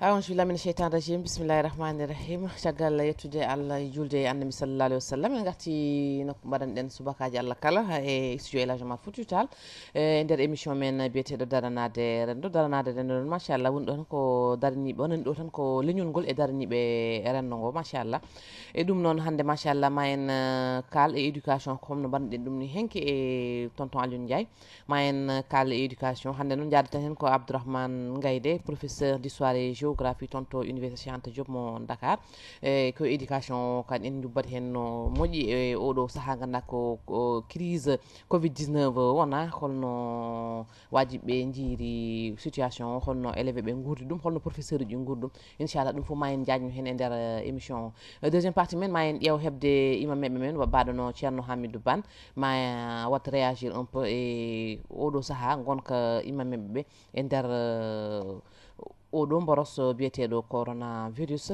awonsbillamin cheytan rajim bisimillahi rahmani rahim caggal yettude allah julde e annabi sallallah alih wa sallam en garti nokku mbaɗan ɗen subakaji allah kala e studio élagement fo tutal e nder émission men biyeteɗo daranade renndo daranade renndoon machallah woni ɗon ko daraniɓe onani ɗo tan ko leñol ngol e daraniɓe renndo ngo machallah e ɗum noon hannde machallah ma en kaal e éducation comme no mbaɗanɗen ɗum ni henke e tonton alion ndiaye ma en kaal e éducation hannde noon jaadatan hen ko abdourahmane gayde professeur d'histoire e géographie toon université anta job mo dakar e ko éducation kan en jubbat hen no moji e oɗo saaha ganduɗa ko crise covid 19 wona holno wajiɓe jiiri situation holno ben be guurdi ɗum holno professeur ji guurdi inshallah inchallah ɗum fof en hen e der e émission deuxième partie men ma en de imam imameɓe men baɗo no ceerno hamidou ban ma watta réagir un peu e do saha gonka imam ɓe e nder oɗo mboros biyeteɗo coronavirus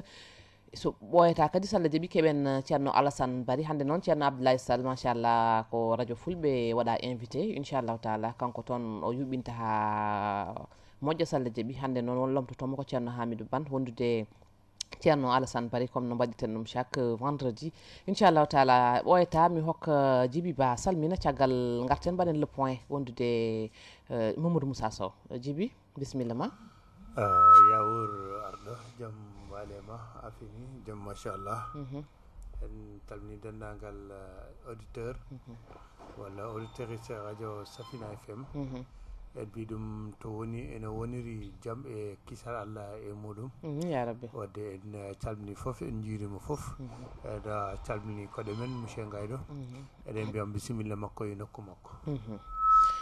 so ɓoyata kadi so allah jaaɓi keɓen eh, ceerno alassane bari hannde noon ceerno abdoulaye sall machallah ko radio fulɓe waɗa invité inchallahu taala kanko toon o yuɓinta ha moƴƴo so allah jaaɓi hannde noon won lomtotomo ko ceerno hamidou bane wondude ceerno alassane bari comme no mbaɗiten ɗum chaque vendredi inchallahu taala ɓoyata mi hokka eh, djiby ba salmina caggal garten mbaɗen le point wondude eh, mamadou moussa sow djiby bisimilla ma Eh, yaur ardo jam walema afini jam machallah mhm. en calmini denndaangal eh, auditeur mhm. walla auditrice radio safina fm mhm. ed bidum ɗum to woni ene woniri jam e kisal allah e ya yarabbi wadde en eh, calmini fof en juurima fof eɗa calmini de men monsieur gayɗo eɗen mbiyam bismillah makko e nokko makko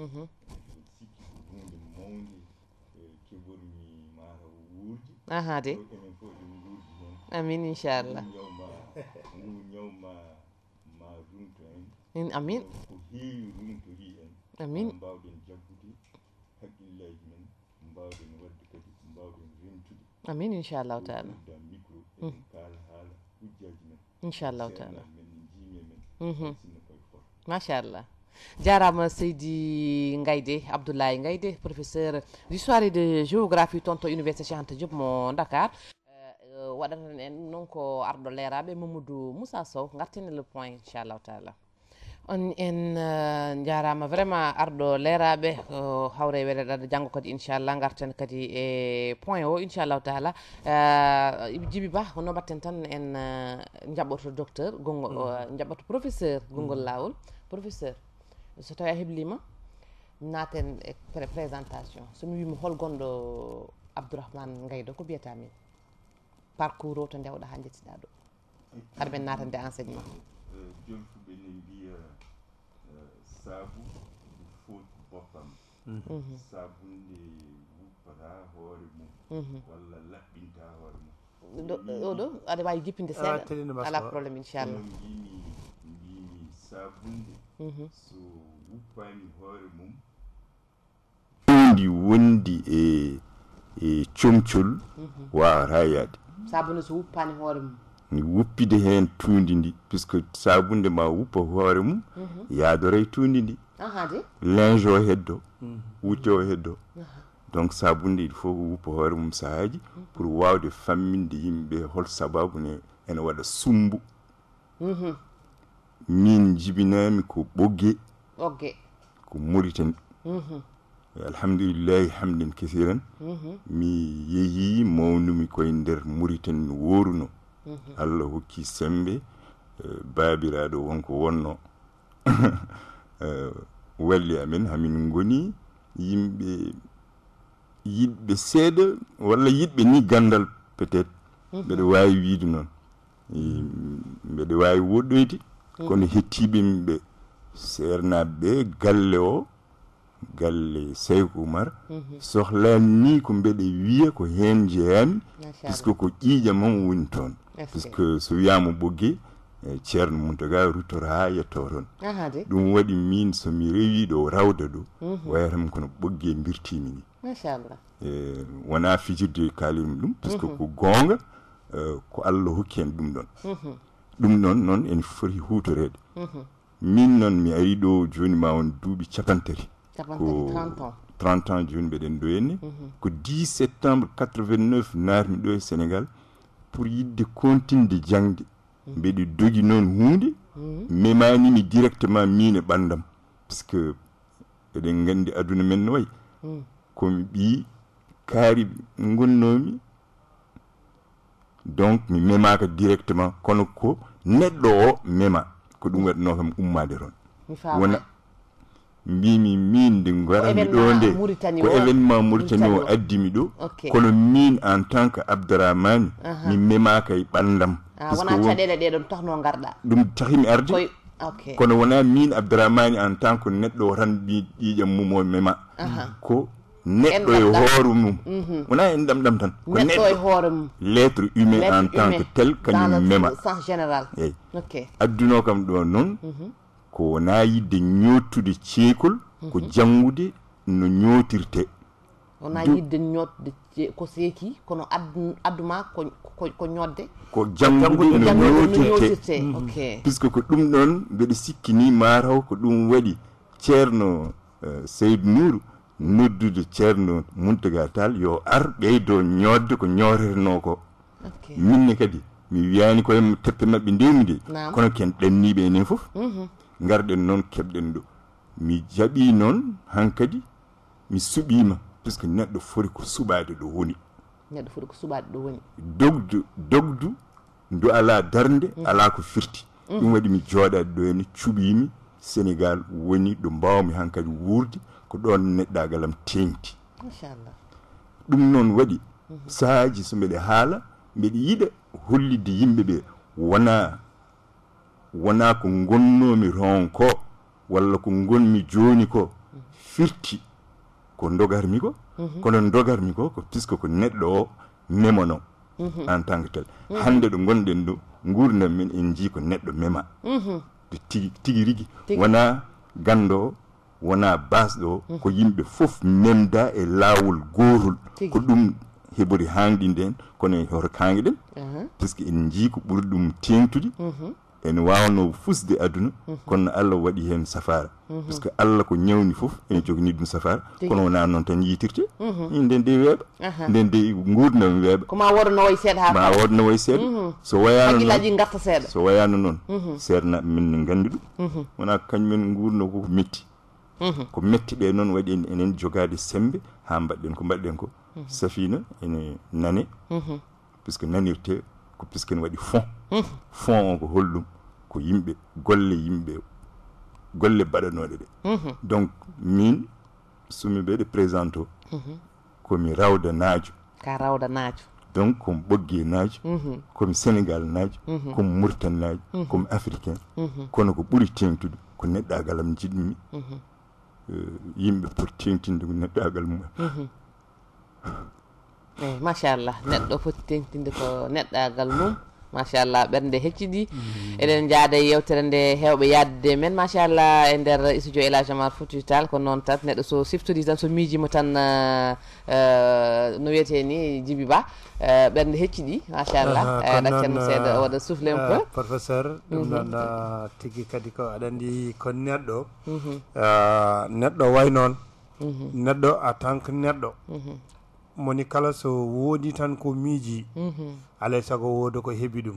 Mm-hmm. hunde mawde keɓolmi mataw wuurdi aha de enen fof eɗen wuurdi hen amin inchallah ñawma ndu ñawma ma rumto en amin ko heewi rumtori en amin mbawɗen jaggude haqqillaji men mbawɗen wadde kadi mbawɗen rentude amin inchallahu taala da micro eɗen kaala haala hujjaji men inchallahu taala men jiime men sinno koye fot machallah jarama seydi gaydé abdoulaye gaydé professeur d' histoire et de géographie toon to université cheante diop mo dakar euh, euh, waɗatan en noon ko arɗo leraɓe mamadou moussa sow gartene le point inchallahu taala on en euh, jarama vraiment arɗo leraɓe hawre e weleɗaɗo janggo kadi inchallah garten kadi e point o inchallahu taala djiby ba no mbatten tan en jaɓoto docteur gongo mm. jaɓoto professeur gongol mm. lawol professeur so tawi mhm. mhm. a heblima naaten e présentation somi wima hol gonɗo abdourahmane gaydo ko mbiyatamin parcours o to ndewɗa ha jettiɗa ɗo hade men naatande enseignement joni fuɓe ne mbiya saabu foti boppam sabunde wuppata hoore mum walla laɓɓinta hoore mum o ɗo aɗa wawi jippinde seeɗa ala probléme inchallah mbimi mbimi sabunde Mhm. so wuppaani hoore mum hundi wondi e e comcol mhm. waawataa yaade saabuna so wuppaani hoore mum wuppide heen tuundi ndi puisque saabunde ma wuppa hoore mum mhm. yaadoray tuundi ndi ah, linge o heddo wutte o heddo ah. donc saabunde il faut wuppa hoore mum sahaaji pour waawde famminde yimɓe hol sababu ne ene waɗa sumbu min jibinami ko ɓogge ɓogge ko maritani mhm. eh, alhamdulillahi hamden kesiran mhm. mi yeehi mawnumi koye nder maritani no woruno mhm. allah hokki sembe eh, babiraɗo wonko wonno eh, walli amen hamin goni yimɓe yiɗɓe seeɗa walla yiɗɓe ni gandal peut être mbeɗa wawi wiide noon mbeɗa wawi woɗɗoyde kono hettiɓeɓe sernaɓeɓe galle o galle seyk oumar mm -hmm. sohlani ni ko mbeɗe wiya ko hen jeyami puisque ko ƴiiƴa mam woni toon puisque so wiyama ɓoggue e ceerno mumtaga ruttoro ha yetto toon ɗum waɗi min somi rewiɗo rawda ɗo mhm. wayatam kono ɓoggue mbirtimi ni e wona fijirde kalimi ɗum puisque mhm. ko gonga e ko allah hokki hen ɗum ɗon mm -hmm. ɗum non non en foti red. Mhm. min non mi ɗo ma on duuɓi capantati ko 30 ans mbeɗen ɗo mhm. ko 10 septembre 89 naatmi ɗo e sénégal pour yidde continde jangde mhm. mbeɗe dogi noon memanimi directement min e que eɗen aduna men no wayi donc mi directement kono ko neɗɗo o mema ko ɗum waɗano kam ummade toon wona mbimi min de garami ɗo nde ko événement mouritani o addimi ɗo kono min en tant que abdourahmani uh -huh. mi memaka e ɓandam ah, ɗum tahimi arde kono wona min abdourahmani en tant que neɗɗo o tan mbi ƴiƴam mum o mema ko neɗɗo e hoore mum mhm. wona en ɗamɗam tan ko neɗɗoe lettre humain en tant que tel kañum mema eyi adduno kam ɗo noon mhm. ko wona yidde ñottude ceekol ko mhm. janngude no ñootirte wona yidde ñootde ko seeki kono adduma ko ñodde ko janngude no ñootirte puisque ko ɗum ɗon mbeɗe sikkini mataw ko ɗum waɗi ceerno euh, seydo nuru noddude ceerno muntaga tal yo ar ɓeydo ñodde ko ñoreteno ko minne kadi mi wiyani koye teppe mabɓe ndewmi de kono ken ɗanniɓe enen foof mhm. garɗen noon keɓɗen ɗo mi jaɓi noon hankadi mi suɓima puisque neɗɗo foti ko suɓade ɗo woni neɗɗo foti ko suɓade ɗo woni dogdu dogdu ndu ala darde mm. ala ko firti mm. ɗum waɗi mi jooɗade ɗo henne cuɓimi sénégal woni ɗo mbawmi hankadi wuurde ko ɗon neɗɗagal am teenti ɗum noon waɗi mhm. sahaji so mbeɗe haala mbeɗe yiɗa hollidde yimɓe ɓe wona wona ko gonnomi ronko walla ko gonmi joni ko mhm. firti ko dogarmi ko mhm. kono dogarmi ko ko puisque ko neɗɗo o memono en tant que tel hande ɗo gonɗen ɗo gurdam min en jii ko neɗɗo mema de tigi tigi rigui wona gandoo wona base ɗo ko yimɓe fof memda e lawol gotol ko ɗum heɓori hanɗinde en kono e hoto kangue ɗen puisque en jii ko ɓuri ɗum tengtude mhm. ene wawno fusde aduna mhm. kono allah waɗi hen safara mhm. puisque allah ko ñawni foof ene jogani ɗum safara kono wona noon tan yitirte nden de weeɓa nden de gurdam weeɓa koma wodanowoye seeɗa ha ma wodanowoye seeɗa so wayanoaji garta seeɗa so wayano noon seeɗa na min gandi ɗum wona kañumen gurno koko metti Mm-hmm. ko mettiɗe noon waɗi enen jogade sembe ha mbaɗɗen ko mbaɗɗen ko mm-hmm. safina ene nane mm-hmm. puisque nanirte ko puisque ne waɗi fond fond o ko hollum ko yimɓe golle yimɓe golle baɗanoɗe ɗe donc min sumi ɗe présente o komi rawda naajo ka rawda naajo donc komi ɓoggi naajo komi sénégal naajo komi mourtan naajo komi africain kono ko ɓuuri tengtude ko neɗɗagalam jiɗmi yimɓe pour teentinde mhm. ko neɗɗagal mumen eyi machallah neɗɗo foti teentinde ko neɗɗagal mum machallah ɓernde hecciɗi mm-hmm. eɗen jaada e yewtere nde hewɓe yaadde men machallah e nder studio élage amar fotital ko noon tat neɗɗo so siftori tan so miijima tan uh, uh, no wiyete ni djibi ba uh, ɓernde hecciɗi machallah ɗaccen seeɗa waɗa soufle un peu professeur ɗum mm-hmm. noon tigui kadi ko aɗa andi kon neɗɗo mm-hmm. neɗɗo way noon neɗɗo en tant que neɗɗo moni kala so woodi tan ko miiji mhm. alay saago wooda ko heɓi ɗum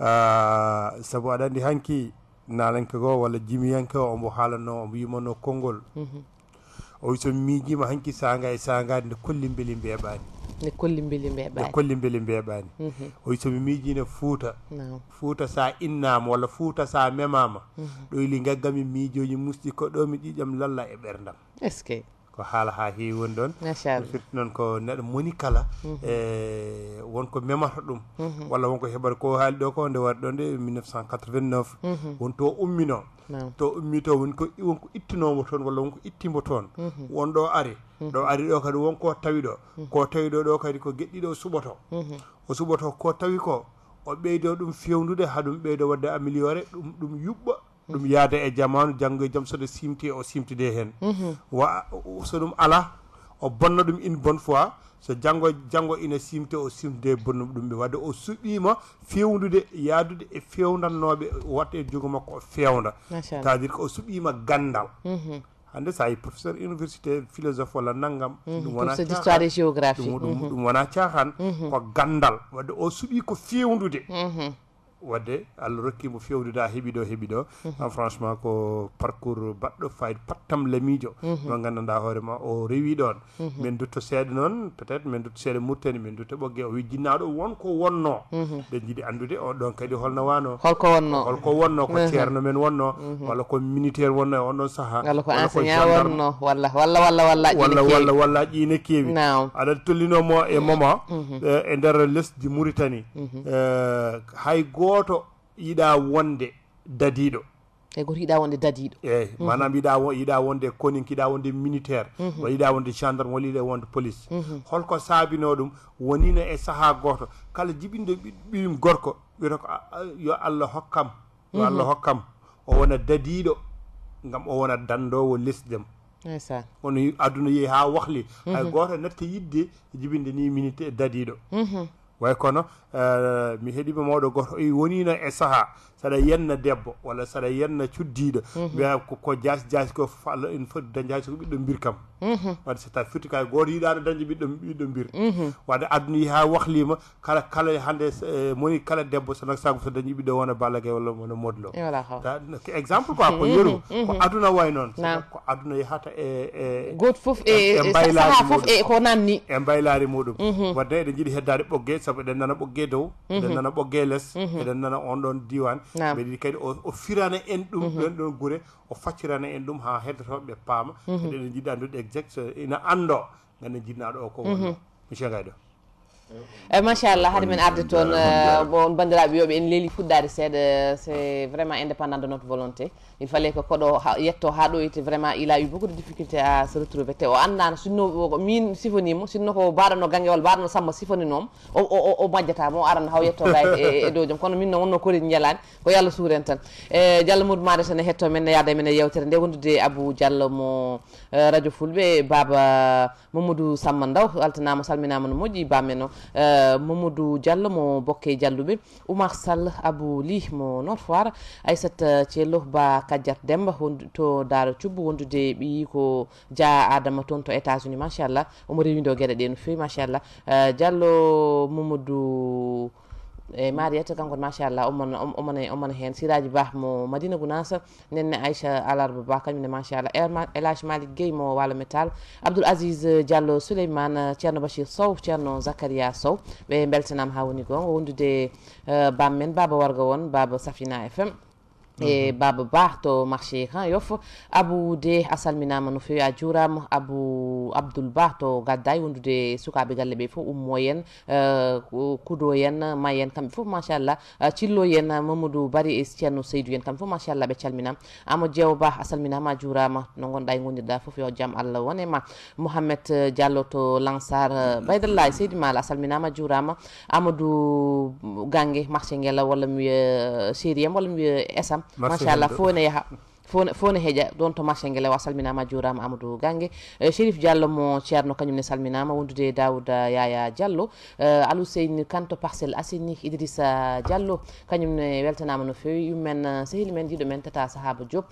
ah, sabu aɗa anndi hanki naalanke goo walla jimiyanke o omo haalano omo yimano konngol mhm. o wi so miijima hanki saanga e saanga nde kolli mbeli mbeɓaani ne kolli mbeli mbeɓani ne kolli mbeli mbeɓani mhm. o wi somi miijine fuuta fuuta sa innama walla fuuta sa memama ɗoyli gaggami miijoji musɗi koɗo mi ƴiƴam lalla e ɓerdam est ce que ko haala ha heewi woni ɗon surtout noon ko neɗɗo moni kala e wonko memata ɗum mhm. walla wonko heɓata ko haali ɗo ko nde waɗi ɗon nde 1989 e mhm. wonto ummino to ummito wonko wonko ittinomo toon walla wonko ittimo toon wonɗo ari ɗo ari ɗo kadi wonko tawi ɗo ko tawi ɗo ɗo kadi ko gueɗɗiɗo suɓoto o suɓoto ko tawi ko o ɓeydo ɗum ha haɗum ɓeydo wadde amélioré ɗum ɗum yuɓɓa dum yaade e jamanu janngo e jam jam de simti e o simtide hen mhm. wa so dum ala o bonna dum une bonne fois so jango jango ina simte o simtude bonno dum be wadde o subima fewndude yaadude e fewdannoɓe watta e jogo makko fewnda fewda c'est o gandal mhm. hande sa professeur université philosophe walla nanngam mhm, ɗum wonahistoire géographie wana wona ko gandal wadde o subi ko fewndude wadde allah rokkimo fewnuda heeɓiɗo ɗo heeɓi mhm. franchement ko parcours baɗɗo fayi pattam lamijo mo mhm. gandanɗa hoorema o rewi ɗon mhm. min dutto seeɗa noon peut être min dutto seeɗa murtani min dutto ɓoggue o wi jinnaɗo wonko wonno ɗe jiiɗi andude o ɗon kadi holno wano holko wonno holko wonno ko ceerno men wonno walla ko militaire wonno e onɗon saaha walla ko enseignant wonno walla walla walla walla walla walla walla ƴine kewi aɗa tollinomo e moma e, e nder lesdi mauritanie eh, hay goo gooto yiɗa wonde dadiɗo eyi goto yiɗa wonde dadiɗo eyyi manam yiɗa yiɗa wonde konin kiɗa wonde militaire o yiɗa wonde gendarme walla yiɗa wonde police holko saabino ɗum wonino e saaha goto kala jibinde ɓiɓim gorko wiyata ko yo allah hokkam yo allah hokkam o wona dadiɗo gam o wona dandowo lesdem ndeysan kono aduna yeehi ha wahli hay goto natta yidde jibinde ni minute dadiɗo way kono eh, mi heeɗiɓe mawɗo goto I eh, wonina e saɗa yenna debbo walla saɗa yenna cuddiɗo mbiya mhm. ko jaasi jaasi ko fof allah ene foti dañde hay soko ɓiɗɗo mbir kam mhm. wadde so tawi firti kay goto yiɗano dañde ɓiɗɗo ɓiɗɗo mbir mhm. wadde aduna ha wahlima kala kala hande eh, moni kala debbo sonak sago so dañi ɓiɗɗo wona ballake walla wona modlo e exemple quoi ko yeru ko aduna way noon ko aduna yahata e, e goto foof e, e mbaylaari foof eɗen jiiɗi heddade ɓogge saabu eɗen nana ɓogge dow eɗen nana ɓogge less eɗen nana on ɗon diwan mbeɗiɗi kadi o firana en ɗum mhm. ɗon ɗon gure o faccirana en ɗum ha heddotoɓeɓe paama eɗene mhm. jiɗɗa andude exact ina anndo ganden mm jinnaɗo o ko mhm. monsieur gayɗo eyyi machallah haade men arde toon euh, bon bandiraɓe yoɓe en leeli fuɗɗade seeɗa euh, c'est vraiment indépendant de notre volonté il fallait que kodo yetto ha do yete vraiment il a eu beaucoup de difficulté à se retrouver te o andana sinno min sifonimo sinno ko mbaɗanno ganguewal mbaɗanno samba sifoninom o o o majjata mo aran haw yetto gay e dojum kono min no wonno ri nyalan ko yalla allah tan e jalla mudu made sene hetto men ne yaada men e yewtere de wondude abou jalla mo radio fulbe baba mamadou samba ndaw altanama salminama no moji bameno o mamadou jalla mo bokke jallube oumar sall abou lih mo nord foire aissata thiello ba kadiat demba to daro cubbu wondude ɓe yi ko dia adama toon to états unis machallah omo rewido gueɗe ɗe no fewi machallah eh, diallo mamadou eyyi mariyetta kankone machallah omon omone omone hen siraji bah mo madina gounasa nenne aicha alarba ba kañumne machallah elage malik gueye mo walo métal abdoul asis eh, diallo souleymane ceerno eh, bachir sow ceerno zacharia sow ɓe beltanama ha woni gonga wondude bammen baba warga won baba safina fm e baba bah to marché han yof abu de minama no fewi a ya juurama abou gadai undu to suka e wondude sukaɓe galle um moyen euh kudo yen mayen kamɓe fo machallah e, cillo yen mamadou bari e ceerno seydou yen kamɓe fo machallah be calminama amo diewo ba a salminama a juurama no gonɗa ngondi da fo yo jam allah wone ma mohammed diallo e, to lansar e, baydallah seydou mal asal minama a amadou gangé marché ngela wala mi mi esam ما شاء الله فونا يا fone fone don to marché guelé wa salminama jurama amadou gangé chérif diallo mo tierno kanyum ne salminama wondude daouda yaya diallo alou seyni kanto parcel asini idrissa diallo kanyum ne weltanama no fewi yummen sehil men dido men tata sahaba job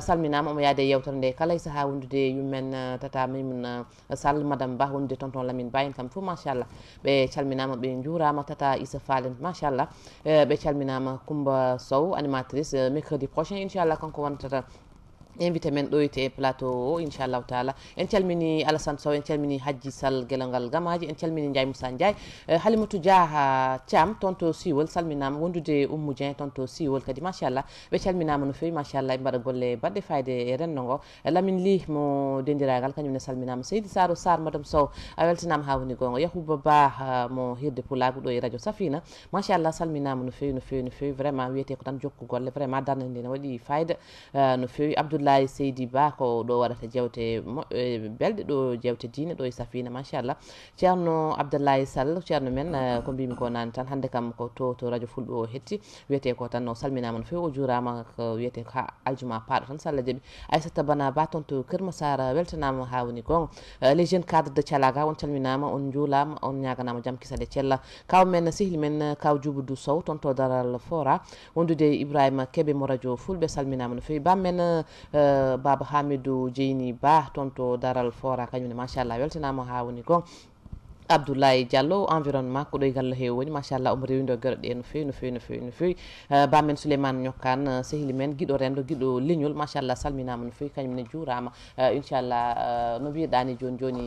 salminama omo yaade yewtere nde kala isa saaha wondude yummen tata mimin sal madame ba wondude tonton lamine ba en kam fo machallah ɓe calminama ɓe jurama tata issa fall en machallah ɓe calminama kumba sow animatrice mercredi prochain inshallah kanko wontata invité men ɗoyte plateau o inchallahu taala en calmini alassane sow en calmini hajji sall guelongal gamaji en calmini ndiaye moussa ndiaye eh, halimatou diaha thiam toon to siwol salminama wondude oumou dien toon to siwol kadi machallah ɓe calminama no fewi machallah e mbaɗa golle baɗɗe fayde e renno ngo eh, lamin li mo dendiragal kañumne salminama seydi saro sar madame sow a weltanama ha woni gonga yahuba ba mo hirde poulagu ɗo e radio safina machallah salminama no fewi no fewi no fewi vraiment wiyete ko tan jokku golle vraiment darnandena waɗi fayda eh, no fewi abdoul abdoulaye seydi ba ko ɗo waɗata jewte belɗe ɗo jewte diine ɗo e safina machallah ceerno abdoulaye sall ceerno men ko mbimi ko nane tan hannde kam ko to to radio fulɓe o hetti wiyete ko tan o salminama no fewi o jurama ko wiyete ha aljuma paɗo tan sallah deeɓi aissata bana ba toon to sara weltanama ha woni gonga les jeunes cadre de thialaga on calminama on juulama on ñaganama jaam kisale cella kaw men sihli men kaw jubudu sow toon to daral fora wondude ibrahima keɓe mo radio fulɓe salminama no fewi bam men Eh, baba hamidou dieyni ba toon to daral fora kañumne machallah weltanama ha woni gon abdoulaye diallo environnement ko ɗo e galla hew woni machallah omo rewido gueɗe ɗe no fewi no fewi no fewi no fewi eh, bamen souleymane ñokkane sehili men guiɗo rendo guiɗo leñol machallah salminama no fewi kañumne juurama eh, inchallah no mbiyeɗani joni joni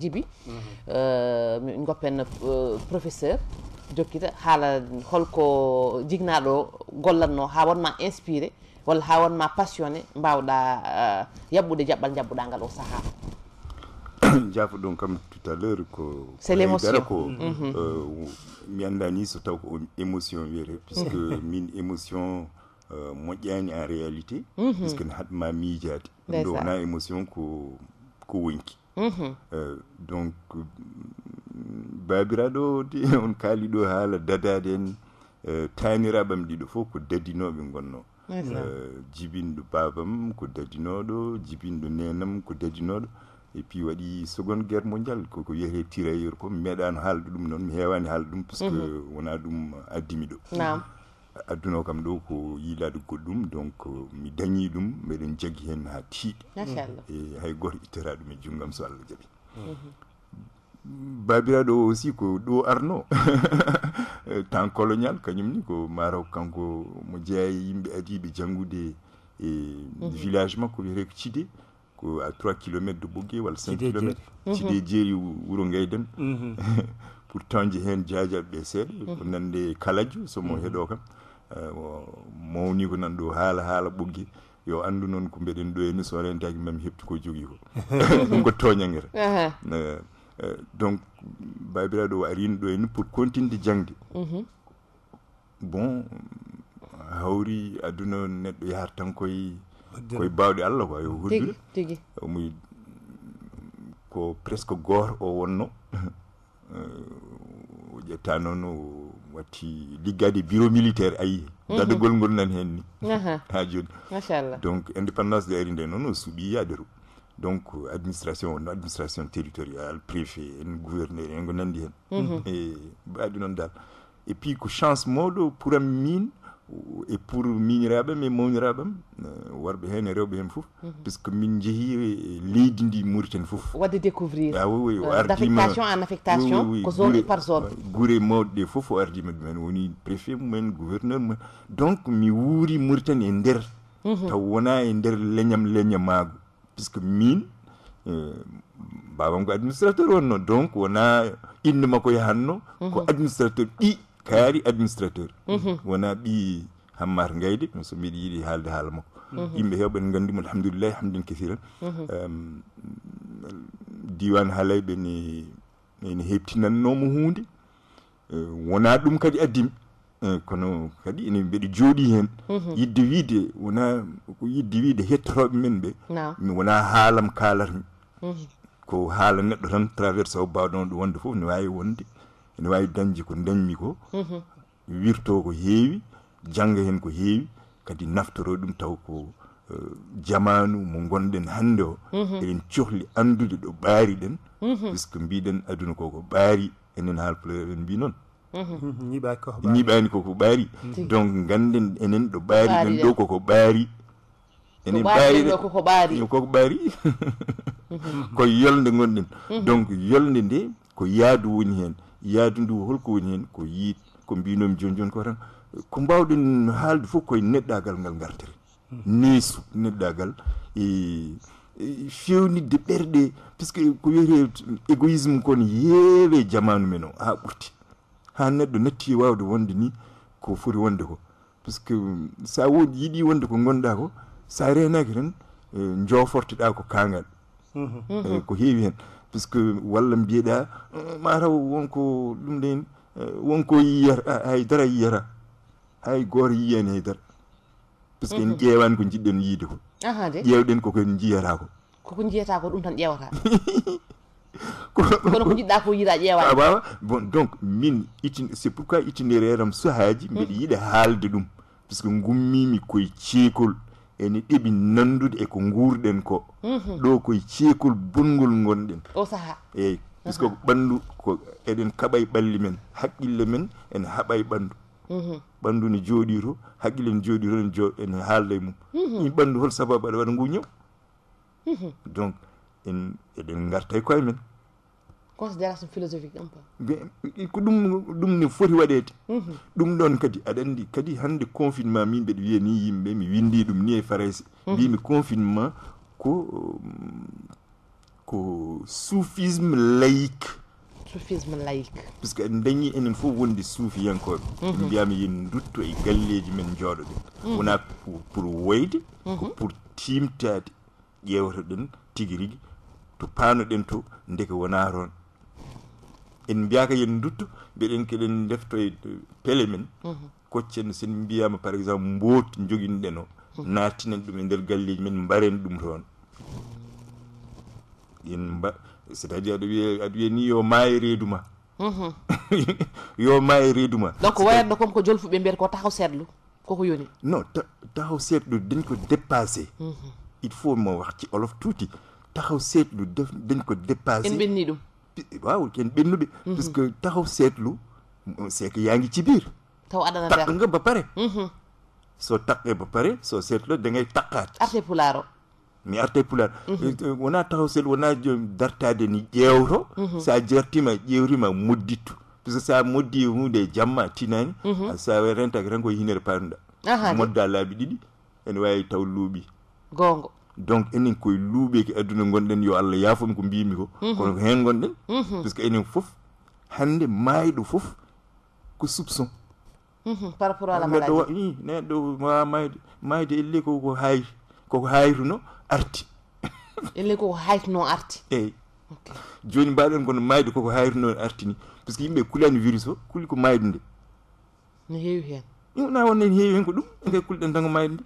djiby goppen professeur jokkita haala holko jignaɗo gollatno ha wonma inspiré C'est ha ma passionné mbawɗa eh, yabɓude jaɓɓal ngal o tout à l'heure c'est l'émotion mm-hmm. euh, émotion puisque mm-hmm. min émotion euh, moyenne en réalité mm-hmm. puisque donc babiraɗo de on kaali ɗo haala dadade en euh, ɗiɗo fof Eh, jibindu babam ko dadinoɗo jibindu nenam ko dadinoɗo et puis waɗi seconde guerre mondial koko wiyete tirailleur ko mi meeɗano haalde ɗum noon mi heewani haalde ɗum par ce que mhm. wona ɗum addimi ɗo adduno kam ɗo ko yiilade goɗɗum donc mi dañi ɗum mbeɗen jaggi hen ha tiiɗe e hay goto ittata ɗum e junggam so allah jaaɓi mhm. babiraɗo aussi ko ɗo arno Euh, temps colonial kañumni ko maroc kanko mo jeeya yimɓe adiɓe jangude e mhm. village makko wiyete ko cide ko a trois kilométre de ɓoggue walla cinq kilométre cide jeeri wuuro gaydan mhm. pourtant je hen jajaɓeɓe seeɗa mhm. ko nande kaladio somo heeɗo kam euh, mawni ko nanɗo haala haala ɓoggue yo andu noon ko mbeɗen ɗo henni so rentaki mami hepti ko jogui ko ɗum ko toñangeta Euh, donc babiraɗo arino ɗo henni pour continude jangde mhm. bon hawri aduna neɗɗo yahata tan koye koye bawɗe allah quoi yo hurdire omuy euh, ko presque goor o wonno euh, o ƴetta noon o watti liggade bureau militaire ayi mhm. dadagol ngol nani hen ni ha joni donc indépendance de ari nde noon o suuɓi yaderu donc euh, administration administration territoriale, préfet gouverneur en go hen dal et puis ko chance mawɗo pour am et pour miñiraɓe mais e euh, warbe hen rewbe hen e parce que foof puisque min leydi ndi mauritanie foof wadde découvrir a oui oui en affectation ko zone par zone Goure mode de foof o ardima ɗumen woni préfet men gouverneur donc mi wouri mouritan e der mhm. taw wona e der leñam leñamaago puisque min euh, babamko administrateur wonno donc wona inde makko yahanno ko mhm. administrateur ɗi kaari administrateur mhm. wona ɓi hammata gayde so mbiɗa yiiɗi haalde haala makko mhm. yimɓe hewɓe en gandimo alhamdulillahi hamdun kathiran diwan haalayɓe ne ene heptinannomo hunde wona ɗum kadi addimɓe Eh, kono kadi ene mbeɗe jooɗi hen mhm. yidde wiide wona ko yidde wiide hettotoɓe men ɓe mi wona haalam kaalatmi mhm. ko haala neɗɗo tan travers sabu bawɗon ɗo wonde foof ne wawi wonde ene wawi dañde ko dañmi ko mhm. wirto ko heewi jangga hen ko heewi kadi naftoro ɗum taw ko eh, jamanu mo gonɗen hande o eɗen cohli andude ɗo ɓaariɗen puisque mbiɗen aduna koko ɓaari enen haalpulaɓen mbi noon ñiɓani mhm. koko ɓaari mhm. donc ganden enen ɗo ɓaari ɗen ɗo koko ɓaari enen ɓaarikoko ɓaari mhm. ko yolde gonɗen donc yolde nde ko yaadu woni hen yaadu ndu holko woni hen ko yiit ko mbinomi joni joni ko tan ko mbawɗen haalde foof koye neɗɗagal ngal gartere neesu neɗɗagal e, e fewnidde ɓerɗe puisque ko wiyete égoïsme kono yeewe e jamanu men o ha ɓurti hanna do da wanda ni ko furi wanda ko par ce que sa woodi yiɗi wonde ko gonɗa ko sa renaki tan eh, jofortoɗa ko kangal mm-hmm. eh, ko heewi hen par ce que walla mbiyeɗa eh, mataw wonko ɗum ɗen wonko yiyata haydara yiyata hay goto yiyani haydara par ce que en ƴeewani ko yi yiide ko aha koko jiyata ko koko jiyata ko dum tan ƴeewata kono ko jiɗɗa ko yiiɗa ƴeewa ah, wawa bon donc min itin c' est pourquoi itinéraire am so haaji mbiɗa mm. yiiɗa haalde ɗum puisque gummimi koye ceekol ene ɗeɓi nanndude e ko nguurɗen ko mhm. ɗo koye ceekol bonngol ngonɗen o saaha eyyi puisque ko ɓanndu ko eɗen kaɓa e ɓalli men haqqille men ene haɓa e ɓanndu mhm. ɓanndu ne jooɗi to haqqille ne jooɗi to ene haalda e mum mhm. ɗin ɓanndu hol sababu aɗa waɗa nguu ñaw donc eɗen garta e koye men considération philosophique peu ko ɗum ne foti kadi hande confinement min mbeɗa wiya ni mi windi ɗum ni e mhm. confinement ko ko soufisme laïque soufisme laïque Parce que dañi enen suufiyankoɓe mhm. mbiyama yen dutto e galleji men mhm. pour pour timtade to panuɗen to ndeke wona ron en mbiyaka yen duttu mbiɗen keɗen defto e pele men mhm. koccen sen mbiyama par exemple mboot joguinɗeno mhm. naatinen ɗum e nder galleji men mbaren ɗum toon en mba c' est à dire aɗa wiya aɗa wiya ni yo maayi reedu ma mhm. yo maayi reedu ma donc wayatno comme ko jolfuɓe mbiyata ko taxaw seedlo koko yoni non taxaw seedɗo dañ ko dépassé il faut mo wax ci olof tuuti taxaw seetlu def dañ ko dépassé kenn benn waaw kenn benn bi mhm. parce que taxaw seetlu c'est que yaa ngi ci biir taw adana taq nga ba pare mhm. soo taqee ba pare soo seetloo da ngay taqaat arte pulaaro mi arte pulaar mhm. euh, wonaa taxaw seetlu wonaa dartade ni ƴeewto sa jartima ƴeewrima moddittu puisque sa moddi hunde jamma tinani sa rentake tan ko hinere parnuɗa modda laabi ɗiɗi ene wawi taw luuɓi donc enen koye luuɓeeki adduna gonɗen yo allah yaafomi ko mbimi ko mhm. kono heen gonɗen mhm. par ce que enen fof hannde maayɗo fof ko soupçon mhm. par rapport ala neɗɗo i neɗɗo wawa mayde mayde elle koko hay koko hayruno arti elle koko hayruno arti eyyi joni mbaɗen kono mayde koko hayruno arti ni par ce que yimɓe kulani virus o kuli ko mayde nde ne heewi hen ɗum na wonno en heewi hen ko ɗum enkay kulɗen tan ko mayde nde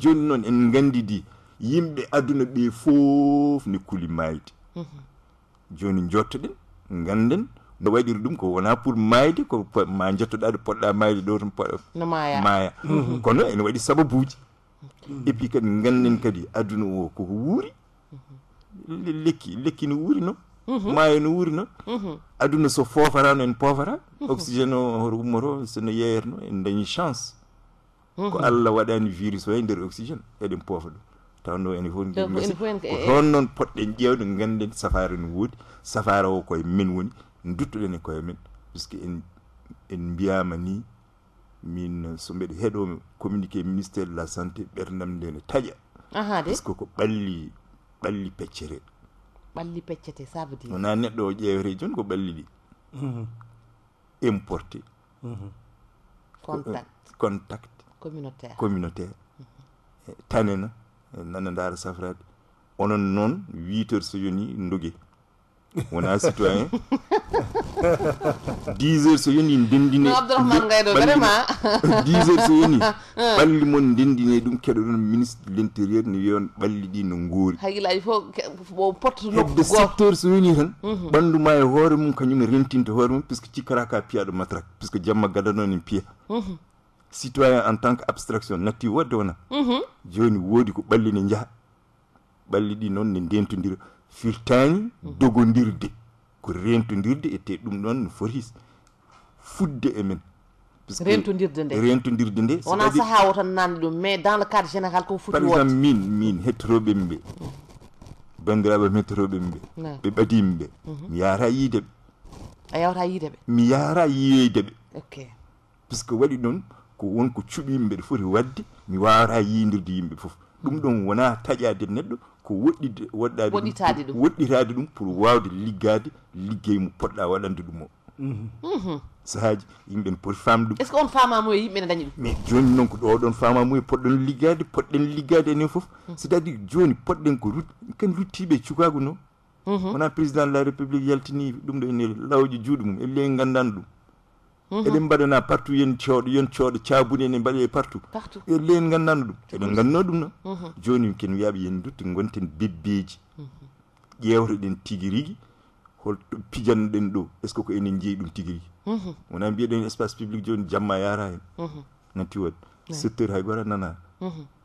joni noon en gandidi yimɓe aduna ɓe fof ni kuli maydi mm -hmm. joni jottoɗen ganden no waɗiri ɗum ko wona pour maayde ko ma jottoɗa ɗo poɗɗa maayde ɗo tan no maaya mm -hmm. kono ene waɗi sababuji mm -hmm. et puis kadi ganden kadi aduna o koko wuuri mm -hmm. lekki lekki no wuuri noon mm -hmm. maayo no wuuri noon mm -hmm. aduna so fofarano en poofara mm -hmm. oxygéne o hoto wummoto sono yeyerno en dañi chance mm -hmm. ko mhm. allah waɗani virus o e nder oxygéne eɗen poofa ɗum tawan ɗo ene fofko eh, eh. toon noon poɗɗen ƴeewde ngannde safaare no wuodi safaare o koye min woni duttuɗen e koye men puisque en en mbiyama ni min so mbeɗe heɗo communiqué ministére de la santé ɓerdam nde ne taƴa pasque ko ɓalli ɓalli peccere ɓalli peccete ça veut dire wona neɗɗo o ƴeewre joni ko ɓalli ɗi mhm. importé mhm. contact contact communautaire communautaire e tanena nana safrade onon noon huit heures so yoni dogue wona citoyen dix heures so yoni ndendine abdourahmane gayɗo vraiment dix heures so yoni ɓalli ah. mon ndendine ɗum keɗo ɗon ministre de l' intérieur ne wiyon ɓalli ɗi no goori haqqillaji fof potto hedde sept heures so yoni tan mhm. ɓanndu ma e hoore mum kañum e rentinta hoore mum puisque cikkata ka piyaɗo matraque puisque jamma gadanoni en piya mhm. citoyen en tant que abstraction natti wadde wona mhm. joni woodi ko ɓalli ne jaaha ɓalli ɗi noon ne ndentodira firtaani mhm. dogodirde ko rentodirde ete ɗum ɗon no foris fudde e men rentodirde nde rentodirde nde wona sahaa o tan nande ɗum mais dans le cadre général ko fotipar exemple min min hettoroɓe ɓe bandiraɓe hettoroɓe mhm. ɓe ɓe ɓadimɓe ɓe mi yaara yiideɓe a yawta yiideɓe mi yaara yiyoydeɓe ok puisque waɗi ɗon ko wonko cuɓi yimɓe ɓe foti wadde mi wawata yidirde yimɓe foof ɗum ɗon wona taƴade neɗɗo ko woɗɗide waɗɗade woɗɗitade ɗum pour wawde liggade liggey mo poɗɗa waɗande ɗum o mhm. sahaji yimɓe ne poti famde ɗum est ce que on famamuyo e yimɓe ne dañi ɗum mais joni noon ko ɗo ɗon famamuyo poɗɗon liggade poɗɗen liggade enen foof hmm. c'est à dire joni poɗɗen ko kan luttiɓe cukagu noon mhm. wona président de la république yaltini ɗum ɗo ene lawji juuɗe mum e ley gandano ɗum Mhm. eɗen mbaɗana partout yen cooɗo yon cooɗo caabuni enen mbaɗe partout e leen nganndano ɗum eɗen nganno ɗum noon mhm. jooni ken wiyaɓe yen dutte gonten bebbeeji mhm. ƴeewta ɗen tigi rigi holto pijannoɗen ɗo est ce que ko enen jeeyi ɗum tigi rigi wona mbiyeɗen espace public jooni jamma yaara hen nanti waɗ sept heure hay gora nana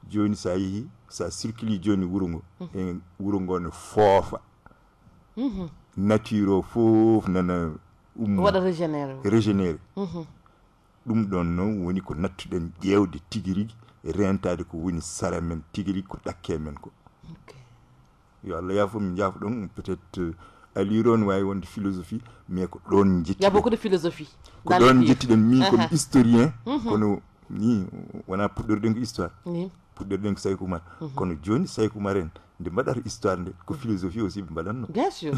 jooni sa yeehi sa circuli jooni wuro ngo e wuro ngo ne foofa nature o fof nana waɗa régénéré régénéré mhm. ɗum ɗon noon woni ko nattuɗen ƴeewde tigi rigi rentade ko woni sara men tigi rigi ko ɗakke men ko yo allah yaafo min jaafo ɗon peut être euh, aliro ne wawi wonde philosophie mais ko ɗon jitti ya beaucoup de philosophie ko ɗon jettiɗen min komi uh-huh. historien mhm. kono ni wona puɗɗorɗen ko histoire puɗɗorɗen ko saykou mhm. kono joni saykou en nde mbaɗata histoire nde ko philosophie aussi ɓe mbaɗatno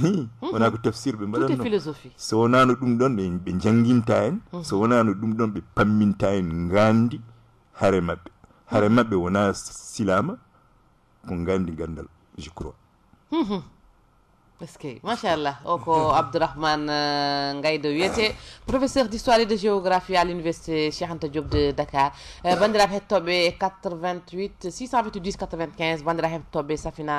wona ko tafsir ɓe mbaɗatno so wonano ɗum ɗon ɓe janginta en so wonano ɗum ɗon ɓe pamminta en ngandi hare mabɓe hare mabɓe wona silama ko ngandi gandal je crois eskey machallah oh, o abdourahmane euh, il wiyete professeur d'histoire et de géographie à l'université cheikh anta diop de dakar bandiraɓe hettoɓe 88 628 10 95 bandiraɓe safina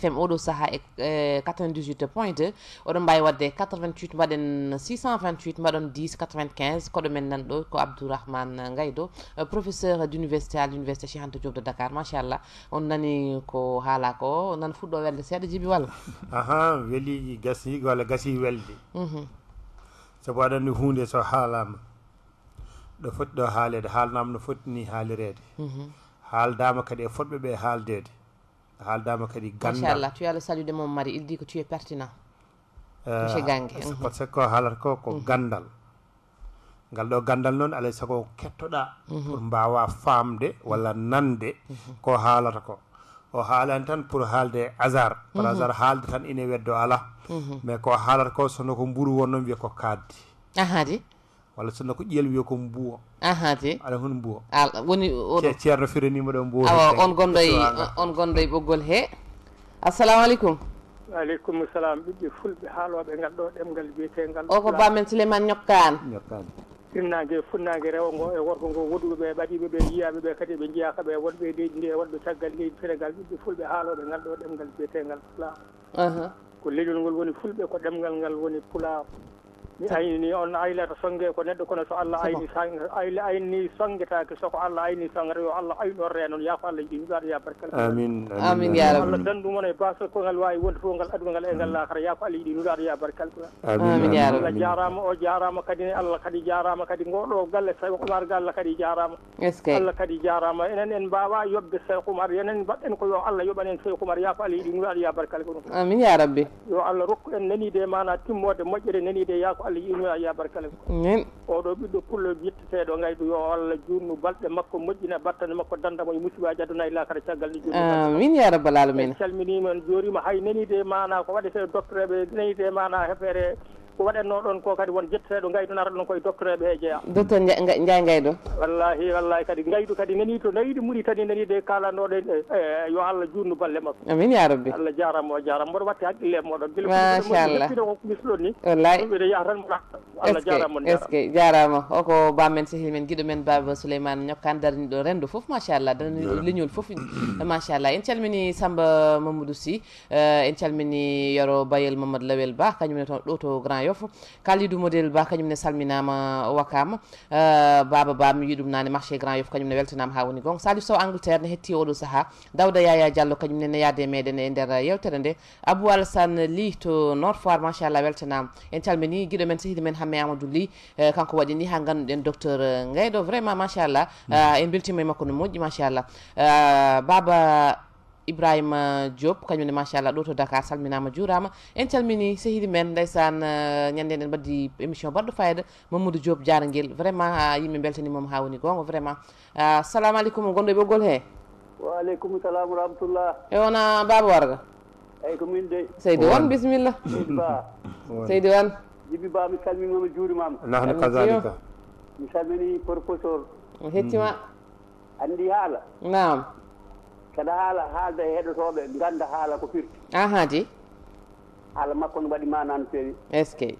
fm Odo saaha e 98 point 2 wadde 88 maden 628 mbaɗon 10 95 koɗo men nan do ko abdourahmane gaydo euh, professeur d'université à l'université cheikh anta Diop de dakar machallah on nani ko hala ko nan fuddo welde seeɗa jibi walla aha weli gasi wala gasi welde mhm. sabu aɗa andi hunde so halama do fuddo ɗo haalede haalnama no foti ni hal mhm. dama kadi e fotɓe ɓe haaldede haaldama kadi gandalinchallah tu allah salude moom mari il dit que tu es pertinent euh, monsieur gange pasque ko haalata ko ko mhm. gandal ngal ɗo gandal noon alay sago kettoɗa mhm. pour mbawa faamde walla nande mhm. ko haalata ko o haalani tan pour haalde hasar par hasar haalde tan ine weddo ala mais ko haalata ko sono ko mburu won noon wiya ko kaddi ahadi walla sinno ko ƴeel wiya kom mbuwo ahate ala hon mbuwo woni oɗo ceerno firanima ɗo mbuwo awa on gonɗo e on gonɗo e ɓoggol he assalamu aleykum aleykum salam ɓiɓɓe fulɓe haaloɓe ngal ɗo ɗemgal wiyetegal o ko bamen souleymane ñokkan ñokkan sinnage funnage rewo ngo e worko ngo woɗuɓe ɓaɗiɓeɓe jiyaɓeɓe kadi ɓe jiyaka ɓe wonɓe leydi ndi e wonɓe caggal leydi firagal ɓiɓɓe fulɓe haaloɓe ngal ɗo ɗemgal wiyetegal pulaw ko leeñol ngol woni fulɓe ko ɗemgal ngal woni pulaw mi ayni on aylata songe ko neɗɗo kono so allah ayni sag ayni sangetake soko allah ayni sangre yo allah aynorre noon yaafo allah jiiɗaɗo ya barkal amin amin yarab allah danndumon e basa kongal wawi wonde fof ngal aduma ngal e ngal lakara yaafo allah yiɗinuɗaɗo ya barkal amin yara allah jarama o jarama kadi ne allah kadi jarama kadi goɗo galle seyk umar ga allah kadi jarama eskey allah kadi jarama enen en mbawa yobde seyk umar enen mbaɗɗen ko yo allah yoɓan en seyk umar yaafo allah yiɗinuɗaɗo ya barkal ko ɗum amin yarabbi yo allah rokku en nanide mana timmode moƴƴere nanide yaafo allah yinoya yabarkale min oɗo ɓiɗɗo pullo yettiteɗo gayɗo yo allah jurnu balɗe makko moƴƴina battane makko dandamo e musibaji e aduna e lakara caggal ne jurmin ya rabbal alaminacalminima en jorima hay nanide mana ko waɗete docteur ɓe nanide mana heɓere ko waɗatno ɗon ko kadi won jettoteɗo gaydu nata ɗon koye doctoreɓe he jeeya docteur ndiaye gaydo wallahi wallahi kadi gaydu kadi nani to nawiɗo muuri tani nanide kalanoɗo e, e yo allah jutnu balle makko amin ya rabbi allah jarama o jarama mboɗo watte haqqille e moɗon bele machallahino ko kumis ɗon ni wallayi ɗumɗe yaha tan mboɗa allah jarama on eske jarama o ko bammen sehil men guiɗo men baba souleymane ñokkane daraniɗo rendo foof machallah darani leñol foof machallah en calmini samba mamadou sy eh, en calmini yoro bayel mamadou lawel ba kañumne ton ɗo to grand yo yof kalidou model ba kañum ne salminama wakama euh, baba ba mi wiɗum nane marché grand yof kañum ne weltanama ha woni gong salif sow angleterre ne hetti oɗo saaha dawda yaya diallo kañum ne yaade meɗen e nder yewtere nde abou alassane ly to nord foire machallah weltanama en calmini guiɗo men sehidi men hamme amadou ly euh, kanko wadi ni ha ganduɗen docteur euh, Ngaydo vraiment machallah mm. en beltima e makko no moƴƴi machallah baba ibrahima diop kañumne machallah ɗo to dakar salminama juurama en calmini sehili men ndeysan eh, ñande en en mbaddi émission baɗɗo fayida mamadou diop jaraguel vraiment ha yimɓe beltanimoma ha woni gonga vraiment assalamu ah, aleykum gonɗo e ɓoggol he waaleykum salam warahmatullah e wona baba warga eyyi ko min de seydi wan bisimilla seydi wan jibi ba mi salminima juurimama nahno kasalika mi salmini professeur mi hettima andi haala nam kada haala haalda e heɗotoɓe ganda haala ko firti ahan di haala makko no waɗi manano feewi est ce que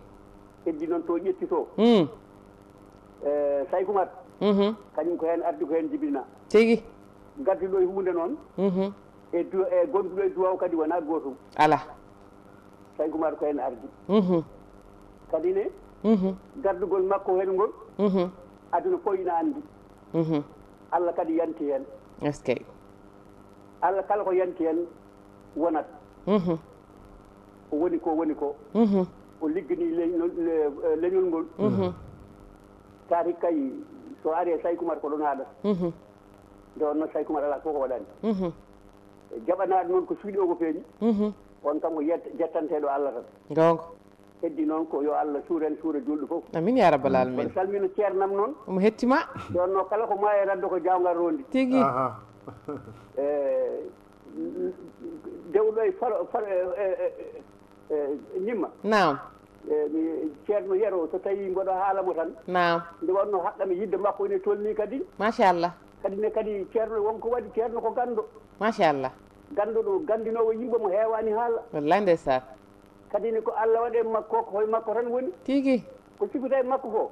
heddi noon to ƴetti to hmm. e, saykoumat mhm. kañum ko hen addi ko hen jibina tigui gaddi ɗo e hunde noon mhm. e du e gonduɗo e duwaw kadi wona gotum ala saykoumat ko hen ardi mhm. kadi ne gardugol makko hen ngol aduna foyna andi allah kadi yanti hen est ce que allah kala ko yanti hen wonat ko mhm. woni ko woni ko mhm. o liggini eh, leñol ngol mhm. taa hi kay so ari e say kumat ko ɗon haɗat nde wonno say kumat ala fof ko waɗani jaɓanaɗe noon ko suuɗi o ko feeñi on kam ko jettanteɗo allah tan gonga heddi noon ko yo allah suuren suura julɗo fof amin ya rabbal alamin salmino ceernam noon omo hettima nde wonno kala ko mawi e radde ko jawgal rondi tigui Eh, e dewɗo e far e, far e, ñimma e, nam emi ceerno yero so tawi mboɗo haalamo tan nam nde wonno haɗɗami yidde makko ine tolni kadi machallah kadi ne kadi ceerno wonko waɗi ceerno ko ganndo machallah ganduɗo gandinowo yimɓe mo heewani haala wallay ndeysan kadi ne ko allah waɗi makko ko hoye makko tan woni tigi ko sifita e makko ko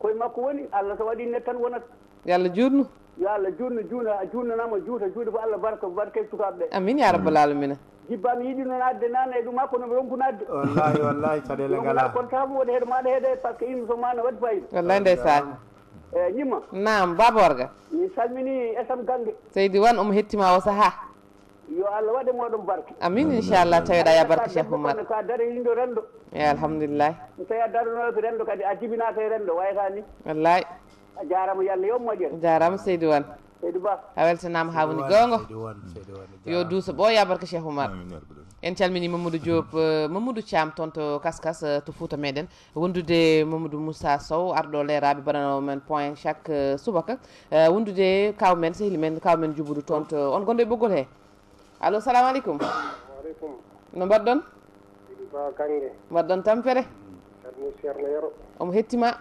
koye makko woni allah so waɗi net tan wonata yo allah juutnu yo allah juutno juuna juutnanama juuta juuɗe fo allah barka barke sukaɓe ɗe amin ya rabbal alamina jibbami yiɗi noon adde nane e ɗum makko no ronkuno adde wallahi wallahi caɗele ngala kontamo woni heeɗo maɗa heeɗe par ce que émission ma no waɗi fayida wallahi nde sar eyi eh, ñimma nam baborga mi salmini sm gangue seydi wan omo hettima o saaha yo allah waɗe moɗon barke amin inchallah tawiɗa ya barke chekh hummat ko a darayiɗo rendo e alhamdulillahi so tawi a daranoko rendo kadi a jibinaka e rendo wayata ni wallahi a jarama yo allah yo moƴƴere jarama seydi wan seydi ba a weltanama hawni gonga yo duusa ɓo yabarka cheikh oumar en calmini mamadou diop euh, mamadou thiam toon to kaskas euh, to fouta meɗen wondude mamadou moussa sow arɗo leeraɓe baɗanawo men point chaque euh, subaka wondude kaw men sehli men kaw men jubudu toon to on gonɗo e ɓoggol he allo salamu aleykum aleykum no mbaɗɗon ba kange mbaɗɗon tampere ceerno yero omo hettima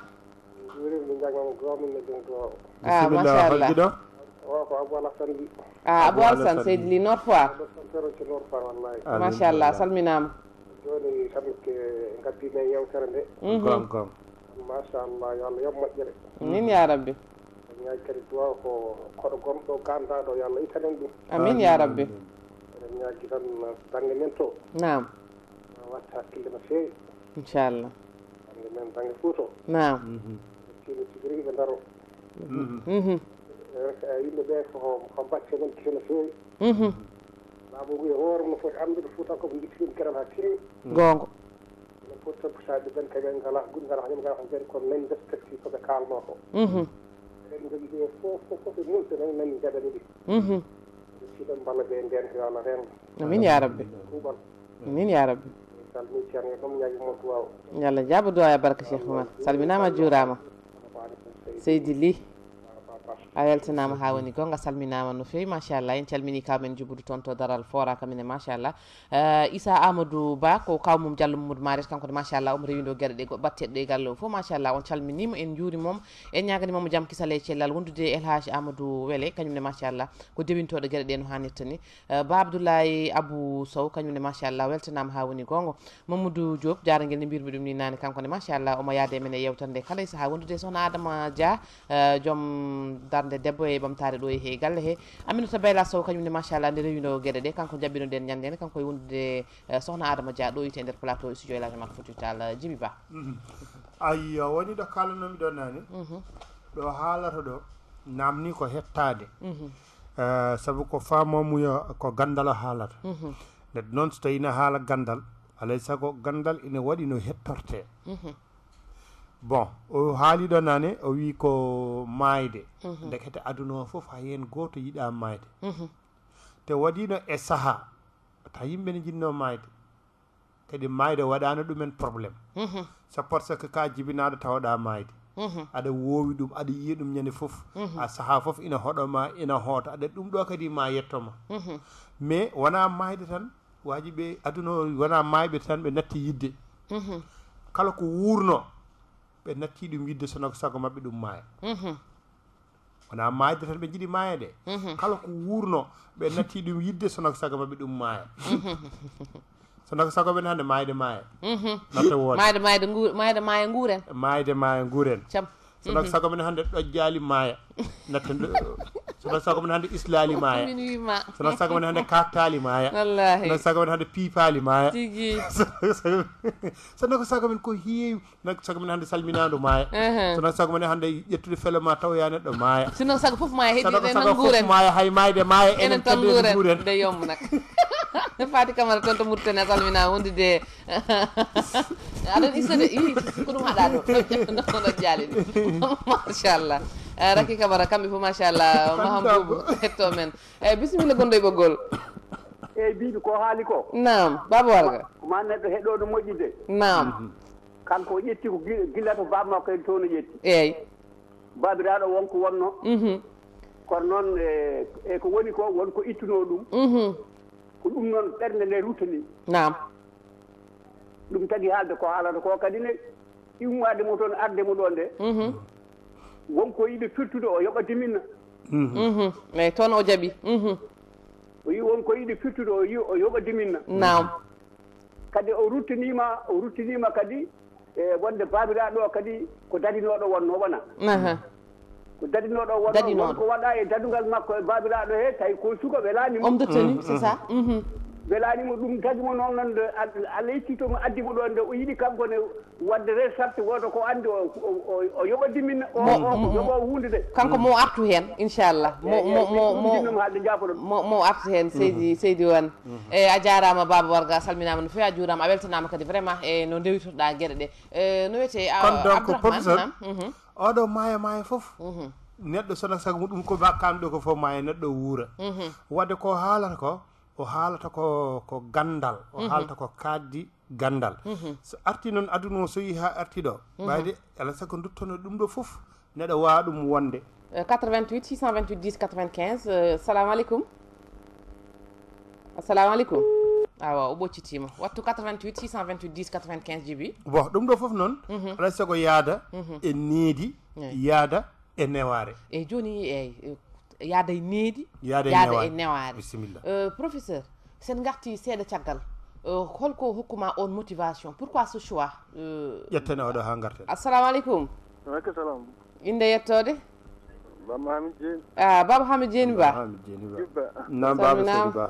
ah macha allah a abo alsane seydi li noor fois machallah a salminama joni kamɓe gabbima e yewtere nde kam kam machallah yo allah yoɓ moƴƴere min ya rabbi ñaaj kadi duwa ko koɗo gomɗo gandaɗo yo allah itanen ɗum amin ya rabbi eɗen ñaagui tan banggue men to nam watta hakkille no fewi inchallah banggue men banggue fouto nam تدريب الروح yimɓe ɓe ko ko bacce men kese no feewi ma bo wiya hoore no foti andude fouta koko jittiɗum keram ha keewi gonga ene foti toppitade ɓen kaɓe ngala guɗi ngala hañum ngala ɓen kono nani respecti koɓe kalno ko eɗen jogui ɓe fof fof fof e mulɓe nan nani jaɗani ɗi siɗen mballa ɓe nden ko yo allah renga amin ya rabbi tuuɓal amin ya rabbi salmi ceerno ɗum ñaagui mo duwaw yo allah jaaba duwa e barka cheikh oumar salminama juurama Say Ly a weltanama ha woni gonga salminama no fewi machallah en calmini jubudu toon to daral fora kamine machallah uh, isa amadou ba ko mum diallo mamadou maris kanko de machallah omo rewido gueɗe ɗe batteɗe ɗe galle o fo machallah on calminimo en juurimom en ñaganimamo jaam kisal e cellal wondude elhaji amadou wele kañumne machallah ko dewintoɗo gueɗe ɗe no hannirta ni uh, ba abdoulaye abou sow kañumne machallah weltanama ha woni gonga mamadou diop jaragel ne mbirmi ɗum ni nane kankone machallah omo yaade men e yewtere kala isa saaha wondude sohna adama dia uh, joom darde debbo e ɓamtade ɗo e he galle he aminata bayla sow kañumne machallah nde rewino gueɗe ɗe kanko nden ñande nde kanko e wondude eh, sohna adama dia ɗo yite e nder plateau e studio elage mak fotital djiby eh, ba mhm. ayyo woni ɗo kalanomi ɗo nani mhm. ɗo haalata ɗo namni ko hettade mhm. eh, sabu ko famamuyo ko gandal o haalata nde noon so ne haala gandal alay saago gandal ina waɗi no hettorte bon o haaliɗo nane o wi ko maayde mhm. ndekete aduna o fof hay hen goto yiiɗa maayde mhm. te waɗino e saaha ta yimɓe ne jinno maayde kadi maayde waɗano ɗumen probléme mhm. so par ce que ka jibinaɗo tawaɗa maayde aɗa woowi ɗum aɗa yiya ɗum ñande foof a saaha foof ina hoɗoma ina hoota aɗa ɗum ɗo kadi ma yettoma mais wona maayde tan waji ɓe aduna wona maayɓe tan ɓe natti yidde kala ko wuurno ɓe natti ɗum yidde sono sago maɓɓe ɗum maaya wona maayde tan ɓe jiɗi maaya de kala ko wuurno ɓe natti ɗum yidde sono sago maɓɓe ɗum maaya sono ko sago men hannde maayde maaya natta woode maayde maayde maayde maaya nguuren maayde maaya nguuren sono ko sago men hannde ɗojjaali maaya natten soɗon sago men hannde islali maaya soɗon sago men hannde kattali maaya soɗon sago men hannde piipali maaya sanno ko sago men ko heewi sago men hannde salminadu maaya sono sago fele ma tawoya neɗɗo maaya sino sago fof maaya hay mayde maaya enen tamguren nde yommu nak fati camara toon to murtene a salmina wondude aɗon istode i ko ɗum haɗa ɗo no jaali ni machallah Eh, rakki kabara kamɓe fof machallah mahamboubo hetto men eyyi eh, bisimilla gonɗo e ɓoggol eyyi eh, mbiɗi ko haali ko nam baba warga ma neɗɗo heɗo no moƴƴide nam kanko ƴetti ko gillata baba makko en to no ƴetti eyyi babiraɗo wonko wonno mhm. kono noon e, e ko woni ko wonko ittuno ɗum mhm. ko ɗum noon ɓernde nde ruttani nam ɗum tagui haalde ko haalata ko kadi ne immade mo toon arde mo ɗo nde mhm wonko yiɗi firtude o yoɓa diminna mais toon o jaaɓi o yi wonko yiɗi firtude o yi o yoɓa diminna nam kadi o ruttinima o ruttinima kadi e wonde babiraɗo o kadi ko dadinoɗo wonno wona ko dadinoɗo wonnoko wonko waɗa e dadugal makko e baabiraɗo he tawi ko suka laani mum omde toni mm-hmm. c'est ça mm-hmm. Mm-hmm. belanima ɗum tagi mo noon noon alay sito mo addimo ɗon nde o yiɗi kanko ne wadde resarte woto ko andi o yoɓa dimin kanko mo artu hen inchallah momomomo mo artu hen seydi mhm. seydi wan mhm. e a jarama baba warga salminama no fewi a juurama a weltanama kadi vraiment e no ndewitoɗa gueɗe ɗe e, no wiyete kono donc professeur mhm. oɗo maayo maayo foof neɗɗo sona sago muɗum ko ko fof maayo neɗɗo wuura wadde ko haalata ko o haalata ko ko gandal o mhm. haalata ko kaddi gandal mhm. so arti noon aduna o so yii haa artiɗo mhm. mbaydi alaa sago duttono ɗum ɗo fof neɗo waa ɗum wonde 88 628 10 95 salamu aleykum assalamu aleykum awa o ɓoccitima wattu 88 628 10 95 jibi bon ɗum ɗo fof noon alaa sago e yaada e needi yaada e neware eyi joni eyi yaada e yaada e newaare bisimilla euh, professeur sen garti caggal holko euh, hokkuma on motivation pourquoi ce choix ƴettane euh, oɗo ha garten assalamu aleykum waaleykum salam inde hamid dieni a baba hamid dieni ba hamid dieni ba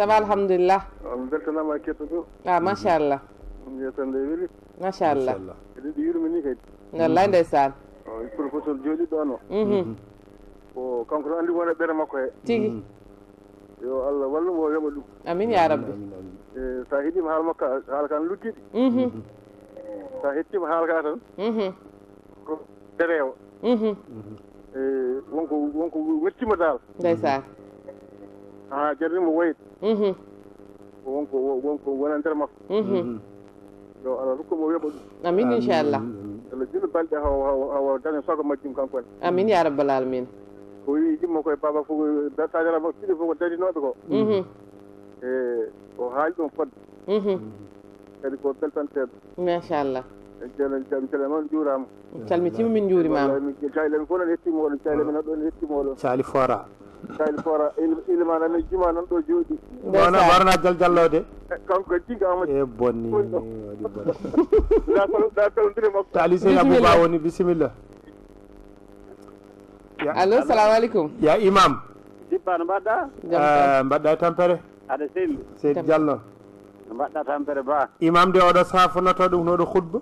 nam alhamdulillah mi beltanama kettoɗo a ah, machallah mm, yetande weeli machallah eɗen ɗi yurmini kadi wallay mm-hmm. ndeysan professeur jooɗiɗo no ko kanko andi wona ɓere makko he tigi yo allah wallu mo rema ɗum amin ya rabbi e eh, sa heeɗima haala makko haala kan luggiɗi mm-hmm. mm-hmm. sa hettima haala ka tan mm-hmm. ko derewo e eh, wonko wonko wettima dal ndeysan ha ah, jarnimo woyit wonko wonko wona nder makko yo allah rokkumo weɓa ɗum amin inchallah allah jilla balɗe haw haw haw daño sago majjum kankone amin ya rabbal alamina ko wi jimmo koye baba fo tañara ma fiɗi fof ko dañinoɓe ko mhm. e o haali ɗum fodde mhm. kadi ko beltanteɗo machallah ceeɗen ceeɗemon juurama calmitima min juurimamacaylemi fof nan hettimo oɗon caylemi nan ɗo ne hettimo oɗon sali fora sali fora ilma nan en juma nan ɗo jooɗi ona warna dial diallode e, kanko jigga e bonni waɗi bonni dakalodiri makko taliseyi abouba woni bisimilla allo salamu aleykum ya imam sippa no mbaɗɗa mbaɗɗa e tampere aɗa selli seydi diallo no mbaɗɗa tampere ba imam de oɗo safonoto ɗum noɗo hutba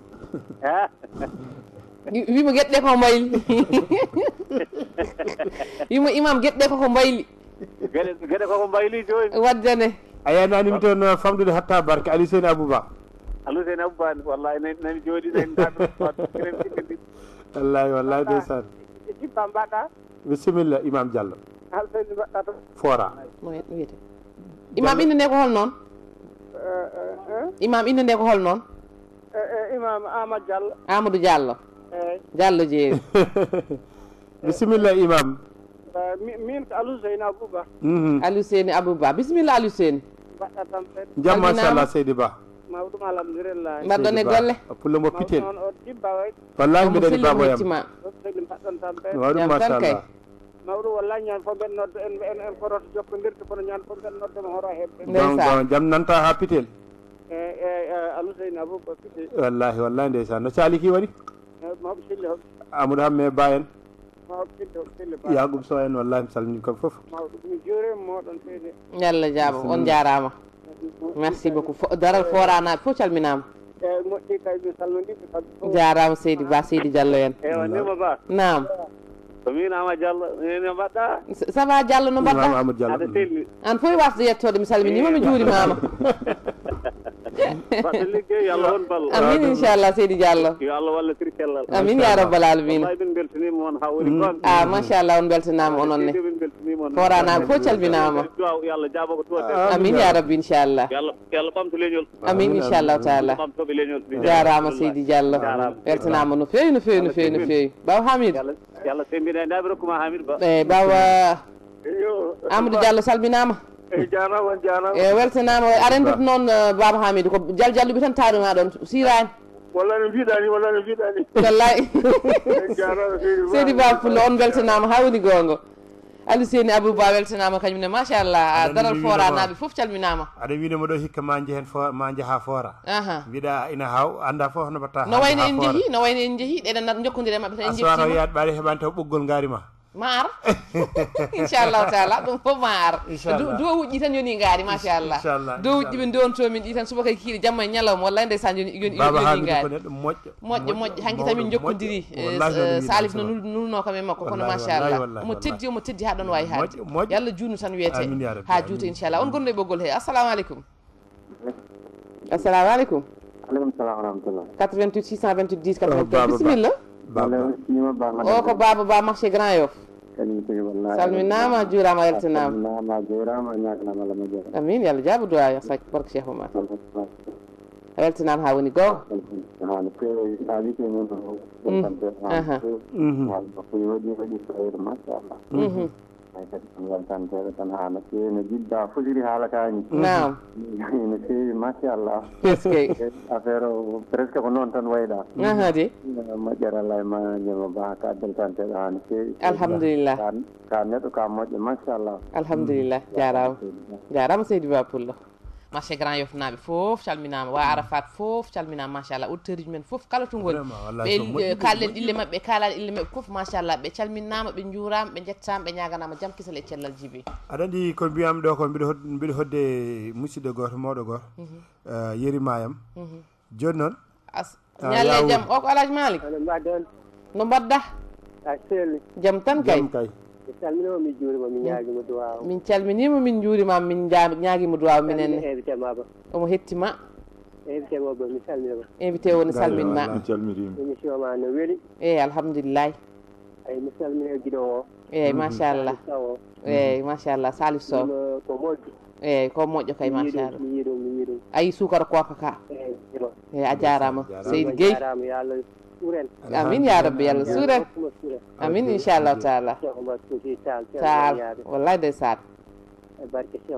wimo gueɗɗe ko mbayli wimo imam gueɗɗe koko mbayli gueɗe gueɗe koko mbayli joni waddane a yiyananimi toon famɗude hatta barke ali seyni abouba alou seyni abouba wallahi nani jooɗi nani wallahi wallahi ndeysan jibba mbaɗɗa bisimilla imam diallo halfayni mbaɗɗata foora wiyete imam inde nde ko hol noon eh, eh, eh. imam inde nde ko hol noon imam amadou diallo amadou diallo eyyi diallo jeeri bisimilla imam min ko aliou seyni abouba mhm. aliou seyni abouba bisimilla aliou seyni mbaɗɗa tan seeɗa jam machallah seydi ba mawɗum alhamdulillah mbaɗɗon e golle pulla moppitel wallahi mbiɗa e babo yam waɗum machallah mawɗum wallahi ñan fof mbeɗa nodda en en koroto jokkodirde kono ñan fof mbeɗa noddama hoto heɓɓe bon jaam nanta ha pitel eyi eh, eh, eh, aluseyne abouba pitel wallahi wallahi ndeysan no caliki waɗi mawɓe sille hoɓe amadou hamme ba en yagum so en wallahi mi salmini kam fof mawɗum mi juurima moɗon feyde yallah jabo. on jarama merci beaucoup fo daral foranaɓe fo calminama eyyi moƴƴi kaymi salmodiɓe jarama seydi ba seydi diallo en ewanima ba nam ko minama diallo ene mbaɗɗa ça va diallo no mbaɗɗa aɗa selli an fo e wasde yettode mi salminima mi juurimama liggey allah won ballo amin inchallah seydi diallo yo allah walla tiri kellal amin ya rabbal alamina min beltanima on ha woni gonga mm. a ah, machallah on beltanama ah, ononne min beltanima on foranama fo calminama allah jaaba ko to ah, amin ya rabbi inchallah allah ɓamto leñol amin inchallahu taala ɓamtoɓe leñol jarama seydi diallo beltanama no fewi no fewi no fewi no fewi baw hamide yallah sembina e ndaɓi rokkuma hamide ba eyyi eh, bawa amadou diallo salminama eyi jarama on jarama e weltanama aɗa ndoti noon baba hamidou ko jal jalluɓe tan taarima ɗon sirani walla no mbiɗani walla no mbiɗani wallay seydi ba pullo on beltanama ha woni gonga aliou seni abou ba weltanama kañumne machallah daral fora naɓe foof calminama aɗa ah, winoma ɗo hikka ma jehen ma jaaha fora mbiɗa ina haw anda foof no mbatta no wayno en jeehi no wayno en jeehi ɗeɗen jokkodire e mabɓe tan en jeftima a sowana wiyaɗ ɓaɗa heɓani taw ɓoggol gaari ma mar inshallah taala dum fo mar do do wujji tan yoni ngari joni do wujji be don to min ɗi tan kay kiri jamma e ñalawma wallay yoni joni joni ngaari moƴƴo moƴƴo moƴƴo hanki tan min jokkodiri salif no nulno kam e makko kono machallah mo teddi mo teddi ha don way ha yalla allah san wete ha juuta inshallah on gonno bogol he assalamu aleykum assalamu aleykum aleykum assalam wa rahmatullah 88 628 10 80 bismillah Oh, kok baba ba masih grand yof kañumtigi wallahi salminama a juurama yaltinama salminama amin jaabu duwa yo sak cheikh oumar a weltinama ha woni gonga hano eyyi kadi ɗum weltanteɓe tan ha no fewi no jiɗɗa fojiri haala kani no fewi machallah eskey affaire o presque ko noon tan wayɗa ahade moƴƴere allah e ma ñama ba ka beltanteɓe ha no fewi alhamdulillah ka neɗɗo ka moƴƴo machallah alhamdulillah mm. jarama jarama seydi ba poullo marché grand yof naɓe fof calminama wa arafat fof calminama machallah auditeur men foof kala to goni ɓe eh, ille mabɓe ille mabɓe foof machallah ɓe calminnama ɓe juurama ɓe jettama ɓe ñaganama jaam kisal e cellal jibi aɗa andi ko mbiyami ɗo ko mbiɗa hodde musidɗo goto mawɗo goto mhm. eh, yeri mayam mhm. joni noon ah, ñalle jaam o ko alaji malik no mbadda jam tan kay min juurima min calminima min juurima min ñaaguima duwaw minenne omo hettima invité mo ba invité woni salminma mi ma no weeli eyyi alhamdulillahi eyyi eyyi machallah eyyi machallah salif sow eyi eyyi ko moƴƴo kay machallah mi yiiɗum ayi suukara koka ka eyyi eh, eh, a jarama seydi gueye suureen amin ya rabbi yàlla suureen amin incha allahu taal wallaay day saat e barke si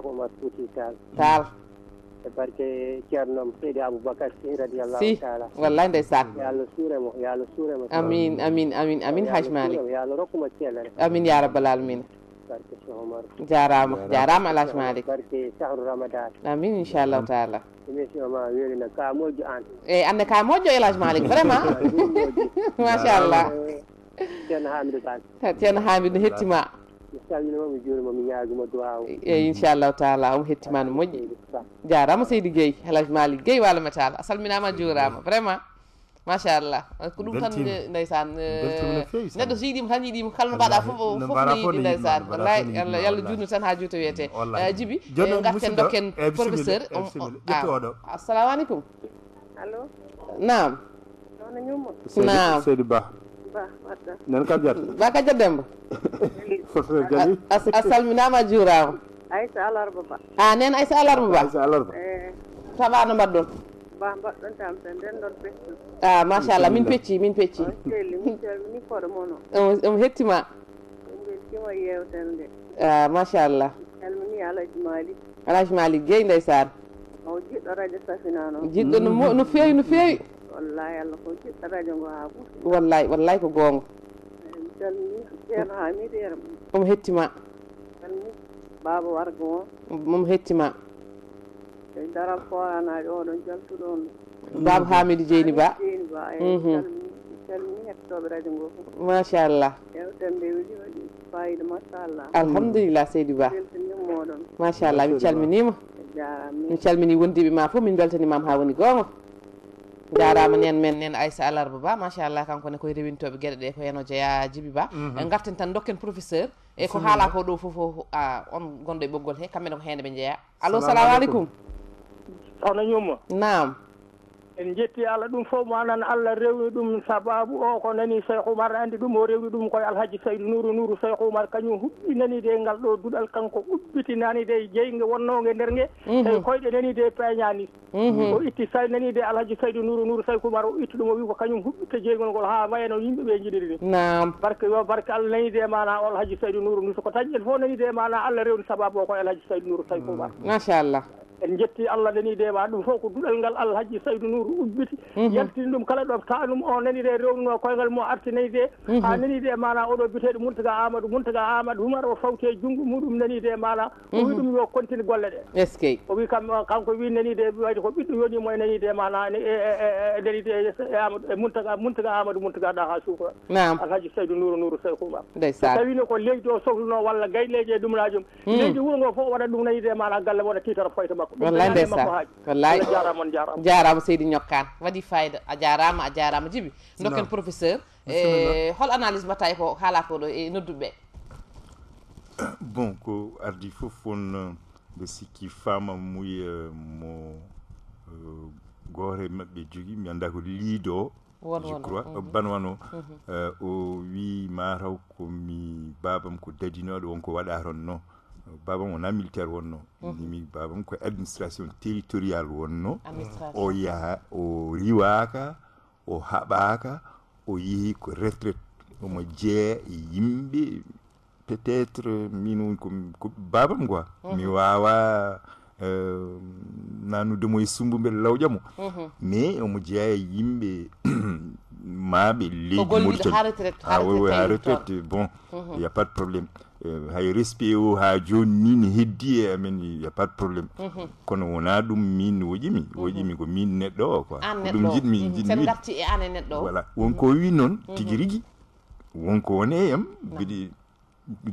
wallahi ndeysan yo amin amin amin amin haj malik yo allah rokkuma ceelere amin barke Omar jarama jarama alhaji malik barke sahru ramadan amin inchallahu taala émission ma welina ka moƴƴo an eyyi ande ka moƴƴo elhaji malik vraiment machallah ceerno hamidou kane ceerno hamidou no hettima mi salminoma mi juurima mi ñaaguma duwaw eyi inchallahu taala omo hettima no moƴƴi jarama seydi gueye alhaji malik gueye wallama taala a salminama a juurama vraiment machallah ko ɗum tan ndeysan neɗɗo so yiɗima tan yiɗima kalno mbaɗa fof fof no yiɗi ndeysan wallay yallah jutnu tan ha juuta wiyete djiby garten dokken professeur ƴetti oɗo assalamu aleykum allo nam ba nen kam ba ka jaddemba professeur diali a salminama a juurama aysa ba ba aysa alarba tawano ah machallah min pecci min pecci um hettima ah machallah alaj malik gey ndey sar o jiɗɗo radio safina noon jiɗɗo no no fewi no fewi wallay allah ko jiɗɗo radio ngo ha fof wallay wallay ko goonga calmini ceerno hamidi erm omo hettima calmini baaba wargo o omo hettima e mm-hmm. daral foranaɗe oɗon jaltuɗo on baba hamidou dieyni ba dieyni ba calmini hettoɓe mm-hmm. radio ngo fof machallah yewten nde weeli waɗi fayida machallah alhamdulillah seydi ba beltanimoɗon machallah mi calminima jarama mi calmini wondiɓe ma foof min beltanimama ha woni gonga jarama nen men nen aissa alarba ba machallah kankone koye rewintoɓe gueɗe ɗe ko yeno jeeya djiby mm-hmm. ba garten tan dokken professeur e ko haala ko ɗo foof ah, on gonɗo e ɓoggol he kamɓene ko hende ɓe jeeya allo salamu aleykum hono ñumma naam en jetti allah ɗum fof manan allah rewni ɗum sababu o ko nani seyh umar andi ɗum o rewni ɗum koye alhaji saydou nouru nouru seyh umar kañum huɓɓinanide ngal ɗo duɗal kanko huɓɓitinanide jeyge wonnonge nder nge tawi mhm. koyɗe nanide peñani mhm. o itti sa nanide alhaji saydou nouru nouru seyh umar o itti ɗum o wi ko kañum huɓɓitta jeygol ngol ha mayano yimɓeɓe jiɗiri naam barke yo barke allah nanide e mana o alhaji saydou nouru nouru soko tañƴen fof nanide e mana allah rewni sababu o koye alhaji saydou nouru seyh umar machallah en jetti allah nani dewa ɗum fof ko duɗal ngal allah haji saydu nuru ubbiti mhm. yaltini ɗum kala ɗo ta ɗum o nani de rewnuno koyngal mo arti nani de mhm. ha nani de mana oɗo biteɗo muntaga amadou muntaga amadou humar o fawti e junngo muɗum nani de mana o wi mhm. ɗum yo contine golle ɗe eske o wi kam kanko wi nani de wayde ko ɓiɗɗo yonimo e nani de mana e, e, e, nani de amadou e muntaga muntaga amadou muntaga ɗa ha suukora alhaji saydou nuru nuru sey kumaa tawi no ko leydi o sohluno walla gayleje ɗumnajum leydi wuro ngo fof waɗat ɗum nani de mana galle woɗa titoro foyta makko wallahi ndeysan wallahi jaramon jarama jarama seydi ñokkan waɗi fayida a jarama a jarama djiby dokken professeur e eh, hol analyse mbatta ko haala ko ɗo e nodduɓe bon ko ardi fof won mbe sikki fama muya eh, mo eh, gore mabɓe jogui mi anda ko liido je crois banwano o wi mataw komi babam ko dadinoɗo wonko waɗa ron non babam wona militaire wonno mhm. nimi babam ko administration territorial wonno o yaha o riwaka o habaka o yeehi ko retraite omo jee e yimɓe peut être min woni ko babam quoi mhm. mi wawa euh, nanudemo e sumbu mbeɗa lawƴamo mhm. mais omo jeeya yimɓe maɓe leydi mauritanie ha retraite ah, bon y a pas de problème hay respi o ha joni ni ne heddi e amen ya pas de probléme kono wona ɗum min woƴimi woƴimi ko min neɗɗo o quoi ɗum jiɗmi jiɗmi darti e voilà wonko wi noon mhm. tigi rigui wonko woni yam mbiɗi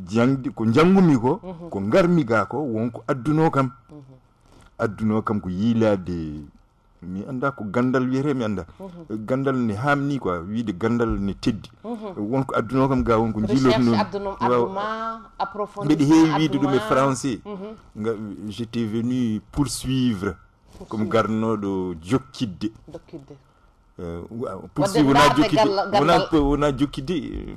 jangdi ko jangumi mhm. ko ko garmi ga ko wonko adduno kam mhm. adduno kam ko yiilade mi anda ko gandal wiyete mi anda eh, gandal ne hamni quoi wiide gandal ne teddi eh, wonko adduno kam ga wonko jilloti noon mbiɗa heewi wiide ɗum e français j'étais venu poursuivre comme garnoɗo jokkidde eh, poursuivre wona jokkidde wona jokkidde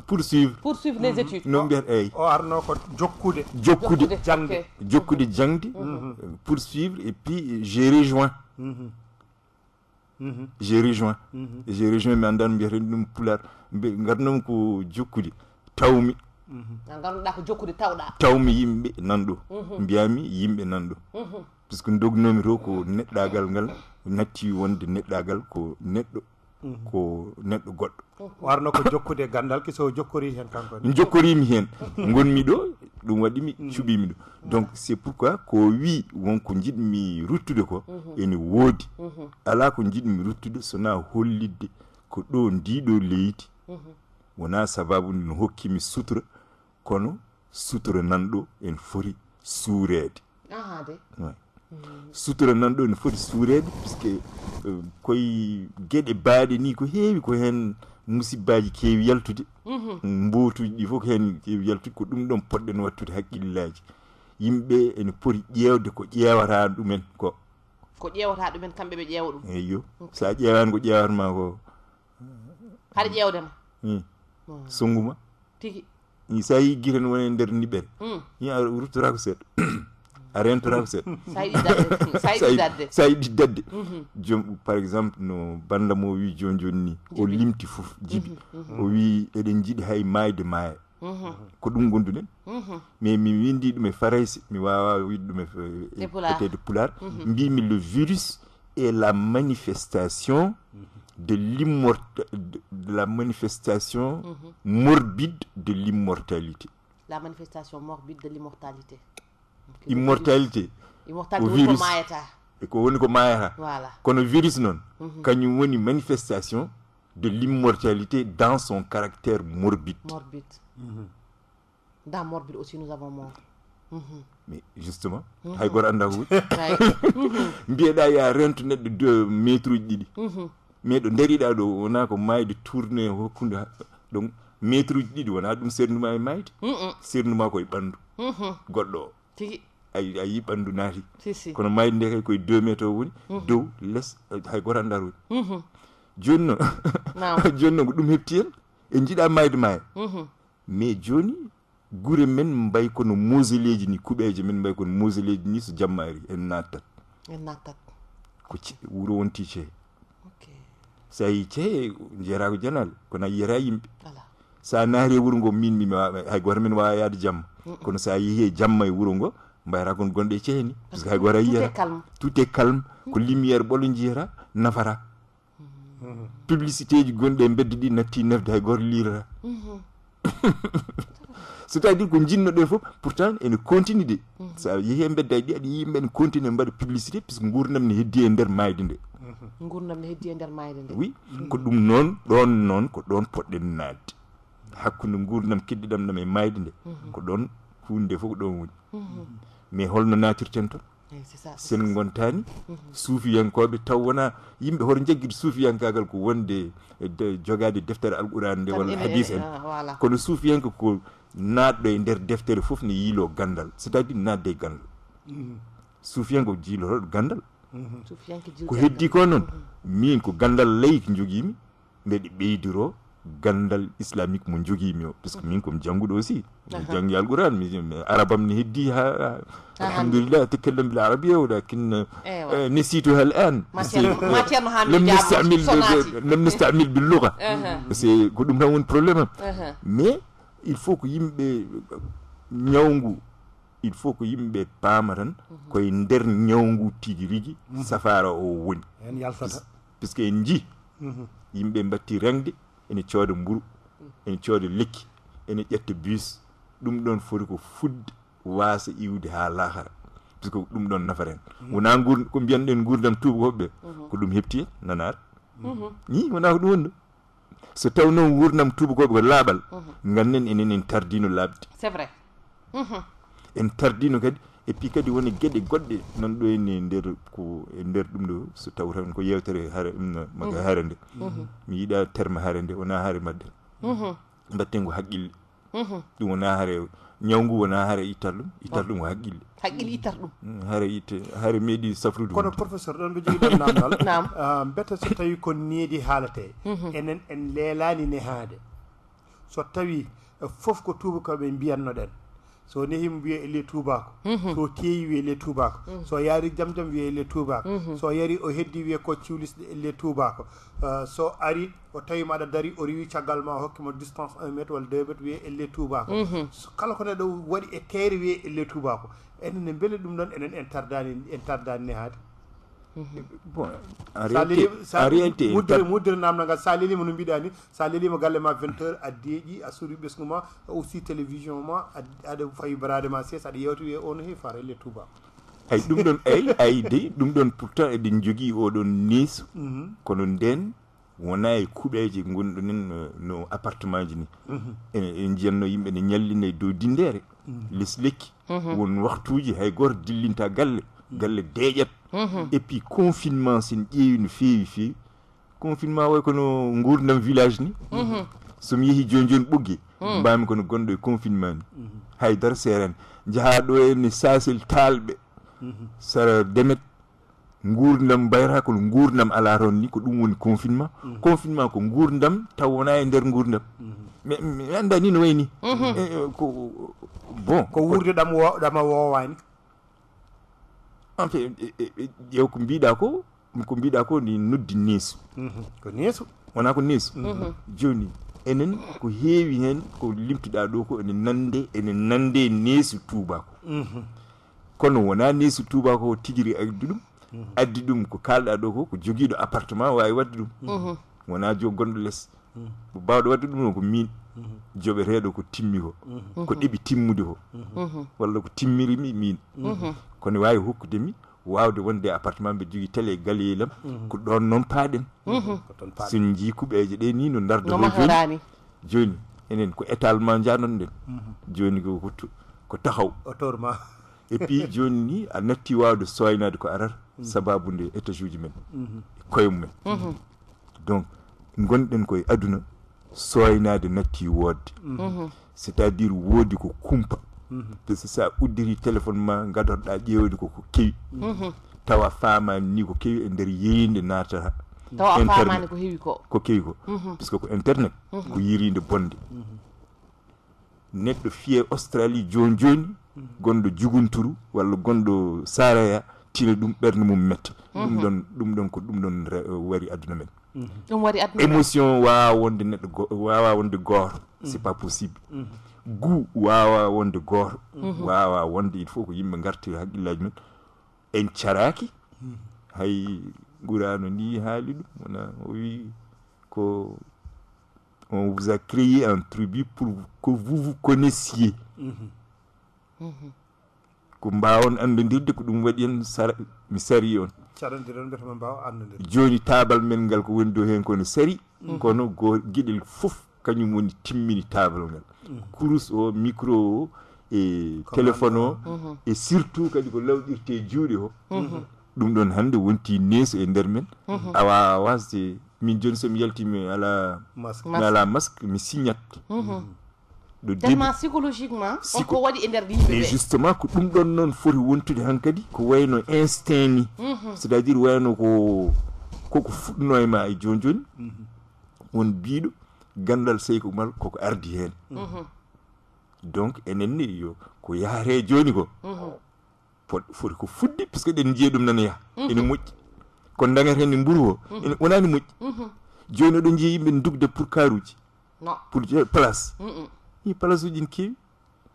poursuivre poursuivre les mm-hmm. études non mbiyata eyyi o oh, arno ko jokkude jokkude jangde jokkude jangde mm-hmm. poursuivre et puis j'ai rejoint mm-hmm. Mhm. j'ai rejoint mhm. j'ai rejoint mi anndan mbiyaten ɗum pulat mbi ngarnom ko jokkude tawmi mhm. ngarnoɗa ko jokkude tawɗa tawmi yimɓe nan ɗo mbiyami yimɓe nan ɗo par ce que dognomi to ko neɗɗagal ngal natti wonde neɗɗagal ko neɗɗo Mhm. ko neɗɗo goɗɗo warno ko jokkude gandal kiso jokkori hen kankone jokkorimi hen mhm. gonmi ɗo ɗum waɗimi mhm. cuɓimi ɗo donc c'est pourquoi ko wi wonko jiɗmi ruttude ko ene woodi ala ko jiɗmi ruttude sona hollidde ko ɗo ndiɗo leydi wona sababude no hokkimi sutura kono sutura nanɗo en fori suurede ahade ouais. sutura nan ɗo ne foti suurede puisque euh, koye gueɗe baaɗe ni ko heewi ko hen musibbaji keewi yaltude mhm. mbotuji ɗi foof ko hen keewi yaltude ko ɗum ɗon poɗɗen wattude haqqillaji yimɓe ene poti ƴewde ko ƴewata ɗumen ko ko ƴewata ɗumen kamɓe ɓe ƴeewa ɗum eyyo sa ƴewani ko ƴewatama ko haɗa ƴewdema hmm. hmm. songuma tigi sa yi guiten wone nder niɓere hmm. i a ruttorako seeɗa a rien traversé. sayiɗi dadde jom par exemple no banda mo wi joni joni ni o limti fof mhm, jibi mhm. o wi eɗen jiiɗi hay maayde maaya mhm. ko ɗum gonduɗen mais mi windi ɗum e farais, mi wawa wide ɗum e peut-être e, e, e, pular mbimi le virus est la manifestation de l'immortalité de la manifestation morbide de l'immortalité la manifestation morbide de l'immortalité immortalité o virus ko woni ko mayata kono virus noon mhm. kañum woni manifestation de l'immortalité dans son caractère morbide Morbide mhm. dans morbide aussi nous avons mort mhm. mais justement hay goto anda mbieda ya rentu neɗɗo deux métre uji ɗiɗi mais ɗo dariɗa do wona ko tourner tourné hokkude ɗum métre uji ɗiɗi wona ɗum sernuma e mayde sernuma ko ɓandu goɗɗo goddo tigi a yii ɓanndu naati kono mayde nde kay koye deux métre o woni mhm. dow less hay gotan daroji mhm. jooni noon jooni noon ko ɗum heɓti hen en jiiɗa mayde maaya mhm. mais jooni gure men mbay kono moseléji ni kuɓeje men mbay kono moseléji ni so jammaari en nattat en nattat ko wuro wonti ceeye so yi ceeye jeerako janal kono a yiyata yimɓe so a naari e wuro ngo min mi hay goto men wawa yaade jamma kono sa yeehi e jamma e wuro ngo mbayata kon gonɗe e ceeni par ce que hay gowara yiyata tout est calme ko lumiére ɓolo jiyata nafata publicité ji gonɗe beddo ɗi natti nefde hay goto lirata so ta dire ko jinnoɗen foof pourtant ene continue de sa yeehi e bedda e ɗi aɗa yimɓe ne continue e mbaɗa publicité puisque gurdam ne heddi e nder mayde nde gurdam ne heddi e nder mayde nde oui ko ɗum noon ɗon noon ko ɗon poɗɗen nadde hakkude gurdam kiɗɗiɗam ɗam e maydi nde mhm. ko ɗon hunde fof ko ɗon woni mais mhm. holno natirten toon eh, sen gontani mhm. suufiyankoɓe taw wona yimɓe hoto jagguide suufiyankagal ko wonde eh, jogade e deftere alqurane nde walla hadis en ah, kono suufiyanka ko natɗo e nder deftere foof ne yiilo gandal c'est à dire natde e gandal suufiyanka jiilotoɗo gandal ko heddi ko noon min ko gandal layi ko joguimi mbeɗe ɓeydiro gandal islamique mo joguimi o par que min komi jannguɗo aussi mi janngi alquran mi arabam am ne heddi ha alhamdulillah tekallam bil arabia walakin eh, eh, nesituha al an lam nestamil lam nestamil bil luga c'est ko ɗum tan woni probléme am mais il faut ko yimɓe ñawngu il faut ko yimɓeɓe paama tan mhm. koye nder ñawngu tigui rigui mhm. safara o woni que en jii mhm. yimɓe mbatti rangde ene cooda mburu ene cooda lekki ene ƴetta bus ɗum ɗon foti ko fudde waasa iwde haa laakara par ce que ɗum ɗon nafar hen wonaa gur ko mbiyanɗen gurdam tuubakoɓe ɓe mhm. ko ɗum hepti e nanaar mhm. ni wonaa ko ɗum wonno so taw noon wurdam tuubakoɓe ko laaɓal mhm. ngannden enen en tardino laaɓde c'est vrai en tardino kadi et puis kadi woni gueɗe goɗɗe nan ɗo henni nder ko e nder ɗum ɗo so taw tan ko yewtere hare ɗum maga mhm. hare nde mhm. mi yiiɗa terme hare nde wona hare madde mhm. mbattengo haqqille ɗum wona hare ñawngu wona hare ittat ɗum ittat oh. ɗum ko haqqille haqqille ittat ɗum mm, hare itte hare meeɗi safrude kono professeur ɗon ɓe jogii ɗon nam mbete so tawi ko needi haalate enen en leelani haade so tawi eh, fof ko tuubakoɓe mbiyatno ɗen so nehimo wiye ele tubako mhm. so teewi wiye ele tubako mhm. so yaari jamjam wiye ele tubako mhm. so yari o heddi wiye ko cuulisɗe ele tubako uh, so ari o tawi maɗa dari o riwi caggal ma o hokkimo distance un métre walla deux métre wiye ele tubako so kala ko neɗo waɗi e teere wiye ele tubako enen e beele ɗum noon enen en tardani en tardani ne haade bonmuddere namda ngal sa lelima no mbiɗa ni sa lelima galle ma 20 heure a deeƴi a suuri ɓesgu ma aussi télévision ma aɗa fayi barade ma sees aɗa yewtawi on he farelle touba ayi ɗum ɗon ayi ayi de ɗum ɗon pourtant eɗen jogui oɗon nis mhm. kono nden wona e kuuɓeji gonɗonen no appartement ji ni mhm. en e jiyatno yimɓe ne ñallina e dow dindere mhm. les lekki won waktuji hay goto dillinta galle galle deeƴat Mhm. et puis confinement c'est une fille, confinement way dans un village ni mm village. somi yeehi joni joni mhm. kono confinement mhm. sara demet village. ko ala ni ko dum woni confinement confinement ko gurdam taw wona e mais mi anda ni no wayni eh, eh, ko bon ko dama wowani Anke, e, e, e, yo kumbida ko mkumbida ko ni nuddi neesu mm ko neesu wona ko neesu mm mhm. joni enen ko heewi hen ko limtiɗa ɗo ko ene nande ene nande neesu tuubako mm -hmm. kono wona neesu tuubako tigiri addi ɗum mhm. addi ɗum ko kalɗa ɗo ko ko joguiɗo appartement wawi wadde ɗum mm -hmm. wona jo gonɗo less mm -hmm. bawɗo wadde ɗum ko min joɓe reeɗo ko timmi ko ko ɗiɓi timmude ko walla ko timmirimi min kono wawi hokkude mi wawde wonde appartement mbe jogui tele galiyelam ko ɗon noon paaɗen sin jii kuɓeje ɗe ni no dardoo joni joni enen ko étalement janon nden joni ko hottu ko taxaw autorma et puis joni ni a natti wawde soynade ko arata sababude étage uji men e koye mumen mhm. donc gonɗen koye aduna soynade natti wodde c'est mhm. à dire woodi ko kumpa par ce que so a uddiri téléphone ma gadotoɗa ƴeewde koko kewi mhm. tawa famani ni ko kewi e nder yeyinde nataha ko kewi ko mhm. par ce que ko internet ko yirinde bonde neɗɗo fiye australie joni joni gonɗo juguntouru walla gonɗo saraya tina ɗum ɓerde mum metta ɗum ɗon ɗum ɗon ko ɗum ɗon wari aduna men ɗum waɗi adna émotion wawa wonde neɗɗo wawa wonde gooro mm-hmm. c'est pas possible gu wawa wonde gooro mm-hmm. wawa wonde il faut ko yimɓe garti haqqillaji men en caraki hay mm-hmm. gurano ni haali ɗum wona o wi ko on vous a créé un tribu pour que vous vous connaissiez ko mbawon andodirde ko ɗum waɗi hen mi sari on caɗodiren mbawa andodir joni table men ngal ko woni do hen kono sari kono go gueɗel foof kañum woni timmini table ngal mm. kurus o micro o e téléphone o mm-hmm. e surtout kadi ko lawɗirte juuɗe o mm-hmm. ɗum ɗon hande wonti neeso e nder men mm-hmm. awa wasde min joni somi yaltimi ala mi ala masque mi signat ɗo dema psychologiquement on ko waɗi e nder yimɓeɓe justement ko ɗum ɗon noon foti wontude han kadi ko wayno instinct ni mm-hmm. c'est à mm-hmm. mm-hmm. dire wayno ko koko fuɗɗino e ma e joni joni won biiɗo gandal seyko mal koko ardi hen donc enen yo ko yaare joni ko foti ko fudde par ce que eɗen jiiya ɗum nana yaha ene moƴƴi kono dagat hen e mburu o ene wonani moƴƴi joni oɗon jiiya yimɓe dugde pour karuji pour place i place uji ne keewi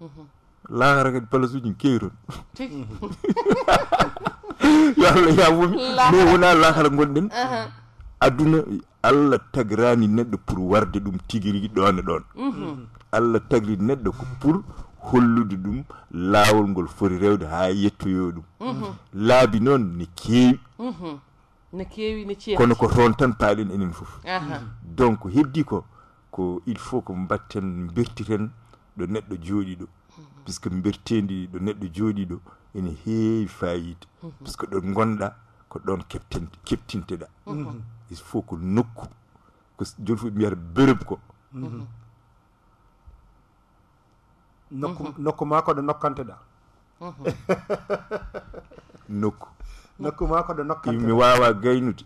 mhm. laara kadi place uji ne keewi toon yo allah yaawomi mai wona laahara gonɗen aduna allah tagirani neɗɗo pour warde ɗum tigi rigui ɗon e ɗon mhm. allah tagri neɗɗo ko pour hollude ɗum laawol ngol fori rewde ha yettoyo ɗum mhm. laabi noon ne keewi ne keewi ne ceeɗ kono ko toon tan paaɗen enen fof donc heddi ko ko il faut ko batten bertiten ɗo neɗɗo jooɗi ɗo puisque bertedi ɗo neɗɗo jooɗi ɗo ene heewi fayide puisque ɗo gonɗa ko ɗon keptin keptinteɗa mhm. il faut ko nokku ko joni fof mbiyata bereb ko mhm. Mhm. nokku nokku ma koɗo nokkanteɗa nokku nokku ma koɗo nokkamiwawa gaynude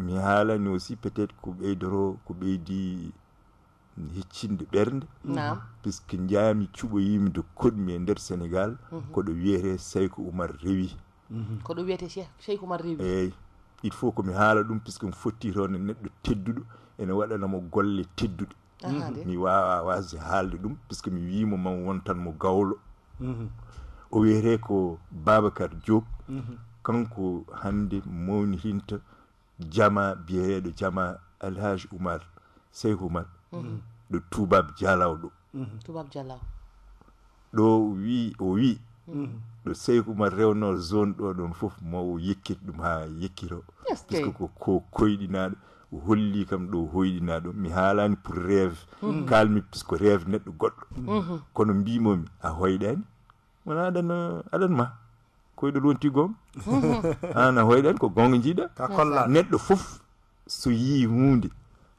mi haalani aussi peut être ko ɓeydoro ko ɓeydi heccinde ɓernde puisque jaami cuɓoyimde koɗmi e nder sénégal mhm. koɗo wiyete seyko oumar rewi mhm. koɗo wiyete seyko oumar rewi eyi il faut ko mi haala ɗum puisque mi fotti toon e neɗɗo tedduɗo ene waɗanamo golle tedduɗe mhm. mi wawa wasde haalde ɗum puisque mi wimo ma wontan mo gawlo o wiyete ko babacar diop kanko hande mawnitinta mm -hmm. jama biyeeɗo jama alhaj oumar seyh oumar ɗo mm -hmm. tubab jalawɗo ɗo mm -hmm. wi o wi mm-hmm. ɗo mm -hmm. seyh oumar rewno zone ɗo ɗon fof mo yekkiti ɗum ha yekkiro yes, pisque ko koyɗinaɗo o holli kam ɗo hoyɗinaɗo mi haalani pour rêve mm -hmm. kalmi pisque rêve neɗɗo goɗɗo mm -hmm. kono mbimomi a hoyɗani wona aɗano aɗanma mm -hmm. koyɗo lontigoom an a hoyɗen ko gonga jiiɗa neɗɗo fof so yii hunde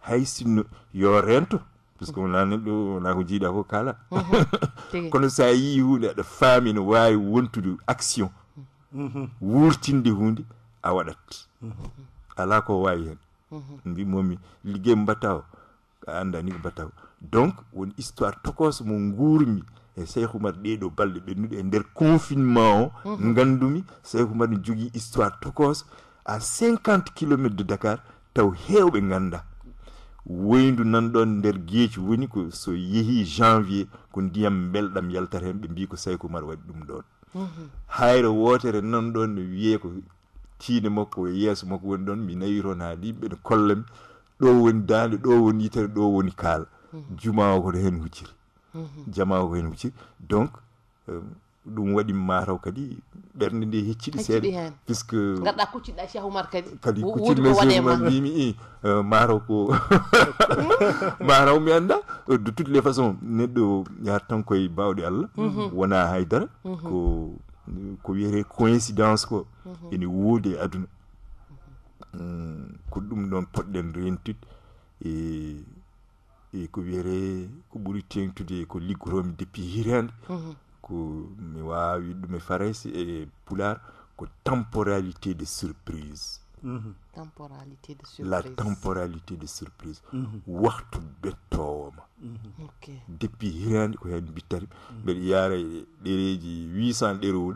hay sinno yo rento que wona neɗɗo wona ko jiiɗa ko kala kono sa yii hunde aɗa faami no wawi wontude action wurtinde hunde a waɗat ala ko wawi hen mhm. mbimomi ligguey mo mbatta o a andani ko mbatta o donc woni histoire tokoso mo guurmi e cheikh oumar ɗeɗo balɗe ɓennuɗe e nder confinement o mhm. gandumi cheikh oumar ne jogui histoire tokos à cinquante kilométre de dakar taw hewɓe ganda woyndu nanɗon nder gueeci woni ko so yeehi janvier ko ndiyam belɗam yaltata hen ɓe mbi ko cheikh oumar waɗi ɗum ɗon mhm. hayre wootere nanɗon ne wiye ko tiine makko o e yeeso makko woni ɗon mi nawi toon haa ɗimɓe ne kollami ɗo woni daande ɗo woni yitere ɗo woni kaala mhm. jumawo koto hen hucciri jama wayno ci donc euh, ɗum waɗi mataw kadi ɓernde nde puisque cheikh oumar kadi i euh, mi anda euh, de toutes les façons neɗɗo yahat tan koye bawɗe allah mm-hmm. mm-hmm. ko ko coïncidence ko mm-hmm. ene e mm, ko e ko wiyere ko ɓuri tengtude ko liggoromi depuis hirande mhm. ko mi wawi ɗum e e pular ko temporalité de mhm. surprise temporalité de surprise la temporalité de surprise waxtu vous mhm. depuis hirande ko hen mbittati yaara ɗereji 800 ɗerewol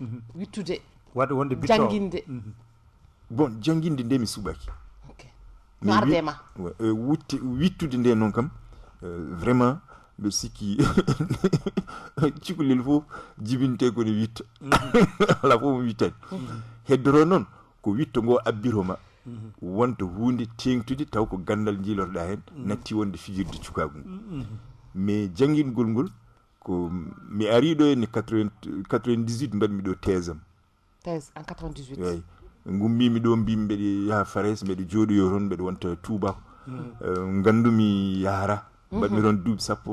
Mhm. wittude wadde wonde janginde mhm. bon janginde nde mi suɓaki mardema e, wutte wittude nde noon kam e, vraiment mbe sikki cukalel fof jibinte kone witta mhm. ala fof mo wittani heddoro noon ko witto ngo abbiroma wonta hunde tengtude taw ko gandal jiilotoɗa hen natti wonde fijirde cukagu ngu mais janguingol ngol ko mi ariɗo henne 98 mbaɗmi ɗo tesam eyi gummimi ɗo mbimi mbeɗe yaha farés mbeɗe jooɗoyo toon mbeɗe wonta tubako mm. gandumi yaara mm-hmm. mbaɗmi toon duuɓi sappo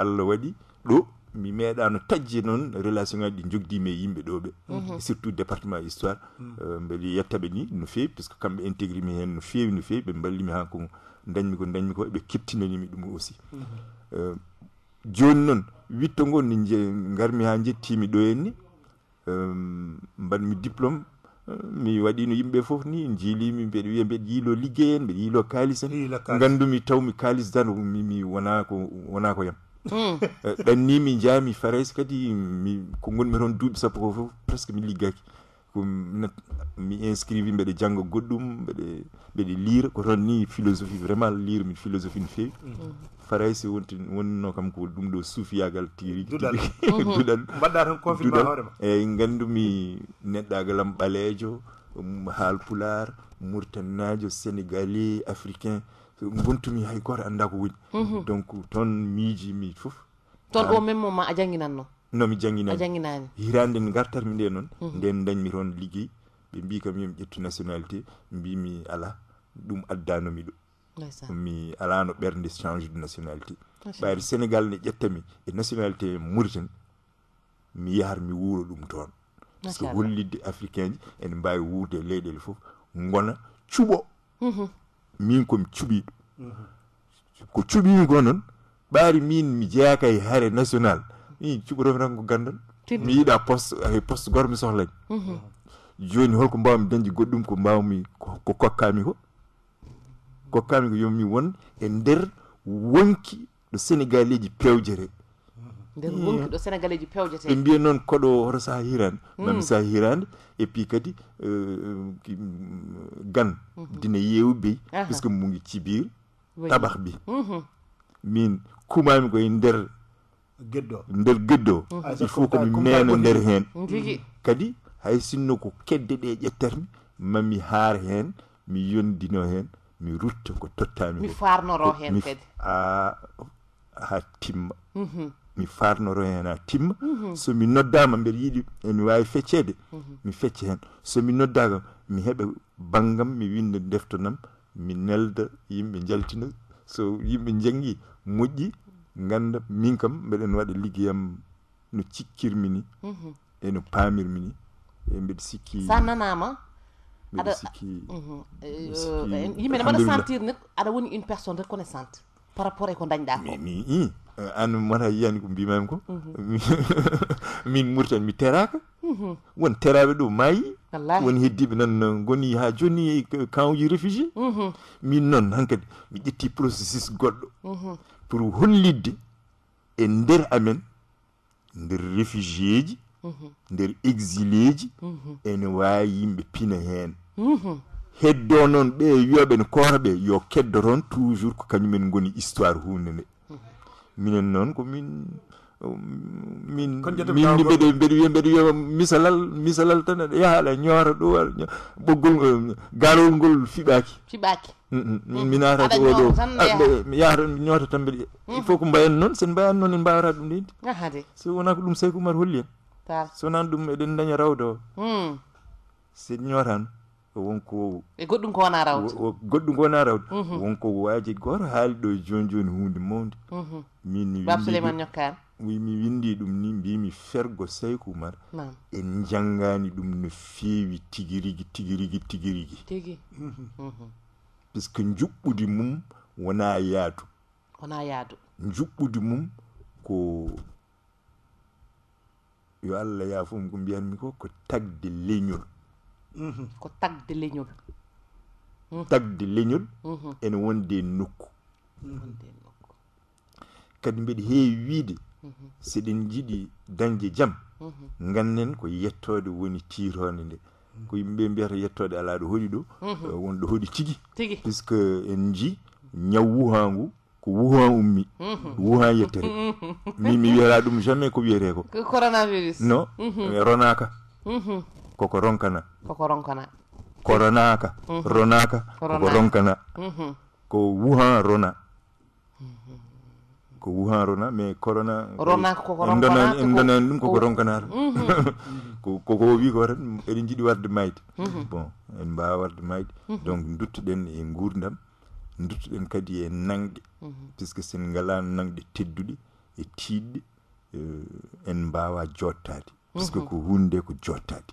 allah waɗi ɗo mi meeɗano tajje noon relation ngaji ɗi jogdimi e yimɓe ɗo ɓe mm-hmm. surtout département histoire mm. mbeɗe yettaɓe ni no fewi par ce que kamɓe intégri mi hen no fewi no fewi ɓe ballimi ha ko dañmi ko dañmi ko ɓe kettinanimi ɗum aussi mm-hmm. joni noon mm -hmm. witto ngo ndi garmi ha jettimi ɗo henni mbaɗmi diplôme mi waɗino yimbe fof ni jilimi mbeɗa wiya mbeɗa yiilo liggey en mbeɗa yiilo kalis en gandumi tawmi kalis dan mi wana ko wona ko yam ɗanni mi jaami farais kadi mi ko gonmi toon duuɓi sappo ko fof presque mi mm. eh, liggaki komi inscrivi mbeɗe jangga goɗɗum mbeɗe mbeɗe lire ko toon ni philosophie vraiment lire mi philosophie no fewi mhm. faray so wonti wonno kam ko ɗum ɗo suufiyagal tiriduɗal mbaɗɗa tan confirmé hoorema eyyi gandumi neɗɗagal am ɓaleejo haal poular mourtanajo sénégalis africain gontumi hay goto anda ko woni mhm. donc toon miiji mi fof toon o même moma a jangginanno nomi jangginaniajangginani hirande nde gartatmi nde noon mhm. nden dañmi toon liggey ɓe mbi kam yomi ƴettu nationalité mbimi ala ɗum addanomi ɗo mi alano ɓernde change de nationalité ɓayde sénégal ne ƴettami e nationalité mauritan mi yahar mi wuuro ɗum toon par ce que wollidde africain ji ene mbawi wuurde e leyɗele foof gona cuɓo mhm. min komi cuɓiɗo mhm. ko cuɓimi ko noon ɓaari min mi jeeyaka e haare national i cuɓoroomi tan ko gandal mi yiiɗa poste poste gormi mi sohlañ joni holko mbawmi dañde goɗɗum ko mbawmi ko kokkami ko kokkami ko yomi won e nder wonki ɗo sénégal eji pewjere nder sénégal eji pewjete ɓe mbiya noon koɗo hoto saha hirande mami mm. saha hirande et puis kadi euh, mm, gan mhm. dina yeewi beyi puisque mu ngi cibir tabax bi mhm. min kumami koye nder nder geddo o ah, il faut komi meena nder heen kadi hay sinno ko kedde ɗe ƴettatmi mami haar heen mi yondino heen mi rutta ko tottami a ha timma mhm. mi farnoro hen ha timma mhm. somi noddama mbeɗa yiiɗi emi wawi feccede mhm. mi fecce hen somi noddaka mi heɓe banggam mi winda deftanam mi nelda yimɓe jaltina so yimɓe jangi moƴƴi ganda min kam mbeɗen waɗa liggeyam no cikkirmi ni mhm. e no paamirmi ni e mbeɗa sikki sa nanama aɗa sikki mhm. e, yimɓe ne mbaɗa sentir ne aɗa woni une personne reconnaissante par rapport e ko dañɗa ko mi i e, an mata yiyani ko mbimami ko mhm. min murtan mi teraka won teraɓe ɗo maayi woni heddiɓe nan goni ha joni e, e camp ji réfugié min noon hankkadi mi ƴetti processus goɗɗo pour hollidde e nder amen nder réfugié ji mhm. nder exilé ji mhm. ene wawi yimɓe pina hen mhm. heddo noon ɓe wiyoɓene koraɓe yo keddo toon toujours ko kañumen goni histoire hunde nde minen noon komin min min mbeɗe mbeɗe wiya mbeɗe wiya misalal misalal tan aɗa yaha aɗa ñoora ɗo aɗa ɓoggol gaalol ngol fiɓaaki fiɓaaki min arata oɗo yahata ñoota tan mbeɗe il faut ko mbayen noon sen mbayani noon en mbawata ɗum leydi so wona ko ɗum sayko umar holli en so wonani ɗum eɗen daña rawde o se ñootano wonko e goɗɗum ko wona rawde goɗɗum ko wona rawde wonko waji goto haali ɗo joni joni hunde mawde min babsuleymane ñokkani mi windi ɗum ni mbimi fergo sey kumar en jangani ɗum no feewi tigirigi tigirigi tigi rigi mhm. tigi mhm. puisque juɓɓudi mum wona yaadu wona yaadu juɓɓudi mum ko yo allah yafum ko mbiyanmi ko ko tagde leñol mhm. ko tagde leñol tagde leñol ene wonde nokku kadi mbiɗa heewi wiide siɗen jiɗi dañde jam mhm. gannen ko yettode woni tirode nde ko yimɓe mbiyata yettode ala ɗo hoɗi ɗo mhm. e wonɗo hoɗi tigi puisque en ji ñaw wuhangu ko wuhan ummi mhm. wuhan yettere min mi wiyata ɗum jamais ko wiyete ko coronavirus non e ronaka koko ronkana koko ronkana koronaka ronaka koko ronkana ko wuhan rona ko wuhan rona mais corona ronaen donani ɗum koko ronkanaro mhm. koko wi ko tan eɗen jiiɗi warde mayde mhm. bon en mbawa warde mayde mhm. donc duttoɗen e gurdam duttoɗen kadi e nangue puisque sen ngala nangɗe tedduɗe e tiɗɗe en mbawa jottade puisque ko hundede ko jottade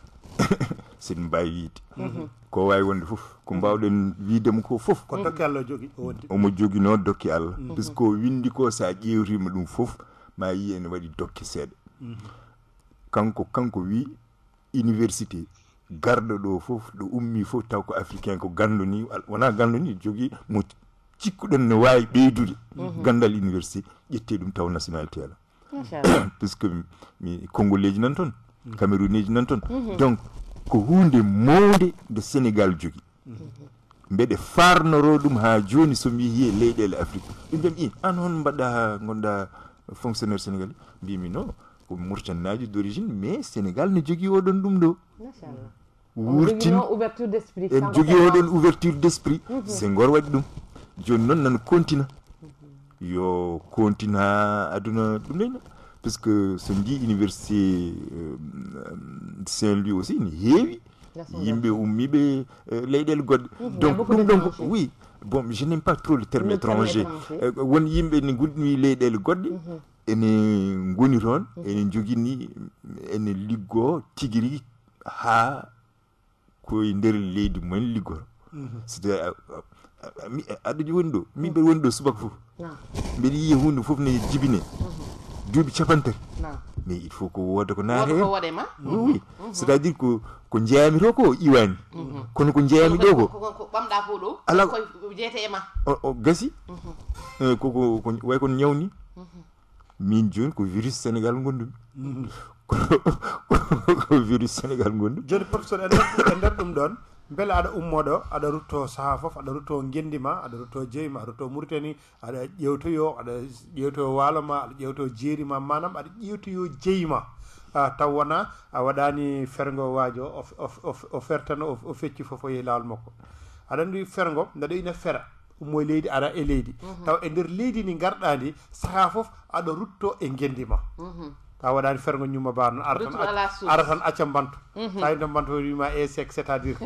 sen mbawi wiide ko wawi wonde fof ko mbawɗen wiidemo ko fof ko dokki allah jogi omo jogui noon dokki allah par ce que ko windi ko sa ƴewtima ɗum foof ma yi ene waɗi dokke seeɗa mm-hmm. kanko kanko wi université garɗo ɗo foof ɗo ummi foof taw ko africain ko gandu ni wona gandu ni jogui mo cikkuɗen ne wawi ɓeydude mm-hmm. gandal université ƴettei ɗum taw nationalité ala par ce que mi congol leji nan toon cameroneji nan toon donc ko hunde mawde nde sénégal jogui mbeɗe farnoro ɗum ha joni somi yeehi e leyɗele afrique ɗum jaam i an hon mbaɗɗa gonɗa fonctionnaire sénégal mbimi no ko murtannaji d' origine mais sénégal ne jogui oɗon ɗum ɗo wurtin en jogui oɗon ouverture d' esprit mhm. se gor waɗi ɗum joni noon nan contina mhm. yo contina aduna ɗum leyno puisque samedi université euh, euh, Saint-Louis aussi ne yimbe yimɓe ummiɓe leyɗele donc ɗum oui bon je n'aime pas trop le terme étranger euh, won yimɓe ne gulɗumi leyɗele goɗɗe mhm. ene ngoni ton mhm. ene jogini ene liggo tigiri rigui ha koye nder leydi mumen liggoro c'est à aɗa adu wendo mi wendo woni ɗo subaka foof mbeɗa ah. hunde foof ne jibine mhm. duuɓi capantati mais il faut ko wooda ko naata hen oui c' est à dire ko ko jeyami to ko iwani kono ko jeyami ɗo ko ɓamɗa ko ɗo ala ko jeeyete e ma o gasi koko way kono ñawni min joni ko virus sénégal gondumi ko virus sénégal gondumi joni professeur e nder ɗum ɗon beele aɗa ummoɗo aɗa rutto saha fof aɗa rutto gendi ma aɗa rutto jeyi ma rutto murteni aɗa ƴewtoyo aɗa ƴewtoyo waalo ma aɗa ƴewto jeeri ma manam aɗa ƴewtoyo jeyi ma Uh, taw wona a waɗani fergo waajo o fer tan o fecci fof o yehi lawol makko aɗa andi fergo ndaɗa ina fera ummo e leydi ara e leydi mhm. taw e nder leydi ndi garɗa ndi saha fof aɗa rutto e gendi ma mm -hmm. taw waɗani fergo ñumma ba noon ara tan ara tan acca mbanto mhm. sa yino mbanto wima esec c' est à dire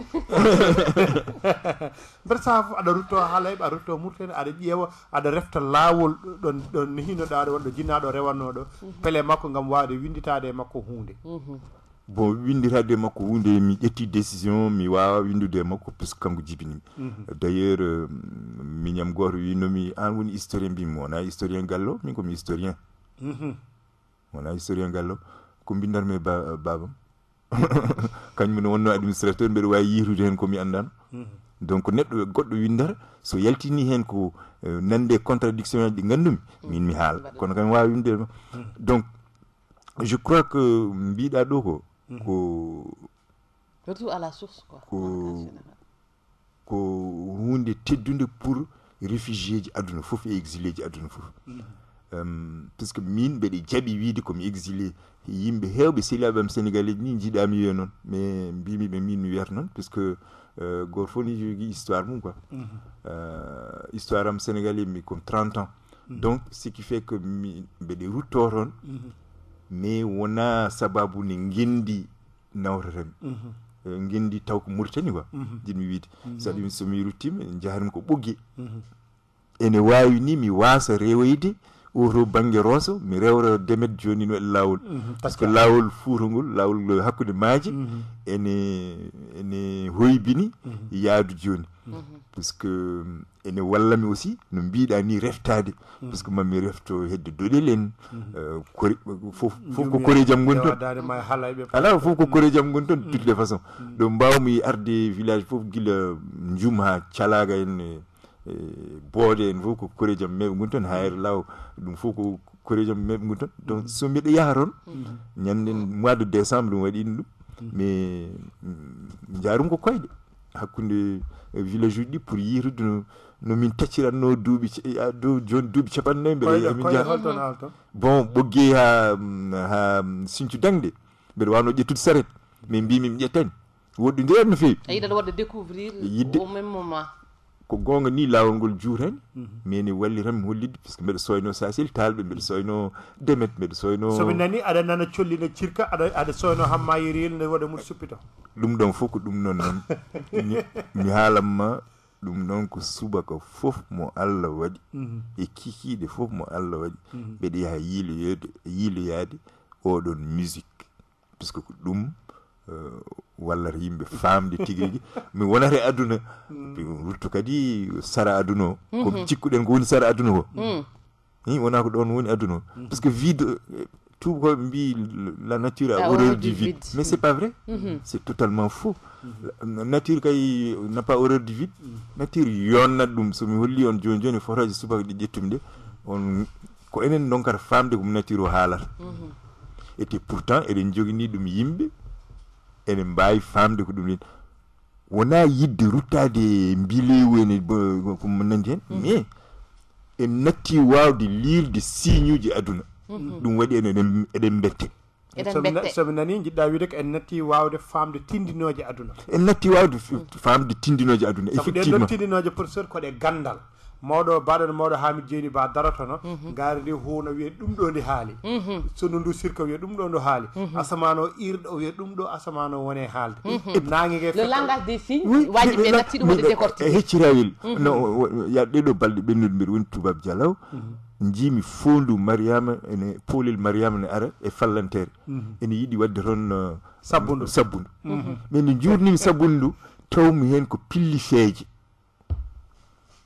mbeɗa saaha aɗa rutto haalayɓe aɗa rutto murtene aɗa ƴeewa aɗa refta laawol ɗon ɗon hinoɗa ɗo wonɗo jinnaɗo rewannoɗo mhm. pele makko gam wawde winditade e makko hunde mhm. bon winditade e makko hunde mi ƴetti décision mi wawa windude e makko puisque kanko jibinimi d' ailleurs euh, miñam goto winomi an woni historien mbimi wona historien gallo min komi historien wona historien gallo euh, ko mbindatmi ba babam kañum ne wonno administrateur mbeɗa wawi yiitude hen komi andan mm-hmm. donc neɗɗo goɗɗo windata so yaltini hen ko euh, nande contradiction aji ɗi gandumi mm-hmm. min mi haala kono kam wawi windedema mm-hmm. donc je crois que mbiɗa ɗo ko ko retour à la source quoi ko ko hunde teddude pour réfugié ji aduna foof e exilé ji aduna foof um, puisque min mbeɗe jaɓi wiide komi exilé yimɓe hewɓe sehilaɓe am sénégalais ni jiiɗami wiya noon mais mbimiɓe min mi wiyata noon puisque uh, goto fof ni jogui histoire mum quoi mm -hmm. uh, histoire am sénégalais mi comme 30 ans mm -hmm. donc ce qui fait que mi mbeɗe rutto toon mm -hmm. mais wona sababu ne gendi nawtatami mm -hmm. Euh, gendi taw ko mauritanie quoi jiɗmi wiide saɗa somi ruttima jaharmi ko ɓoggi ene wawi ni mi wasa rewoyde wuto banggue rosso mi rewre demet joni no mhm, e lawol par ce que lawol fouto ngol lawol ngol hakkude maaji mhm. ene ene hoybini mhm. yaadu joni par ce que mm, ene wallami aussi no mbiɗa ni reftade par ce que mami refto hedde doɗel en euh, kori fof ko kori jam gon tonala fof ko kori jam gon ton tutde façon ɗo mbawmi arde village fof guila mm, jum ha calaga en e boode en fof ko kore jom meɓe gon toon hayre law ɗum fof ko kore jom meɓe gon toon donc so mbiɗa yaha toon ñande mois de décembre ɗum waɗino ɗum mais mm, jarum ko koyɗe hakkude village uji ɗi pour yitude no no min tacciranno duuɓi dow joni duuɓi capannayyi mbeɗeɓeja bon ɓoggey ha ha sincu dangde mbeɗa wawno ƴettude sarete min mbimi mi ƴettani woɗɗi ndeer no feewi yiɗaɗa waɗa découvrir yidde au même moment ko gonga ni lawol ngol juurani mhm. mini walliranmi hollidde par ce que mbeɗa soyno sasil talɓe mbeɗa soyno demet mbeɗa soyno soɓe nani aɗa nana colli ne cirka aɗa aɗa soyno hammayiril nde waɗa mudo suppito ɗum ɗon fof ko ɗum noon noon mi haalanma ɗum noon ko subaka fof mo allah waɗi mhm. e kikiɗe fof mo allah waɗi mhm. mbeɗa yaaha yiiloyeede yiiloyaade oɗon musique par ce que ko ɗum Euh, wallata yimɓe famde tigui rigui mi wonata e aduna rutto kadi sara aduna o komi mhm. cikkuɗen ko woni sara aduna ko mm. i wona ko ɗon woni aduna o mm. par ce que vide eh, tubakoɓe mbi la nature a horreur du vide mais c'est pas vrai mhm. c'est totalement faux mhm. nature kay n'a pas horreur du vide mm. nature yonnat ɗum somi holli on joni joni fotoji subaka ɗi ƴettumi de on ko enen donkata famde komi nature o haalata ete pourtant eɗen jogini ɗum yimɓe enen mbawi famde ko ɗum ɗin wona yidde ruttade mbilewu ene komo nandi hen mm. mais en natti wawde lirde signe uji aduna mm-hmm. ɗum waɗi eneɗen bette soɓe nani jiɗɗa wiide ko en natti wawde famde tindinoje aduna en natti wawde famde tindinoje aduna effectivement tindinoje professeur koɗe gandal mawɗo baɗono mawɗo hamid jeeni ba daratono mm-hmm. gari ndi huuna wiye ɗum ɗo ndi haali mm-hmm. sonu ndu sirka wiya ɗum ɗo ndo haali mm-hmm. asamane o irɗo wiya ɗum ɗo asamane o wone haalde nangue le langage des signes wajiɓe natti ɗum e no ya ɗeɗo balɗe ɓennude mbiɗa woni tubab dialaw jiimi fondu mariama ene poolel mariama ne ara e fallantere ene yiiɗi wadde toon sabbundu sabbundu mais nde jurnimi ndu tawmi hen ko pilli feeje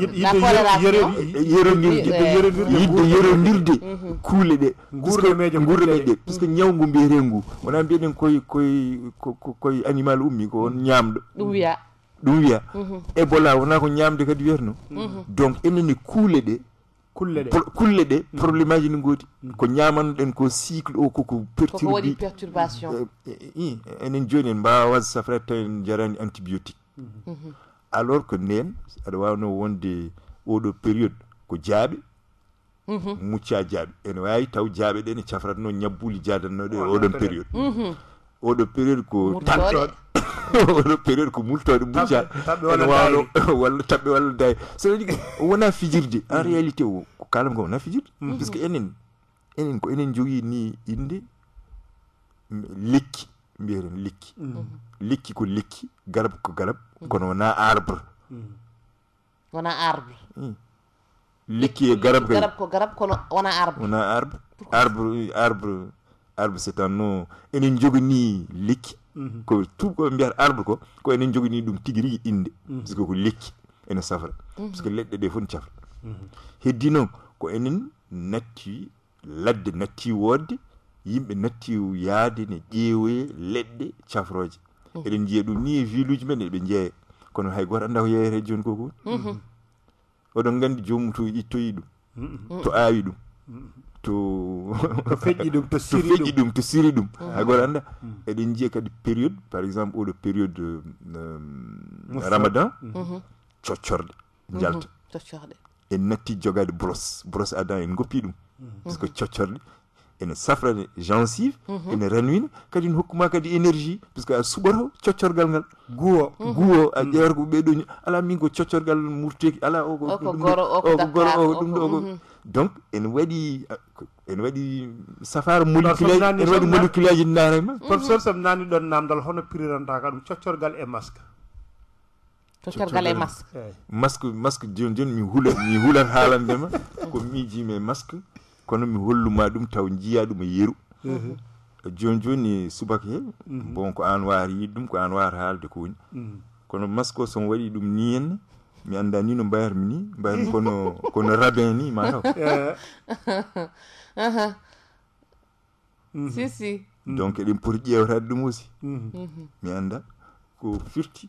yidde yerondirde mhm. kuule ɗe gurɗemeje gurɗemeje ɗe puisque ngu wona mbiyeɗen koye koye koye animal ummi ko on ñamɗo ɗum ɗum wiya mhm. ebola wona ko ñamde kadi wiyatno mhm. donc enene kuule ɗe kulle ɗe kulle ɗe probléme aji ko ñamanɗen o koko perturbation euh, euh, enen joni en mbawa wasde safrade taw en jarani antibiotique alors que nden aɗa wawno wonde oɗo période ko jaaɓe mhm. mucca jaaɓe ene wawi taw jaaɓe ɗe ne cafratno ñabbuli jadannoɗo e oɗon période oɗo période ko mhm. tantoɗe oɗo période ko multoɗe mucca ene wawno walla taɓɓe walla daye so wadi wona fijirde en réalité ko kalam ko wona fijirde mhm. par ce que enen enen ko enen jogui ni inde lekki mbiyaten lekki likki ko likki garab ko garab kono wona arbre wona arbre hmm. likki e garab ko garab kono wona arbre wona arbre arbre arbre arbre c' est un nom enen jogani likki mhm. ko tubakoɓe mbiyata arbre ko ko enen jogani ɗum tigui rigui inde mhm. pisque ko likki ene safra mhm. pisque leɗɗe ɗe foof ne cafra heddi noon ko enen natti ladde natti wodde yimɓe natti yaade ne ƴeewoye leɗɗe cafroje Mm. eɗen jiiya ɗum ni e ville uji men eɓe jeeya kono hay goto anda ko yeyete joni ko mm-hmm. oɗon gandi joomum to ittoyi ɗum mm-hmm. to aawi ɗum mm-hmm. to feƴƴi ɗum to feƴƴi ɗum to siri ɗum hay goto anda eɗen jiiya kadi période par exemple oɗo période euh, ramadan coccorɗe jalta en natti jogade brosse brosse adan en goppi ɗum par ce que coccorɗe ene safrane gencive mhm. ene ranwina kadi ne hokkuma kadi énergie puisque a suɓoto coccorgal ngal guwo mhm. guwo a ƴewata mhm. ko ɓeɗo ala min ko coccorgal murteki ala oko goro o ko goro o ko ɗum ɗo ko donc ene waɗi ene waɗi safara molécule ene waɗi molécule aji darema professeur sam nani ɗon namdal hono pirirantaka ɗum coccorgal e masque coccorgal e, e masque masque masque joni joni mi hula mi hulan haalandema ko miijimi e masque kono mi holluma ɗum taw jiya ɗum e yeru mhm. joni joni subaka he mhm. bon ko an wawata yiide ɗum ko an wawata haalde ko woni mhm. kono masque o somo waɗi ɗum ni henne mi anda ni no mbayatmi ni mbayatmi kono kono rabin ni ma taw eh. si si donc eɗen pooti ƴewtade ɗum aussi mi anda ko firti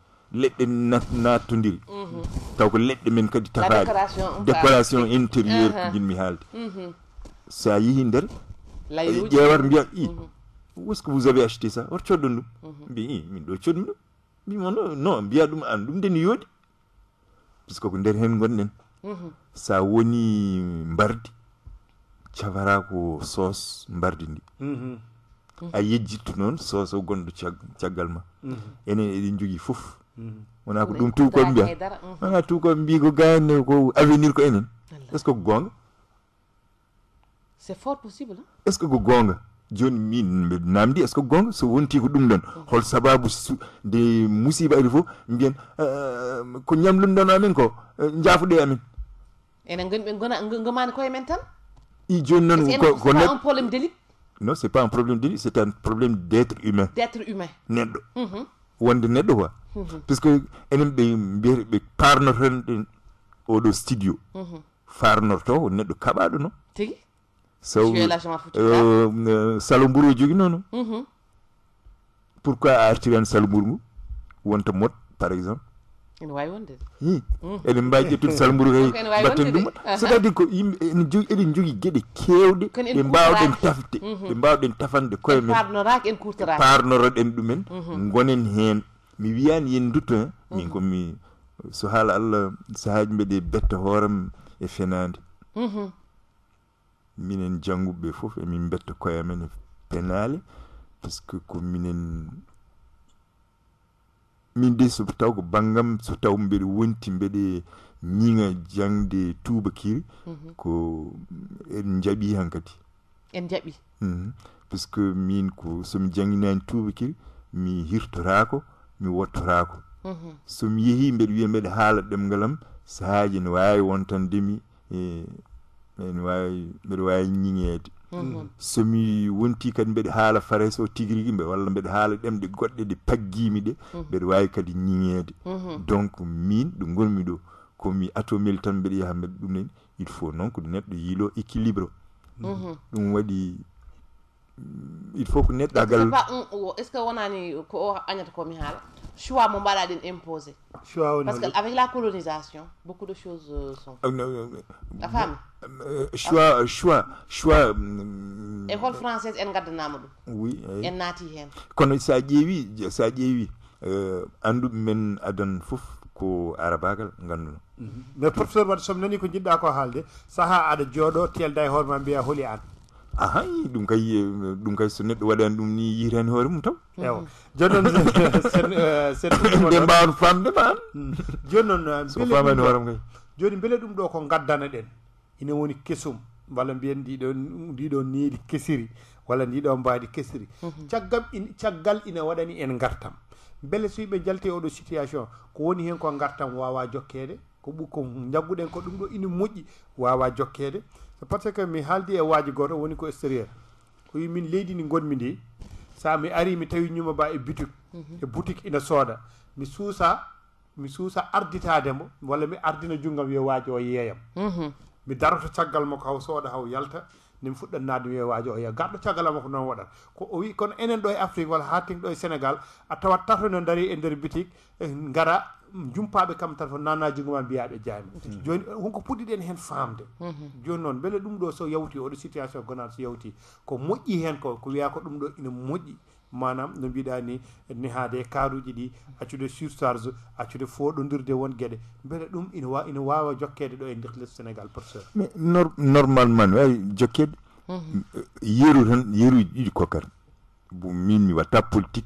leɗɗe nattodiri mhm. taw ko leɗɗe men kadi tataɗe décoration intérieur uh-huh. ko jinmi haalde mhm. sa yeehi nder ƴeewat mbiya i mhm. où est ce que vous avez acheté ça oto coɗɗon ɗum mbi i min ɗo coɗmi ɗum mbimo non mbiya ɗum an ɗum nde ne yooɗi par ce que ko nder hen gonɗen sa woni mbardi cafara ko sos mbardi ndi a yejjittu noon soso gonɗo caggal ma enen eɗen jogui fof Mm-hmm. wona ko ɗum tuukoɓe mbiya mm-hmm. wona tuukoɓe mbi ko gayne ko avenir ko enen est ce que ko gonga c'est fort possible hein? est ce que ko gonga joni min mbeɗo namdi est ce que gonga so wonti ko ɗum ɗon mm-hmm. hol sababu nde musiba ari fof mbiyen ko ñamlunɗon eh, amen ko jaafuɗe amen enen eh, goni ɓe gona gomani koye men tan i joni noon ko un problème d'élite non c'est pas un problème d'élite c'est un problème d'être humain d'être humain neɗɗo wonde neɗɗo quoi mhm. puisque enen ɓe mbiyata ɓe ɗen oɗo studio mhm. farnorto neɗɗo kaɓaɗo no tigi saw e euh, euh, saloburu o jogui noon mhm. pourquoi a artiri hen saloburu ngu wonta mot par exemple Hmm. Hmm. eɗen mbawi ƴettude salmbouru e batten ɗum c' est à dire ko yimɓe ene jogi eɗen jogui gueɗe kewɗe ɗe mbawɗen tafde ɗe mhm. mbawɗen tafande koye men parnoroɗen ɗumen mhm. gonen hen mi wiyani yen dutto mhm. min komi so haala allah saahaji mbeɗe betta hooram e fenade minen janguɓeɓe foof emin betta koye men e penale par ce que ko minen min de so taw ko bangam so taw mbeɗe wonti mbeɗe ñiŋa jangde tubakiri mm -hmm. ko en jaɓi hankadi en jaɓi mm -hmm. parce que min ko somi jangginani tubakiri mi hirtorako mi wottorako mm -hmm. somi yeehi mbeɗe wiya mbeɗe haala ɗemgal ngalam sahaji ne wawi wontandemi e eh, ene wawi mbeɗe wawi ñiŋeede somi wonti kadi mbeɗe haala farés o tigui rigui mbe walla mbeɗe haala ɗemɗe goɗɗe ɗe paggimi ɗe mbeɗe wawi kadi ñiñede donc min ɗo gonmi ɗo komi atomel tan mbeɗe yaaha mbeɗe ɗumnani il faut noon ko neɗɗo yiilo équilibre ɗum waɗi il faut ko neɗɗagal est ce que wonani ko o ko mi hala choix mo mbaɗa ɗen imposé choix parce que avec la colonisation beaucoup de choses euh, sont euh, la femme euh, ah. choix choix choix école française en gaddanama ɗum oui en nati hen kono sa ƴeewi sa euh anduɓe men adan fouf ko arabagal ganduno mhm. mais professeur waɗa somi nani ko jiɗɗa ko halde saha ada jooɗo telda horma biya holi an ahay ɗum hmm. eh, hmm. eh, kay ɗum kay so neɗɗo waɗani ɗum ni yiiti hen hoore mum taw ewa joni noon nde mbawno famde ma joni noon so famani hoorem kay joni beele ɗum ɗo ko gaddana ɗen ina woni kesum walla mbiyen ndiɗo ndiɗo needi kesiri walla ndiɗo mbaadi kesiri mhm. caggal caggal ina waɗani en gartam beele so yimɓe jalti oɗo situation ko woni hen ko gartam wawa jokkede ko ɓu ko jagguɗen ko ɗum ɗo ina moƴƴi wawa jokkede par ce que mi haaldi e waaji goto woni ko extérieur ko wi min leydi ndi gonmi ndi sa mi ari mi tawi ñuma ba e boutique e boutique ina sooda mi suusa mi suusa arditademo walla mi ardina junngam yo waaji o yeeyam mhm. mi daroto caggal makko haw sooda haw yalta nim fuɗɗat naade mi yo waaji o yeeya garɗo caggal makko noon waɗat ko o wi kono enen ɗo e afrique walla haa tin ɗo e sénégal a tawat tato no e ndeer boutique eh, ngara Hmm, jumpaɓe kam tan fo nanajugu ma mbiyaɓe jayma joni wonko eh, puɗɗiɗen hen famde joni noon beele ɗum ɗo so yawti oɗo situation gonal so yawti ko moƴƴi hen ko ko wiya ko ɗum ɗo ina moƴƴi manam no mbiɗa ni nehaade e kaaruji ɗi accude surcharge accude foɗodirde won gueɗe beele ɗum ina wa ina wawa jokkede ɗo e nder les sénégal professeur mais nor, normalement wawi jokkede mhm. eh, yeru tan yeruji ɗiɗi kokkata min mi watta politique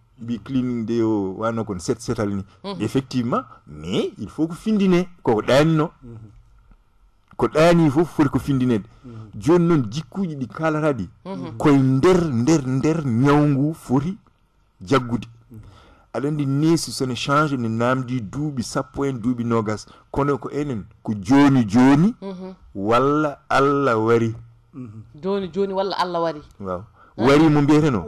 bi cleaning nde o wano kon set setal ni mm-hmm. effectivement mais il faut ko findine koko ɗanino mm-hmm. ko ɗani fof foti ko findinede joni noon jikkuji ɗi kalata ɗi koye nder nder nder ñawgu foti jaggude mm-hmm. aɗa andi nesi sone change ne namdi duuɓi sappo en duuɓi nogas kono ko enen ko joni joni walla allah wari joni joni walla allah wari waw wari mo mbiyeteno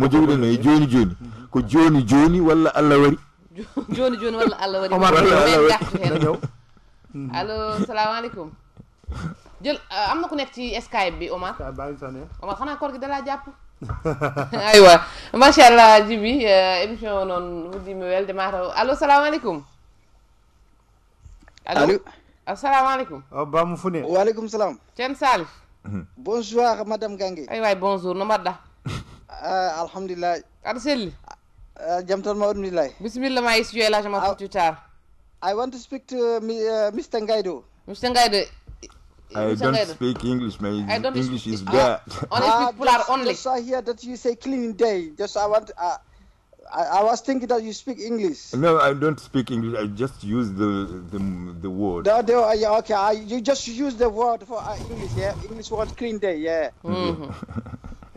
mo jogiɗen e joni joni ko joni joni walla allah wari joni joni walla allah wari omar allo salamu aleykum jël amna ko nek ci skype bi omar omar xana koor gi dala jàpp aywa macha allah jibi émission non wudi mi welde mataw allo salaamaaleykum allo assalamu salaamaaleykum o bamu fune wa waaleykum salaam Thierno Salif bonsoir madame Gange. ay waay bonjour no mbaɗɗa ah, alhamdulillahi aɗa selli ah, jaam tan ma on millayi bisimilla ma istudio elage ah, ma fottutar i want to speak to mr eh, gaydo mr gaydo I don't speak English, man. English is bad. Uh, only speak Pular only. Just I hear that you say cleaning day. Just I want. Uh, I, I, was thinking that you speak English. No, I don't speak English. I just use the the, the word. the, uh, yeah, okay. I, you just use the word for uh, English. Yeah, English word clean day. Yeah. Mm-hmm.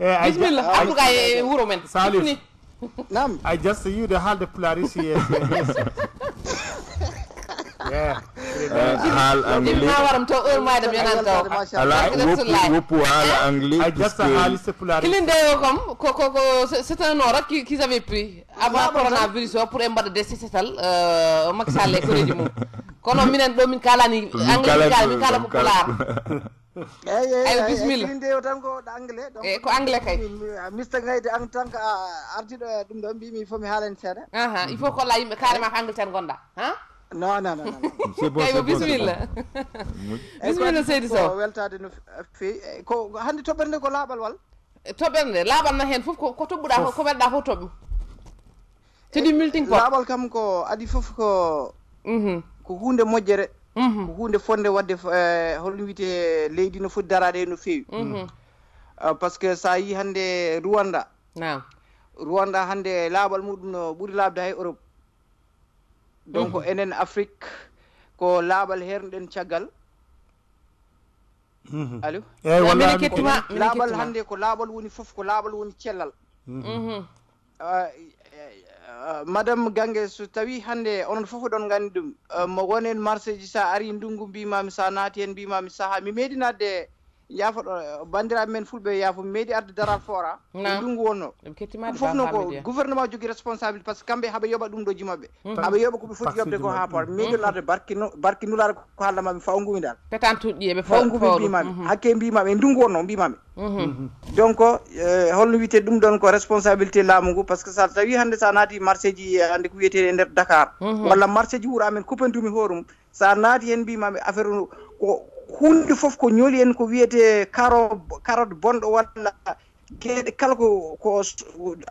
yeah Bismillah. I, I, I, I, I, Salif. I just you the hard plurality. taw heure yonan c'est un ora qu'ils avaient pris avant coronavirus o pour ɓe mbaɗa de sesetal makisalle e koreji mum kono minen ɗo min kalani anglais min kala ko pulaar eyyi eyyi bisimilla ko anglais donc ko anglais ardiɗo ɗum mbimi fof mi ah, ah, eh, haalani seeɗa il faut kolla yimɓe carrément ko anglais tan gonɗa non non nonkayo bisimilla bisimilla seydi sow weltade eh, no fewi ko hannde eh, toɓɓere nde ko laaɓal wal toɓɓere nde laaɓal na heen fof ko toɓɓuɗa ko mbaɗɗa fof toɓɓe so ɗi eh, multin po laaɓal kam ko adi fof ko mhm. ko hunde moƴƴere mhm. ko hunde fonde wadde holɗum wiite leydi no foti darade no fewi mhm. mm. ah, par ce que so yi hannde rowanda na rowanda hannde laaɓal muɗum no ɓuri laabde hay europe donc mm -hmm. enen afrique ko laaɓal herden caggal alloaɓal eh, hannde ko laaɓal woni fof ko laaɓal woni cellal ah, eh, eh, madame gange so tawi hannde onon fof ɗon nganndi ɗum mo won en marché ji so a ari ndunngu mbimami so a naati hen mbimami saha mi meeɗinaade yaafo ɗo banndiraaɓe men fulɓe yaafo meeɗi arde daral foora ndungu wonno fof no ko gouvernement jogi responsabilité par ce que kamɓe haɓe yoɓa ɗum ɗo jima ɓe hmm. aɓe yoɓa ko ɓe foti yoɓde ko haa poora hmm. meeɗol arde barki nulaare ko haalla maɓe faw ngumi dal pétantuɗi e ɓe faw ngumi mbimaɓe hmm. hakke mbimaɓe e ndungu wonno mbimaɓe donc eh, holno wiyetee ɗum ɗon ko responsabilité laamu ngu par ce que so tawi hannde so a naati marché ji e hannde ko wiyetee e ndeer dakar walla marché ji wuuraamen coupentumi hoorum so a naati heen mbimaɓe affaire ko hunde fof ko ñooli en ko wiyete karo karot bonɗo walla geeɗe kala ko ko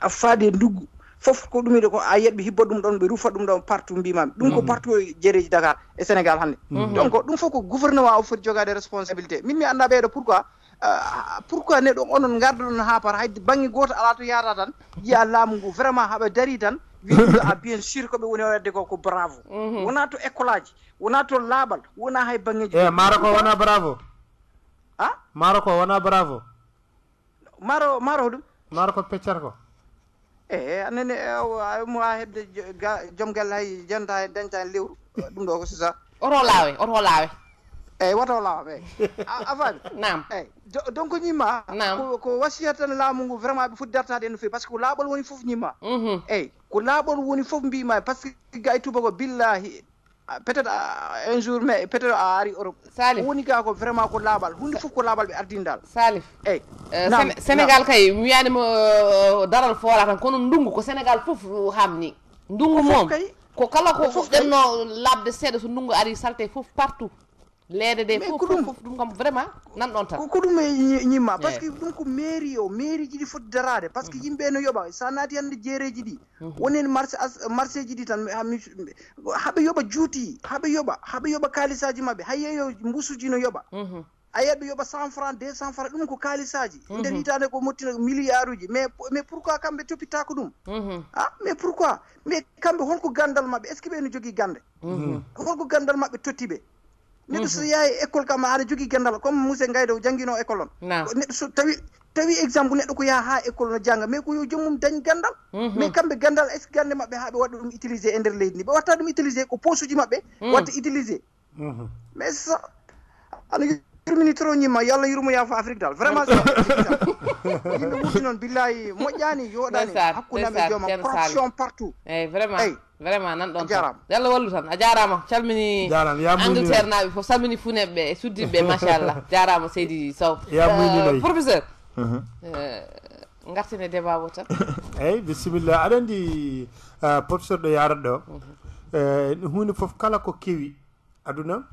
a faade nduggu fof ko ɗum ko a yetɓe hibbo ɗum ɗon ɓe rufa ɗum ɗon partout mbimami ɗum ko mhm. partout e jereji dakar e sénégal hannde mhm. donc ɗum fof ko gouvernement o foti jogade responsabilité min mi annda ɓeeɗo pourquoi euh, pourquoi neɗo onon garda ɗon ha par haydi baŋnge goto ala to yaata tan yiya laamu ngu vraiment haɓe daari tan wiɗiɗo a bien sûr koɓe ɓe woni wadde ko ko bravo wona to école aji wona to laaɓal wona hay bangeji e maaro ko wona bravo a maaro ko wona bravo maaro maro ɗum maaro ko peccata ko eyi anene mo a heɓde joom gelle hay jonta hay dañta hen lewru ɗum ɗo ko c'est ça oto laawe oto laawe eyyi woto laawam ey eh, a faami nam eyyi donc ñimma nam ko wasiyat tan laamu ngu vraiment ɓe foti dartade hen no fewi par ce que ko laaɓal woni foof ñimma eyyi ko laaɓol woni fof mbima par ce que gay tubako billahi peut être un jour mais peut être a ari europe salif woni ga ko vraiment ko laaɓal hunde fof ko laaɓal ɓe ardindal salif eyyi euh, sénégal kay mi wiyanimo euh, daral foola tan kono ndungu ko sénégal fof euh, hamni ndungu moom ko kala ko ɗenno laaɓde seeɗa so ndungu ari salte fof partout leede ɗe fof fof ɗum kam vraiment nan ɗon tanko ɗum ñimma e par ce que ɗum ko mairie o mairie ji ɗi foti daraade par ce que mm-hmm. yimɓe no yoɓa so naati hannde jeereji ɗi mm-hmm. woni marché marché ji ɗi tan haɓe yoɓa juuti haɓe yoɓa haɓe yoɓa kalisaji maɓɓe hayeyo mbusuji no yoɓa a yiyat ɓe yoɓa cent franc deux cent franc ɗum ko kalisaji nder hitande mm-hmm. ko mottino milliard uji mais mais pourquoi kamɓe toppitako ɗum a ah, mais pourquoi mais kamɓe holko gandal maɓɓe est ce que ɓe no jogui gande holko gandal maɓɓe tottiɓe neɗɗo so yahi école kam aɗa jogui gendal comme mousse gaydo jangguino école on neɗɗo so tawi tawi exemple neɗɗo ko yaha ha école no janga mais ko yo joomum dañ gandal mhm. mais kamɓe gandal est ce que gande mabɓe ha ɓe waɗa ɗum utilisé e nder leydi ndi ɓe watta ɗum utilisé ko poche uji mabɓe mhm. watta utilisé mhm. mais so ana yurmini toro ñimma yo allah yurmo yurmoya fo afrique dal vraiment yimɓe wurdi noon billayi moƴƴani yoɗani hakkudaɓe jooma corruption partout eyyi eh, vraiment eyyi vraiment nan ɗon jaram yallah wallu tan a jarama calmini angleterre naɓe foof salmini funeɓe ɓe e suddiɓeɓe machallah jarama seydi sow euh, professeur uh-huh. euh, gartine débat bo tan eyyi bisimilla aɗa andi euh, professeur ɗo yarat ɗo uh-huh. hunde foof kala ko kewi aduna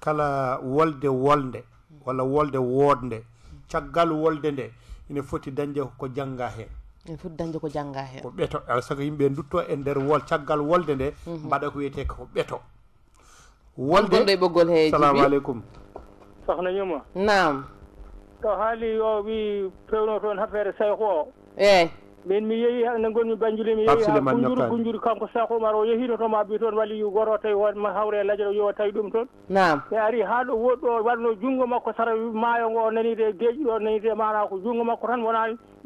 kala wolde wolde walla wolde woodnde caggal wolde nde ine foti dañde ko jangga hen en fuɗi dañde ko jangga hen ko ɓeeto ala saago yimɓe dutto e nder wol caggal wolde nde mhm. mbaɗa ko wiyete ko ɓeeto woldeɗo e ɓoggol he salamu aleykum sohna ñuma nam to haali o wi pewno toon affaire sayko o eyyi min mi yeehi hande gonmi banjude mi yehi gujuru gujuru kanko sak oumar o yehino to ma mbiy toon walli goto tawi ma hawre e ladja ɗo yowa tawi ɗum toon nam mi ari ha ɗo woɗ ɗo wanno junngo makko sara maayo ngo nanide geeƴi ɗo nanide mana ko junngo makko tan wona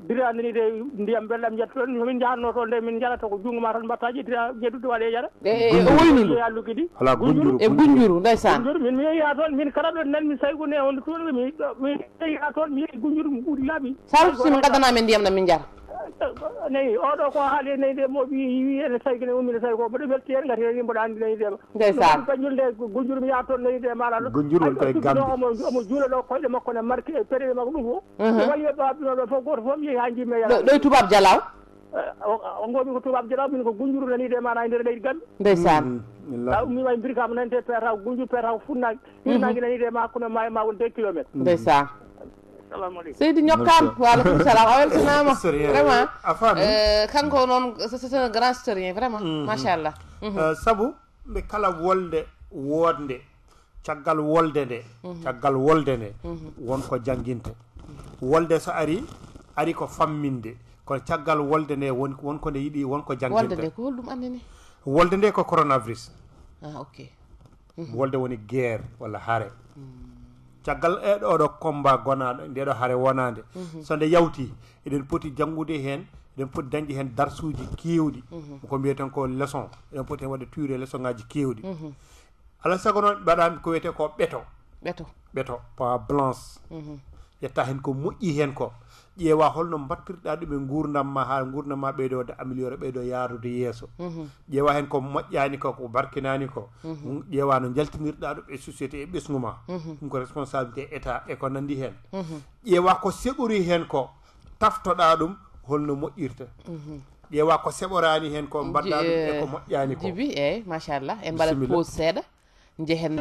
dira nanide ndiyam belɗam jatta toon somin jahatno toon nde min jalata ko junngo ma tan mbatta je dira jeddude waɗe e jara eo woynino alluki ɗi gujuru e gujuru ndeysan gujuru min mi yehi ha toon min kala ɗo nan mi saygone on toon mi yehi ha toon mi yehi gujuru mi ɓuuri laaɓi sarusi min gaddanamin ndiyam ɗam min jara nayi oɗo ko haali nayi de mo wi ene tawi kene ummina tawi ko mboɗo welti hen gati hen mboɗa andi nayi dema de maɗa ɗo gonjurum koye gambi mhm. o gomi ko tubabe ko gonjurum nani de maɗa e nder leydi gambi ndeysan mm-hmm. a ummima e mbir kam nante nani de ma hakkude ma seydi ñokkaan waaleykum salam oh, a weltanama vraiment eh, kanko noon c'est un grand historien vraiment mm-hmm. machallah mm-hmm. eh, saabu nde kala wolde woodnde caggal wolde nde mm-hmm. caggal wolde nde wonko jangguinte wolde so ari ari ko famminde kono caggal wolde nde wonko nde yiiɗi wonko jangguinte wolde nde ko holɗum andini wolde nde ko coronavirus ah ok wolde woni guerre walla haare mm. caggal eɗo ɗo combat gonaɗo ndeɗo haare wonande mhm. so nde yawti eɗen poti jangude hen eɗen poti dañde hen darsuji kewɗi mhm. ko mbiyeten ko leçon eɗen poti hen wadde turé leçon ngaji kewɗi mhm. alaa sago noon mbaɗami ko wiyete ko ɓeeto ɓeeto po blanche yetta hen ko moƴƴi hen ko ƴeewa holno battirɗa ɗum e gurdam ma ha gurdam ma ɓeydo amélioré ɓeydo yaarude yeeso ƴeewa hen ko moƴƴani ko ko barkinani ko ƴeewa no jaltinirɗa ɗum e société e ɓesgu ma ɗum ko responsabilité état e ko nandi hen ƴeewa ko seɓori hen ko taftoɗa ɗum holno moƴƴirta ƴeewa ko seɓorani hen ko mbaɗɗa ɗum eko moƴƴani ko jibi eyyi machallah e mbaɗa pose seeɗa jeehen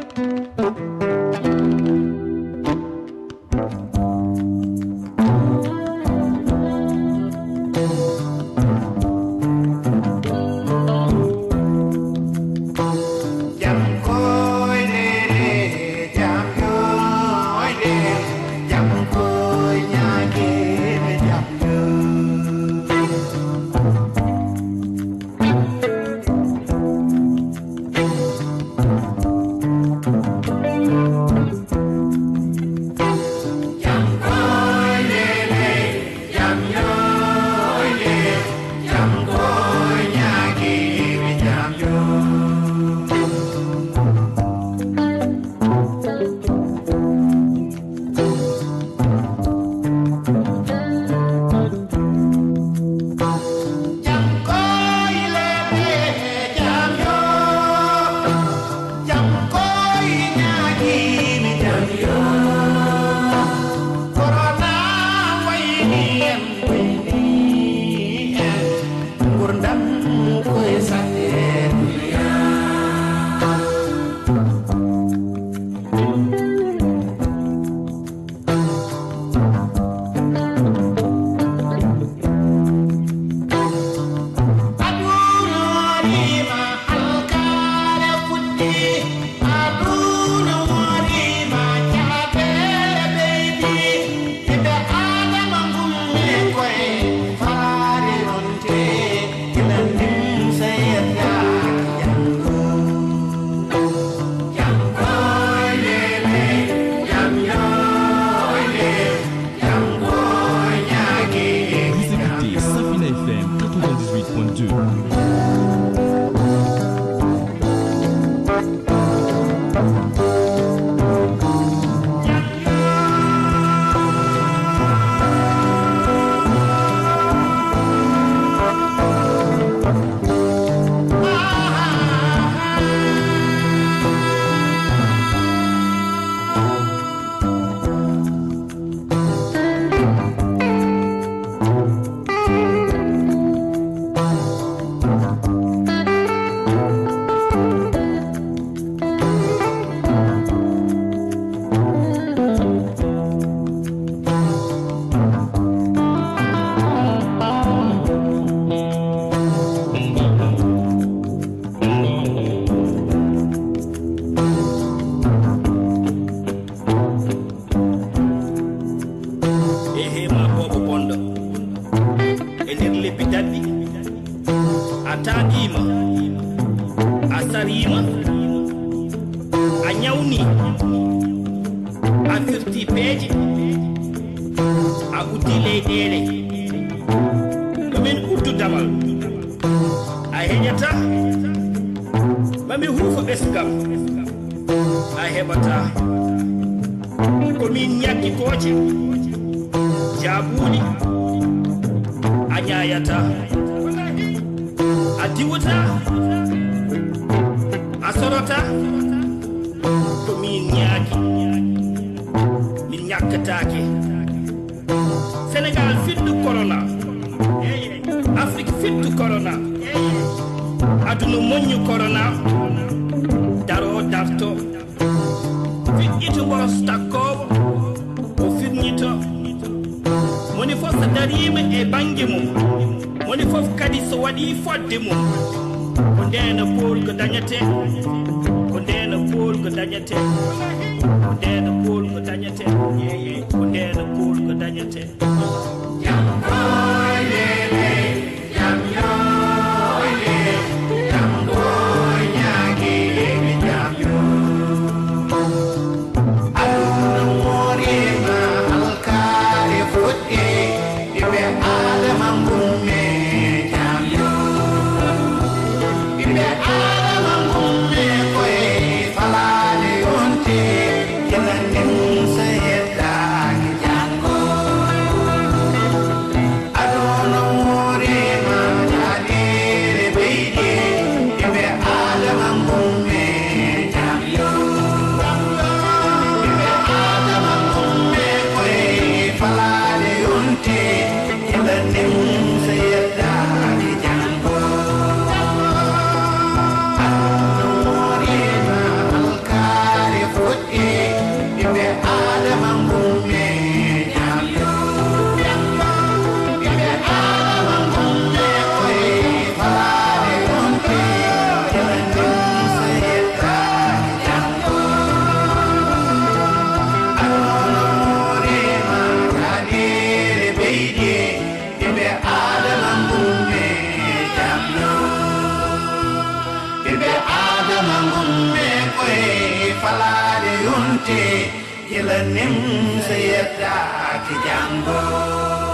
nim sa yëpp daa ki jàngoo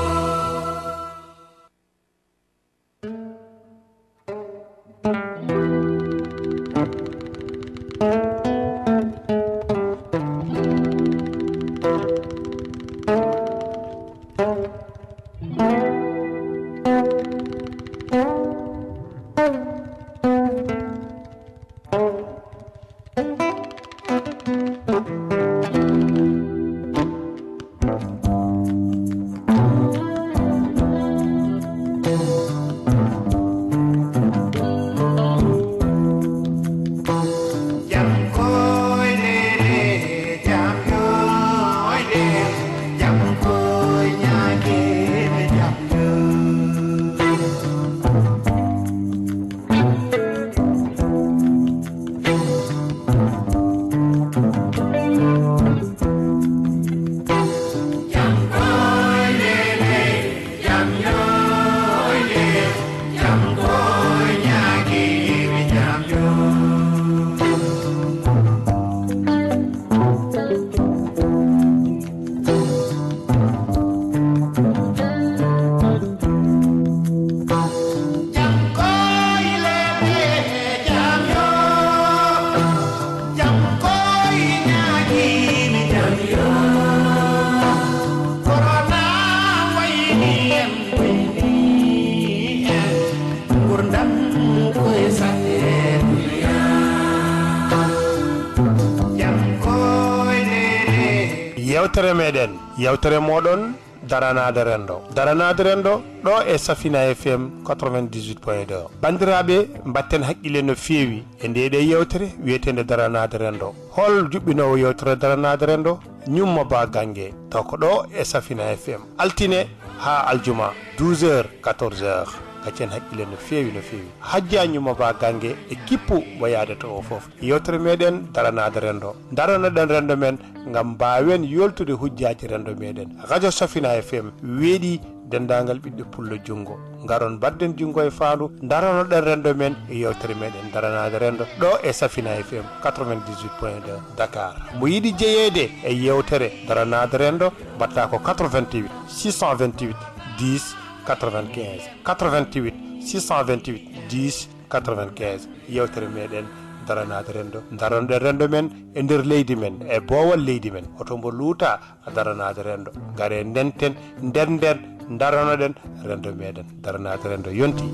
yewtere meɗen yewtere moɗon daranade rendo daranade rendo ɗo e safina fm 98 point 2 bandiraɓe batten haqqille no fewi e ndeɗe yewtere wiyetede daranade rendo hol juɓɓinowo yewtere daranade rendo ñumma ba gangue taw ko ɗo e safina fm altine ha aljuma 12 heures 14 heures gaccen haqqille no fewi no fewi hajjañuma ba gangue e kippu mo yadata o foof yewtere meɗen daranade rendo daranoɗen rendo men gam mbawen yoltude hujjaji rendo meɗen radio sofina fm weeɗi dendagal ɓiɗɗo pullo junggo garon badden junggo e faandu daranoɗen rendo men e yewtere meɗen daranade rendo ɗo e safina fm 98 point 2 dakar mo yiɗi jeeyede e yewtere daranade rendo batta ko 88 628 10 95 yewtere meɗen daranade rendo daranoɗen rendo men e nder leydi men e boowal leydi men otombo luuta daranade rendo gare ndenten nden nden daranoɗen rendo meɗen daranade rendo yonti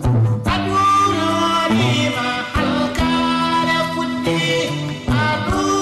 aduraima alkala fuɗɗi aduu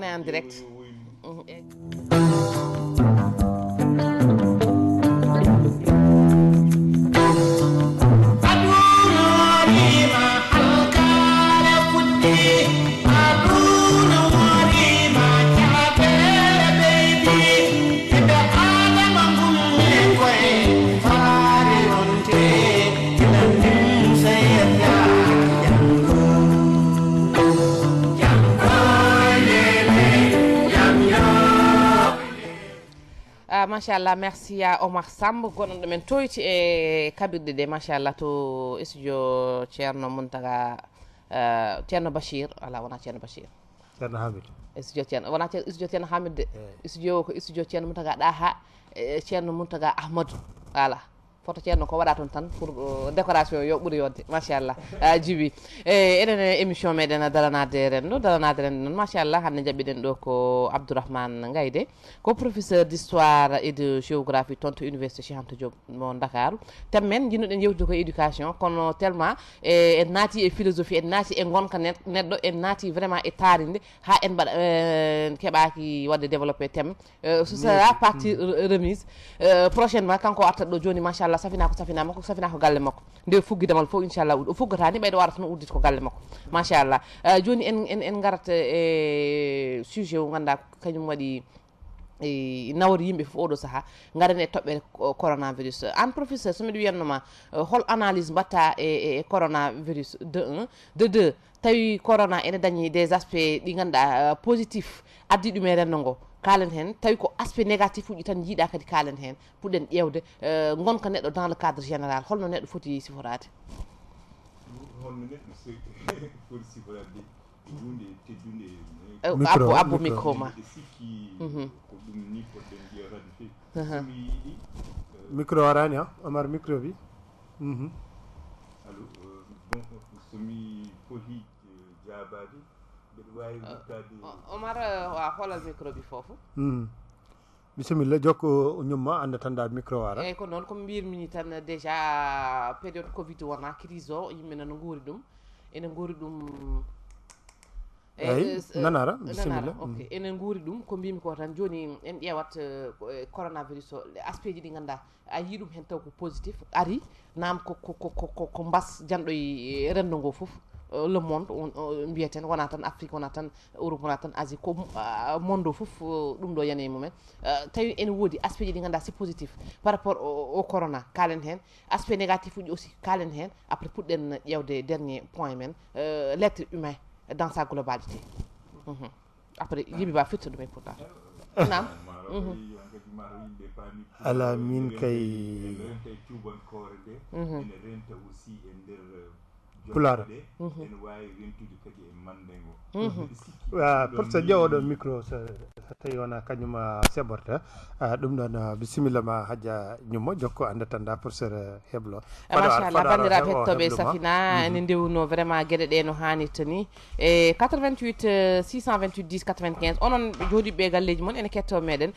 gewoon direct. machallah merci ya omar samb goɗon ɗomen toyti e kaɓirɗe ɗe machallah to studio ceerno montaga ceerno bachir ala wona ceerno bachir ceerno hamid studio ceerno wona studio ceerno hamid de studio o ko studio ceerno montaga ɗa ha ceerno montaga ahmadou ala photo ceerno eh, eh, eh, ko waɗa toon tan pour décoration yo ɓuuri yodde machallah djiby e eɗen émission meɗen daranade ren ɗo daranade ren noon machallah hande jaɓɓiɗen ɗo ko abdourahmane gayde ko professeur d' histoire et de géographie toon to université chihanta diop mo dakaru temmen jinnoɗen yewtude ko éducation kono tellement e en naati e philosophie en naati e gonka neɗɗo en naati vraiment e taaride ha en mbaɗa e, keeɓaki wadde développé thème ce sera partie remise prochainement kanko artat ɗo joni machallah safina ko safina makko safina ko galle makko nde fuggi damal fof inchallah o fuggatani ɓeyɗo wara tan uddit ko galle makko machallah eh, joni en garata eh, e sujet o ganduɗa kañum waɗi e nawori yimɓe fof oɗo saaha garen e toɓɓere coronavirus an professeur somiɗa wiyannoma eh, hol analyse mbatta e, e, e coronavirus de 1 de 2 tawi corona ene dañi des aspects ɗi ganduɗa positif addi ɗum e renndo ngoo kalen hen tawi ko aspect négatif uji tan jiiɗa kadi kalen hen puɗɗen ƴewde eh, gonka neɗɗo dans le cadre général holno neɗɗo foti siforade holno neɗɗo foti siforade hunde abbo e eh, abbo micro ma e mhm. ko ɗum ni eh, micro arani ha omar micro wi mhm. somi foti jaabade Eh, omar wa eh, xoolal micro bi foofu bisimilla jokko ñumma andatanda micro ara eyyi ko ecco, noon ko mbirmini tan déjà période covid wona crise o yimɓe nana guuri ɗum ene guuri ɗum eyi eh, nanara bisimilla ok mm. enen guuri ɗum ko mbimi ko tan joni en ƴeewat coronavirus o aspect ji ɗi ganduɗa a yii ɗum hen taw ko positif ari nam ko ko ko ko mbas janɗo e renndo ngo fof le monde on euh, mbiyaten wona tan afrique wona tan europe wona tan asie ko euh, monde o fof euh, ɗum ɗo yanayi mumen tay en wodi aspect ji ɗi ganduɗa si positif par rapport au corona kalen hen aspect négatif uji aussi kalen hen après puɗɗen yawde dernier point men l'être humain dans sa globalité mhm. après yimɓe mbawa fitta ɗum e pourtant nam mhm. ala min kay ene renta mhm. aussi e nder pulara porte ƴewoɗo micro so tawi wona kañuma uh, seborta uh, ɗum ɗon uh, bisimilla ma hajja ñummo jokko andatanda professeur heblo e machallah bandiraɓe hettoɓe safina mhm. ene ndewno vraiment gueɗe ɗe no hannirta ni e 88 628 10 95 onon jooɗiɓe galleji moon ene ketto meɗen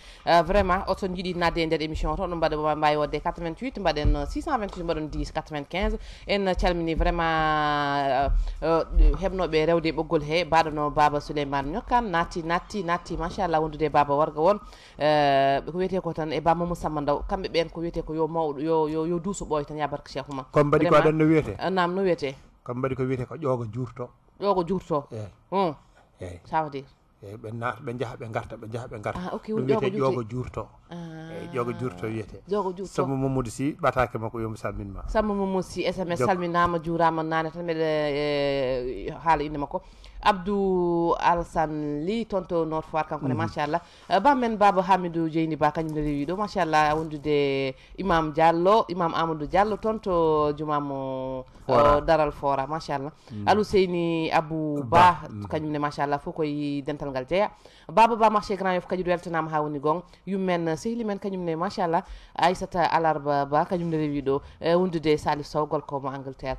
vraiment oson jiiɗi nadde e nder émission to ɗum mbaɗa mbawi wodde 88 mbaɗen 628 mbaɗon 10 95 en calmini vraiment Uh, uh, hebnoɓe rewde ɓoggol he mbaɗono baba souleymane ñokkan natti natti natti machallah wondude baba warga won uh, ko wiyete ko tan e mamadou samba ndaw kamɓe ɓen ko wiyete ko yo mawɗo yo yo yo duuso ɓooy tan yabarka barka cheikh ouma comme mbaɗi ko aɗan no wiyete nam no wiyete comme mbaɗi ko wiyete ko ƴoogo juurto ƴoogo juurto eyi ça veut dire eyyi ɓe naata ɓe jaaha ɓe garta ɓe jaaha ɓe garta ɗum wiyete ƴoogo juurto eyyi ƴoogo juurto wiyete samba mamadou sy ɓatake makko yomi salminma samba mamadou sy sms salminama juurama nane tan mbeɗa haala inde makko abdou alassane ly toon noto foire kankone mhm. machallah euh, bamen baba hamidou jeyni ba kañum ne rewi ɗo machallah wondude imam diallo imam amadou diallo toon to jumamo euh, daral fora machallah mm. alou seyni abou ba kañumne machallah fof koye dental ngal jeeya baba ba marché grand yof kadi weltanama ha woni gon yummen euh, sehli men ne machallah aissata alarba ba de rewi ɗo wondude salif sow ko mo angleterre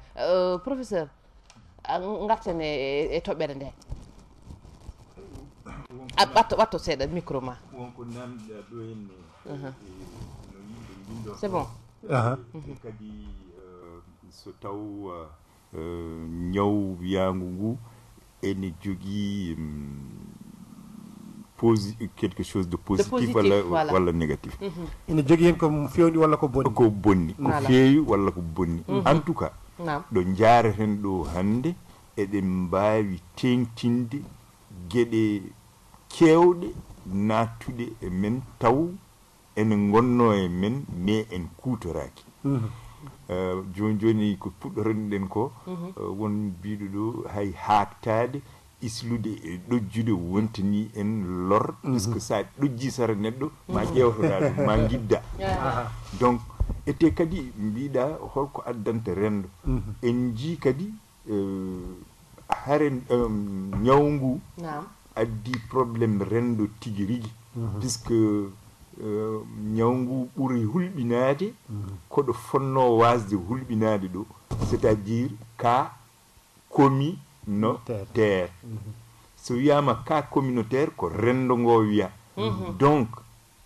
professeur garten e, e toɓɓere nde a ɓatto ɓatto seeɗa micro ma wonko namɗa ɗo henne no yimɓe c'est bon kadi so taw ñaw wiyangu ngu ene jogii quelque chose de positif walla walla négatif ene jogui hen ko fewni walla ko bonni ko bonni ko feewi walla ko bonni en tout cas mhm. ɗo jareten ɗo hande eɗen mbawi tengtinde gueɗe kewɗe nattude e men taw ene gonno e men mai en kutoraki mhm. euh, joni joni ko puɗɗoranɗen ko mhm. euh, won mbiɗo ɗo hay haktade islude e ɗojjude wontani en lor puisque mhm. sa ɗojji sara neɗɗo ma ƴewtoɗa ɗum ma guidda donc ete kadi mbiɗa holko addanta rendo mm -hmm. en jii kadi uh, e, hare um, e, ñaw ngu yeah. addi probléme rendo tigi rigi mm -hmm. puisque uh, e, ñaw ngu ɓuri hulɓinade mm -hmm. koɗo fonno wasde hulɓinade ɗo c'est à dire ka communautaire mm -hmm. so wiyama ka communautaire ko rendo ngo wiya mm -hmm. donc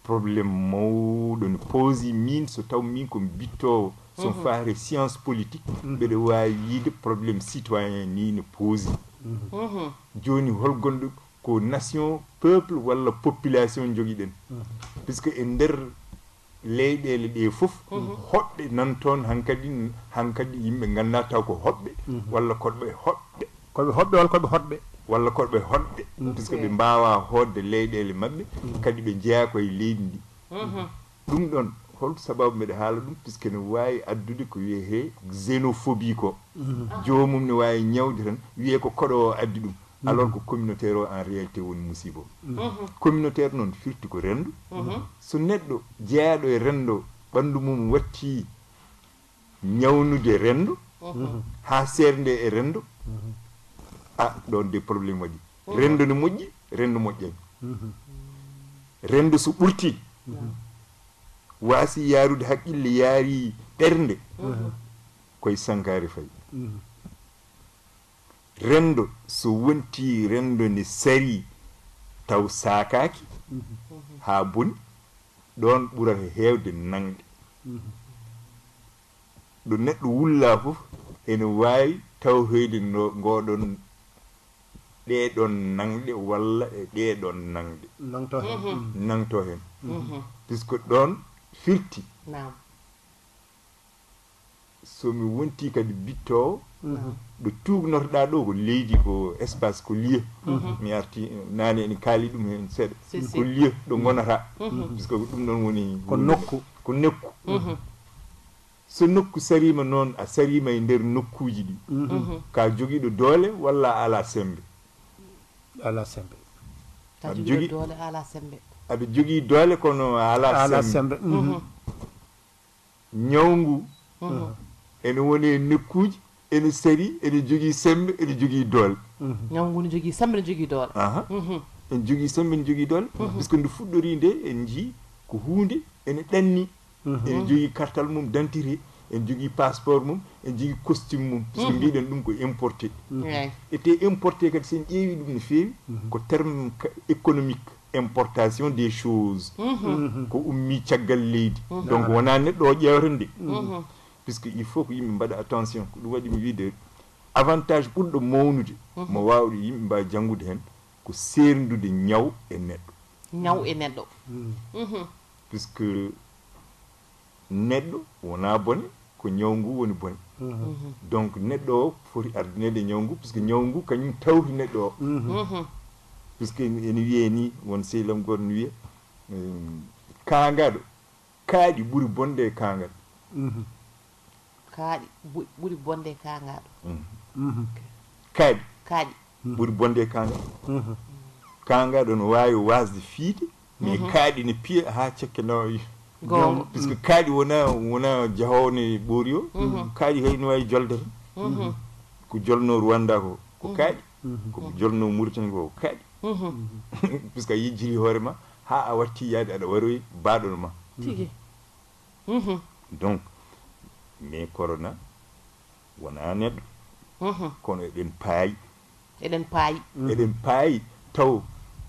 problème mawɗo no poosi min so taw min komi bittowo son faare mhm. science politique mbeɗa wawi wiide problème citoyen ni no poosi mhm. mhm. joni holgonɗo ko nation peuple walla population joguiɗen puisque e nder leyɗele ɗe fof hoɓɓe nan toon hankadi hankadi yimɓe ganda taw ko hoɓɓe walla koɓe hoɓɓe koɓe hoɓɓe walla koɓe hoɗɓe walla koɗo ɓe hoɗde mm. puisque ɓe mbawa hodde leyɗele maɓɓe mm. kadi ɓe jeeya koye leydi ndi mm-hmm. ɗum ɗon hol sababu mbeɗa haala ɗum puisque ne wawi addude ko wiyehe xénophobie ko mm-hmm. ah. jomum ne wawi ñawde tan wiye ko koɗo o addi ɗum mm-hmm. alors ko communautaire o en réalité woni musiba communautaire noon firti ko rendo so neɗɗo jeeyaɗo e rendo ɓandu mum watti ñawnude rendo ha seerde e rendo a ɗon de probléme waɗi oh. rendo ne moƴƴi rendo moƴƴani rendo so ɓurti waasi yaarude haqqille yaari ɓernde koye sankari fayi rendo so wonti rendo ne sari taw saakaaki haa boni ɗon ɓurata heewde nangde ɗo neɗɗo wulla fof ene waawi taw heyde ngoɗon ɗeɗon nangɗe walla e ɗeɗon nangɗe nato mhm. mm-hmm. nangto hen mhm. puisque ɗon firti somi wonti kadi bittowo mm-hmm. ɗo tugnotoɗa ɗo ko leydi ko espace ko lieu mhm. mi arti nane ene kaali ɗum hen seeɗa ko lieu ɗo mm-hmm. gonata puisque ko ɗum ɗon woni ko nokku ko nokku so nokku sarima noon a sarima e nder nokkuji ɗi ka joguiɗo doole walla ala sembe ala sembe aɓe jogii doole ala sembe aɓe jogii doole kono ala ala sembe ñawngu En woni e nokkuuji ene sari ene jogii sembe en jogii doole ñawngu mhm. ni jogii sembe ne jogii doole mhm. en jogii sembe en jogii doole mhm. par ce que nde fuɗɗori nde en njii ko huunde ene ɗanni ene jogii kartal mum dentité en passeport mum en costume mum que mhm. mbiɗen ɗum ko importé mhm. ete importé kadi sen mhm. terme économique importation des choses ko ummi caggal leydi donc wona neɗɗo o nde puisque il faut ko yimɓe attention ko ɗum waɗi avantage ɓurɗo mawnude mo yimɓe mbawi hen ko ñaw e ñaw e puisque ko ñawngu woni bone mhm. donc neɗɗo o foti ardinede ñawngu puisque ñawngu kañum tawti neɗɗo o mhm. puisque ene wiye ni won sehlam goto ne wiya kaangaɗo kaaɗi ɓuuri bonde e kaangal kaaɗi ɓuri bonde e, mhm. e kaangaɗo kaaɗi kaaɗi ɓuuri bonde e kaangal kaangaɗo no waawi wasde fiide mais kaaɗi ne piya haa cekke nawa puisque kaaƴi wona wona jahowne ɓoori o mm-hmm. kaaƴi kay ne wawi joldere mm-hmm. ko jolno rwanda ko mm-hmm. ko kaaƴi koko jolno mauritani ko ko kaaƴi puisque a yejjiri hoore ma ha a watti yaade aɗa waroy baaɗono ma tigi donc mais corona wona neɗɗo kono eɗen paayi eɗen paayi eɗen paayi taw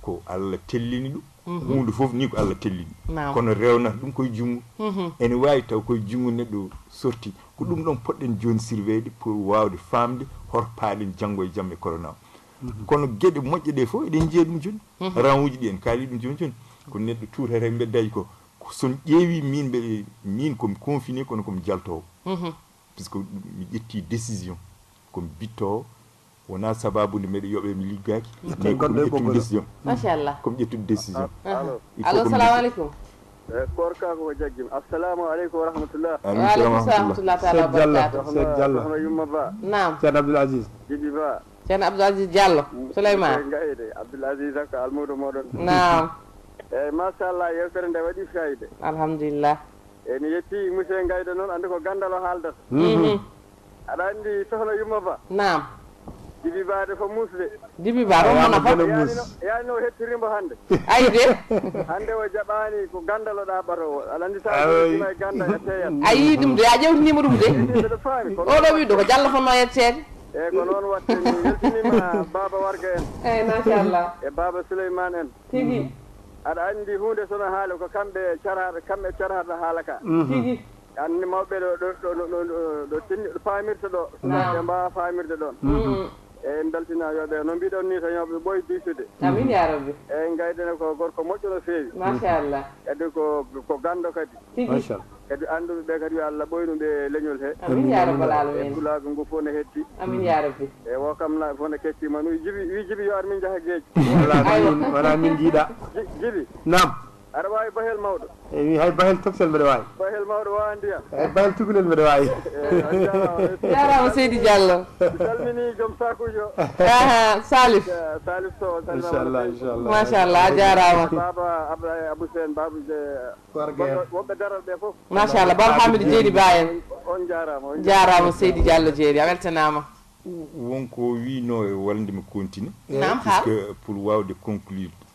ko allah tellini ɗum hunde mm-hmm. fof ni ko allah tellini kono rewna ɗum koye jungngo mm-hmm. ene wawi taw koye jungngo neɗɗo sorti ko ɗum ɗon poɗɗen joni surveyde pour wawde famde hor paalen janngo e jamme corona mm-hmm. kono geɗe moƴƴe ɗe fof eɗen jeeya ɗum joni ran uji ɗi en kaali ɗum joni joni ko neɗɗo tuurata e mbeddaji ko son ƴeewi min mbeɗe min komi confiné kono komi jaltowo par ce que mi ƴetti décision komi bittowo wona sababude mbeɗa yooɓe mi liggaki mais ko e ƴettude décision machallah komi ah. ƴettude décision allo salamu aleykum gorkako eh, ko jaggim assalamu aleykum wa rahmatullahaleykumrahmatullahtaalaseeh diallo yumma ba nam ceerno abdoul agis jiɗi ba ceerno abdoul agis diallo mm, souleyman gayde abdoul agis ak almoudo moɗon nam eyyi eh, machallah yewtere nde waɗi fayde alhamdulillah eyyi eh, mi yetti monsieur gayde noon andi ko gandal o haaldata mm-hmm. mm-hmm. aɗa andi sohla yumma ba nam dibi ba dafa muus de dibi ba o mana fa no o hettirimo hannde ayi de hannde o jaɓaani ko ganndaloɗa ɓarowo aɗa anndi taima e gannda e teeyat a yii ɗum de a ƴewtinima ɗum de mbeɗa do oɗo do ko jallafanno yetteede eyyi ko noon watte mi weltinima baba warga en eyyi machallah e baba souleymane en tigi aɗa anndi hunde sono haali ko kamɓe carhaɗo kamɓe carhaɗo haala ka tigi anndi mawɓe ɗo ɗo ɗo ɗo ɗo tinni ɗo paamirta ɗo ɓe mbawa faamirde ɗon eyyi beltina yooɓe no mbiɗon ni tan yooɓe ɓooy duusude amin ya rabbi eyyi gayɗen ko gorko moƴƴo no feewi machallah kadi ko ko gando kadi kadi anduɓe ɓe kadi yo allah ɓoynuɓe leñol he amin ya rabbal alamin tulaɓe e ngu fof ne hetti amin ya rabbi eyyi wo kam naɓe foof ne kettima no wi jibi wi jibi yo ar min jaaha gueeji wala min jiiɗa jibi nam aɗa wawi bahel mawɗo e wi hay bahel tobtel mbeɗa wawi bahel mawɗo wawa ndiyam ay bahel tugalel mbeɗa wawi jarama seydi diallo salmini joom sakujo aha salif salif to salimiinchallah machallah a jarama baba abda abou sen babu woɓɓe daral ɓe foof machallah baba hamidou jeeri ba en on jarama jarama seydi diallo jeeri a weltanama wonko wino e walde mi continue nam haal pour wawde conclure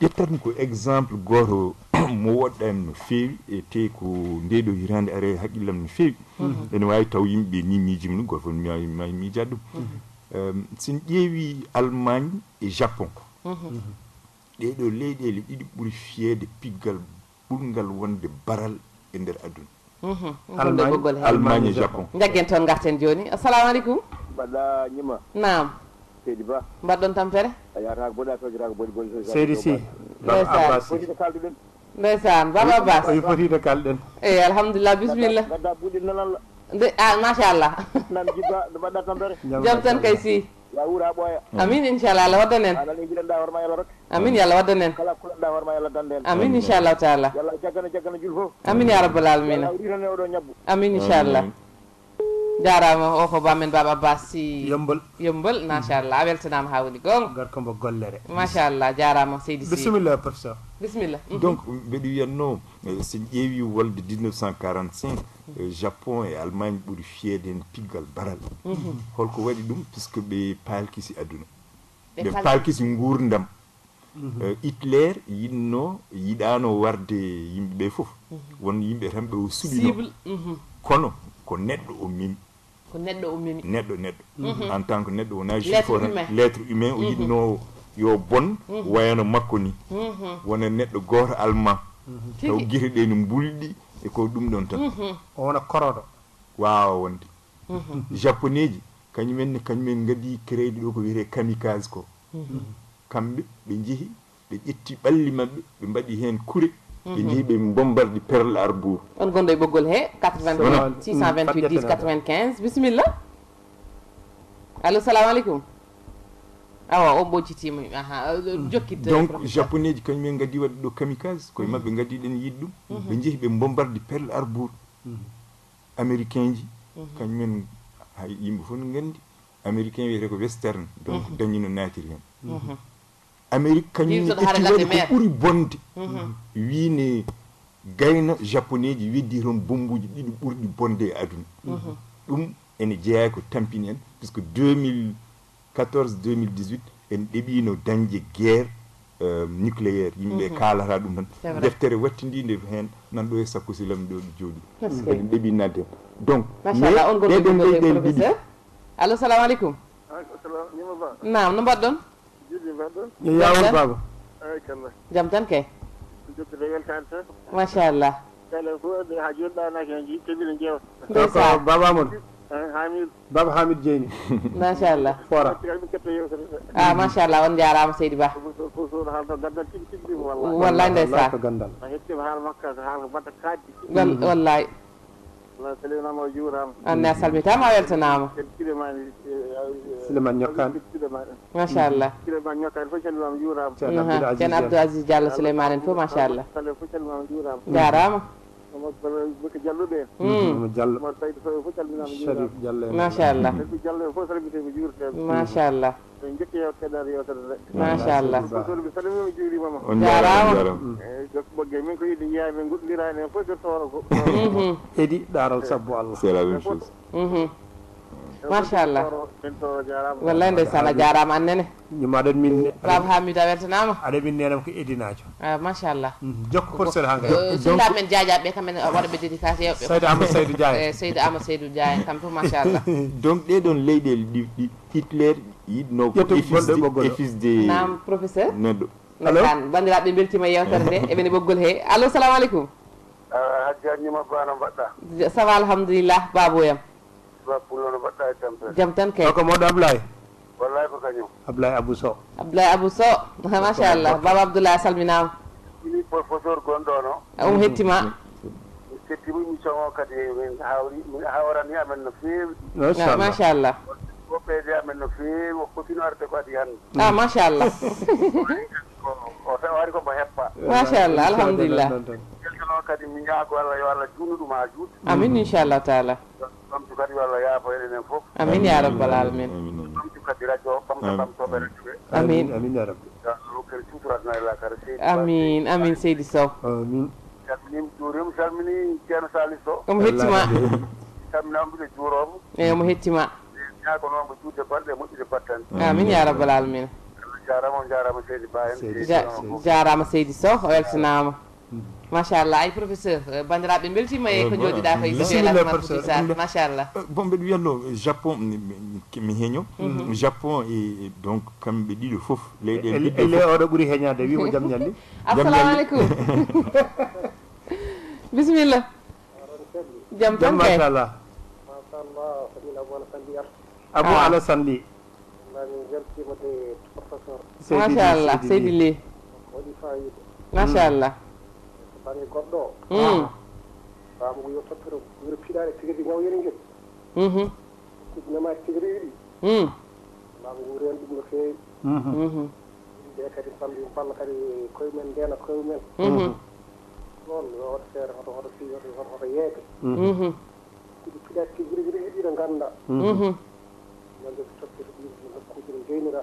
ƴettatmi ko exemple goto mo woɗɗani no fewi e te ko ndeɗo hirande ara haqqillam no fewi mhm. ene wawi taw yimɓeɓe ni miji mum goto foni mima mijat ɗum mhm. ehm, sin ƴeewi allemagne e japon mhm. ɗeɗo leyɗele ɗiɗi ɓuuri fiyede piggal ɓurgal wonde baral e nder aduna allemagne e japon jaggen toon garten joni assalamu aleykum mbaɗɗa ñima nam seydi ba mbaɗɗon tampere a yataka boɗa tojotaka boɗi boɗi seydi si ndeysanotiɗo kalduɗen ndeysan baba abbas oyi fotiɗo kalɗen eyi alhamdulillah bisimilla gadda ɓuuɗi nanalla nde a machallah nam jibba nde mbaɗɗa tampere jaam tan kay si ya wuura ɓooya amin inchallah allah waddan en aɗa jiɗanɗa hoorema yalla rok amin yo allah waddan en kala kulanɗa hoorema yalla dande en amin inchallahu taala yo allah jaggana jaggana jul foof amin ya rabbal alamina ritan e oɗo ñabbu amin inchallah jarama o ko bamen baba bassi yombol yombol machallah mm-hmm. weltanama ha woni gonga gorko mbo gollere machallah jarama seydi sy bisimilla professeur bisimilla mm-hmm. donc mbeɗo wiyatno so ƴeewi de 1945 japon et allemagne ɓuuri fiyede hen piggal baral holko mm-hmm. waɗi ɗum puisque ɓe palkisi aduna ɓe palkisi gurdam euh, hitler yinno yiɗano warde yimbe fouf. won yimɓe tan ɓe o suɓino kono ko neɗɗo o mimi neɗɗo umimi neɗɗo neɗɗo mhm. en tant que neɗɗo wona jifoa lettre humain o yiɗno mhm. yo bon mhm. wayano makko ni wona neɗɗo goto allemand taw guite ɗe no mbulɗi e ko ɗum ɗon tan o wona koroɗo wawa wonde japonais ji kañumenne kañumen gadi créde ɗo ko wiyete kamikage ko kamɓe ɓe jeehi ɓe ƴetti ɓalli mabɓe ɓe mbaɗi hen kure ili ɓe bombardi perle arbour on gonɗo e ɓoggol he 6281095 mm, bisimilla allo salamu aleykum awa on ɓoccitima aha jokkit eh, donc japonais ji kañumen gaddi waɗde ɗo kamikage koye mm. maɓɓe gaddiɗen yiɗ ɗum mm-hmm. ɓe jeehi ɓe bombardi perle arbour mm-hmm. américain ji mm-hmm. kañumen hay yimɓe fof no gandi américain wiyete ko westerne donc dañino natiri hen amérique kañumne ɓetti waɗi ko ɓuri bonde mm-hmm. wiine gayna japonais ji weddi toon bombuji ɗiɗi ɓurɗi bonde e aduna mm-hmm. ɗum ene jeeya ko tampini en puisque 2014 2018 en ɗeɓino dañde guerre euh, nucléaire yimɓe mm-hmm. kalata ɗum tan deftere wattidinde hen nanɗo e sakkosi lam ɗo ɗo jooɗi ɓeɗen ɗeɓi nadde hen donc maaɗeɗen leyɗel ɗiɗi allo salamu aleykum nam no mbaɗɗon yawon baba jam tan kay masha Allah ndeysaan baba amadou eh, baba hamid jeyni masha Allah fora ah masha Allah on jarama seydi wallahi ndeysaan wallahi salminama o juurama anne a salmitama a weltanama silimane eh, eh, ñokkane eh. machallah silimane ñokkane fof salminama juurama ceerno abdoul aziz diallo souleymane en fof machallah salmi fof salminama juurama jarama sama sama bëgg Diallo de. ma hmm. Diallo ma tey dafa fa calmina ma Chérif Diallo macha allah te Diallo fo sala bi te jur te macha allah te njëkk yow te daal yow te macha allah sala bi sala mi juri mama jaaraama eh jok bëgge mi ko yidi yaay mi ngut liraane fo jor tawara ko mhm. edi daaral sabbu allah c'est la même chose mhm. masha allah wallay ndeysan a jarama annene ñumaɗon min ram hamida weltanama aɗa min nenam ko edinajo masha allah jokko pourcent ha gasillah men diadiaɓe kamen waɗaɓe dédicace yewɓe saydou amadou saydou diaye seydou amadou seydou diaye kam to masha allah donc ɗeɗon leyɗele ɗi hitler yiɗno e fils de nam professeur neɗɗo allo bandiraɓe beltima yewtere nde eɓene ɓoggol he allo salamu aleykum hajji añima bano mbaɗɗa ça va alhamdoulillah baboyam ba pullo no mbaɗɗa e tampere jam tan kay ko moɗo ablaye wallay ko kañum ablaye abou sow ablaye abou sow machallah baba abdoulah salminama ini posor gonɗo no omo hettima mi kettima émission o kadi min hawri min hawrani amen no fewi machallah woɓɓede ah, amen no fewi kotino arde ko adi hannde a ah, machallah o tawa wari komo heppa machallah alhamdulillah keltano kadi mi yaago allah yo allah juuno ɗum ha juutde amin inchallah taala ɓamtu kadi yo allah yaafo eɗenen fof amin ya rabbal alamin ɓamtu kadi radio o ɓamta ɓam toɓe radio ɓe amin amin ya rabbilokel suturadnaelakara seydi amin amin seydi sow amin salminim juurim salmini ceeno salis o omo hettima salmina omɓiɗe juuromo eyi omo hettima ñaako noon mo juurde balɗe e moƴƴude battan amin ya rabbal alamina jarama o jarama seydi ba en jarama seydi sow o weltanama machallah ay professeur euh, bandiraɓe beltima e euh, ko jooɗiɗa fay selamatoutisar machallah euh, bon mbeɗa wiyatno japon mi heeño mhm. japon e donc kamɓe ɗiɗo fof leyɗele elle oɗo ɓuuri de wimo jaam ñalli assalamu aleykum bisimilla jaam tan kay machallah abou ah. ala Sandi. machallah seydi li machallah hmm. bani goɗɗo o famugo yo toppere wuro piɗaɗe tigui rigui waw yeren gueɗi kuɓinamaki tigui rigui ɗi mamo wuren ɗum no fewi ɓe kadi famɗi balla kadi koye men ndena koye men ɗon yo hoto feere hoto hoto fi hoto hoto yeede ɗiɗi piɗaɗe tigui rigui rigui ɗi ɗo ganda ma jogui toppere ɗi nokkuji no jeyniɗa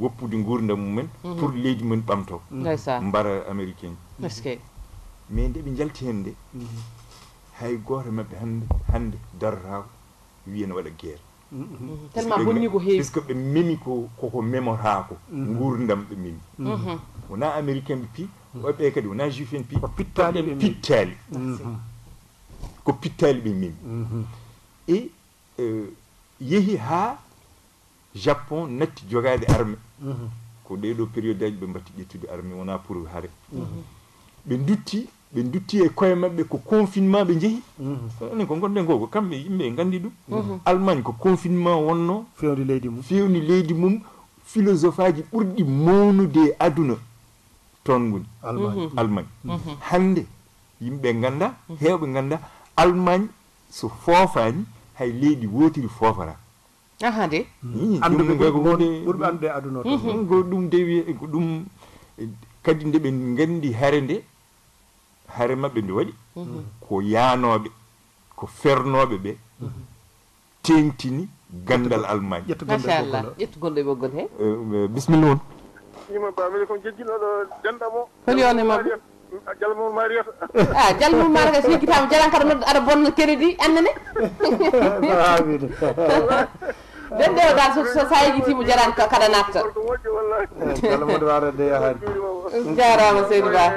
woppude gurdam mumen mhm. pour leydi men ɓamto mbara américain mais nde ɓe jalti hen nde mhm. hay goto mabɓe hande hande darotako wiyene waɗa guerre mhm. tellement puisque ɓe memi ko koko memorako gurdam ɓe memi wona américain ɓe pi oɓe kadi wona juif en pi ko pittali pittali ko pittali ɓe memi e yeehi ha japon natti jogaade armé mhm. ko ɗeɗo période aji ɓe mbatti ƴettude armé wona pour hare mhm. ɓe dutti ɓe dutti e koye maɓɓe ko confinement ɓe njehi mhm. ni ko gonɗen ko ko kamɓe yimɓe nganndi ɗum allemagne ko confinement wonno fewni leydi mum fewni leydi mum philosophe aji ɓurɗi mownude e aduna toon ngoni allemagne hannde yimɓe ngannda heewɓe ngannda allemagne so foofaani hay leydi wootiri foofara aha de hmm, anduɓe koyko woni ɓurɓe annde aduna hmm, ko ɗum dewi e ko ɗum e kadi nde ɓe gandi hare nde hare maɓɓe nde waɗi hmm. ko yanoɓe ko fernoɓe ɓe tentini gandal almaña e machallah ƴettu golɗo e ɓoggol he eh, eh, bisimilla won ima bamili kom jejjinoɗo dendamo holione ma jalmum mariota a ah, jalmum marika so yekkitama jalan kada noddo aɗa bonna kéredi annane ɓen ɗo dal so mo jarani kada natta jarama seydi ba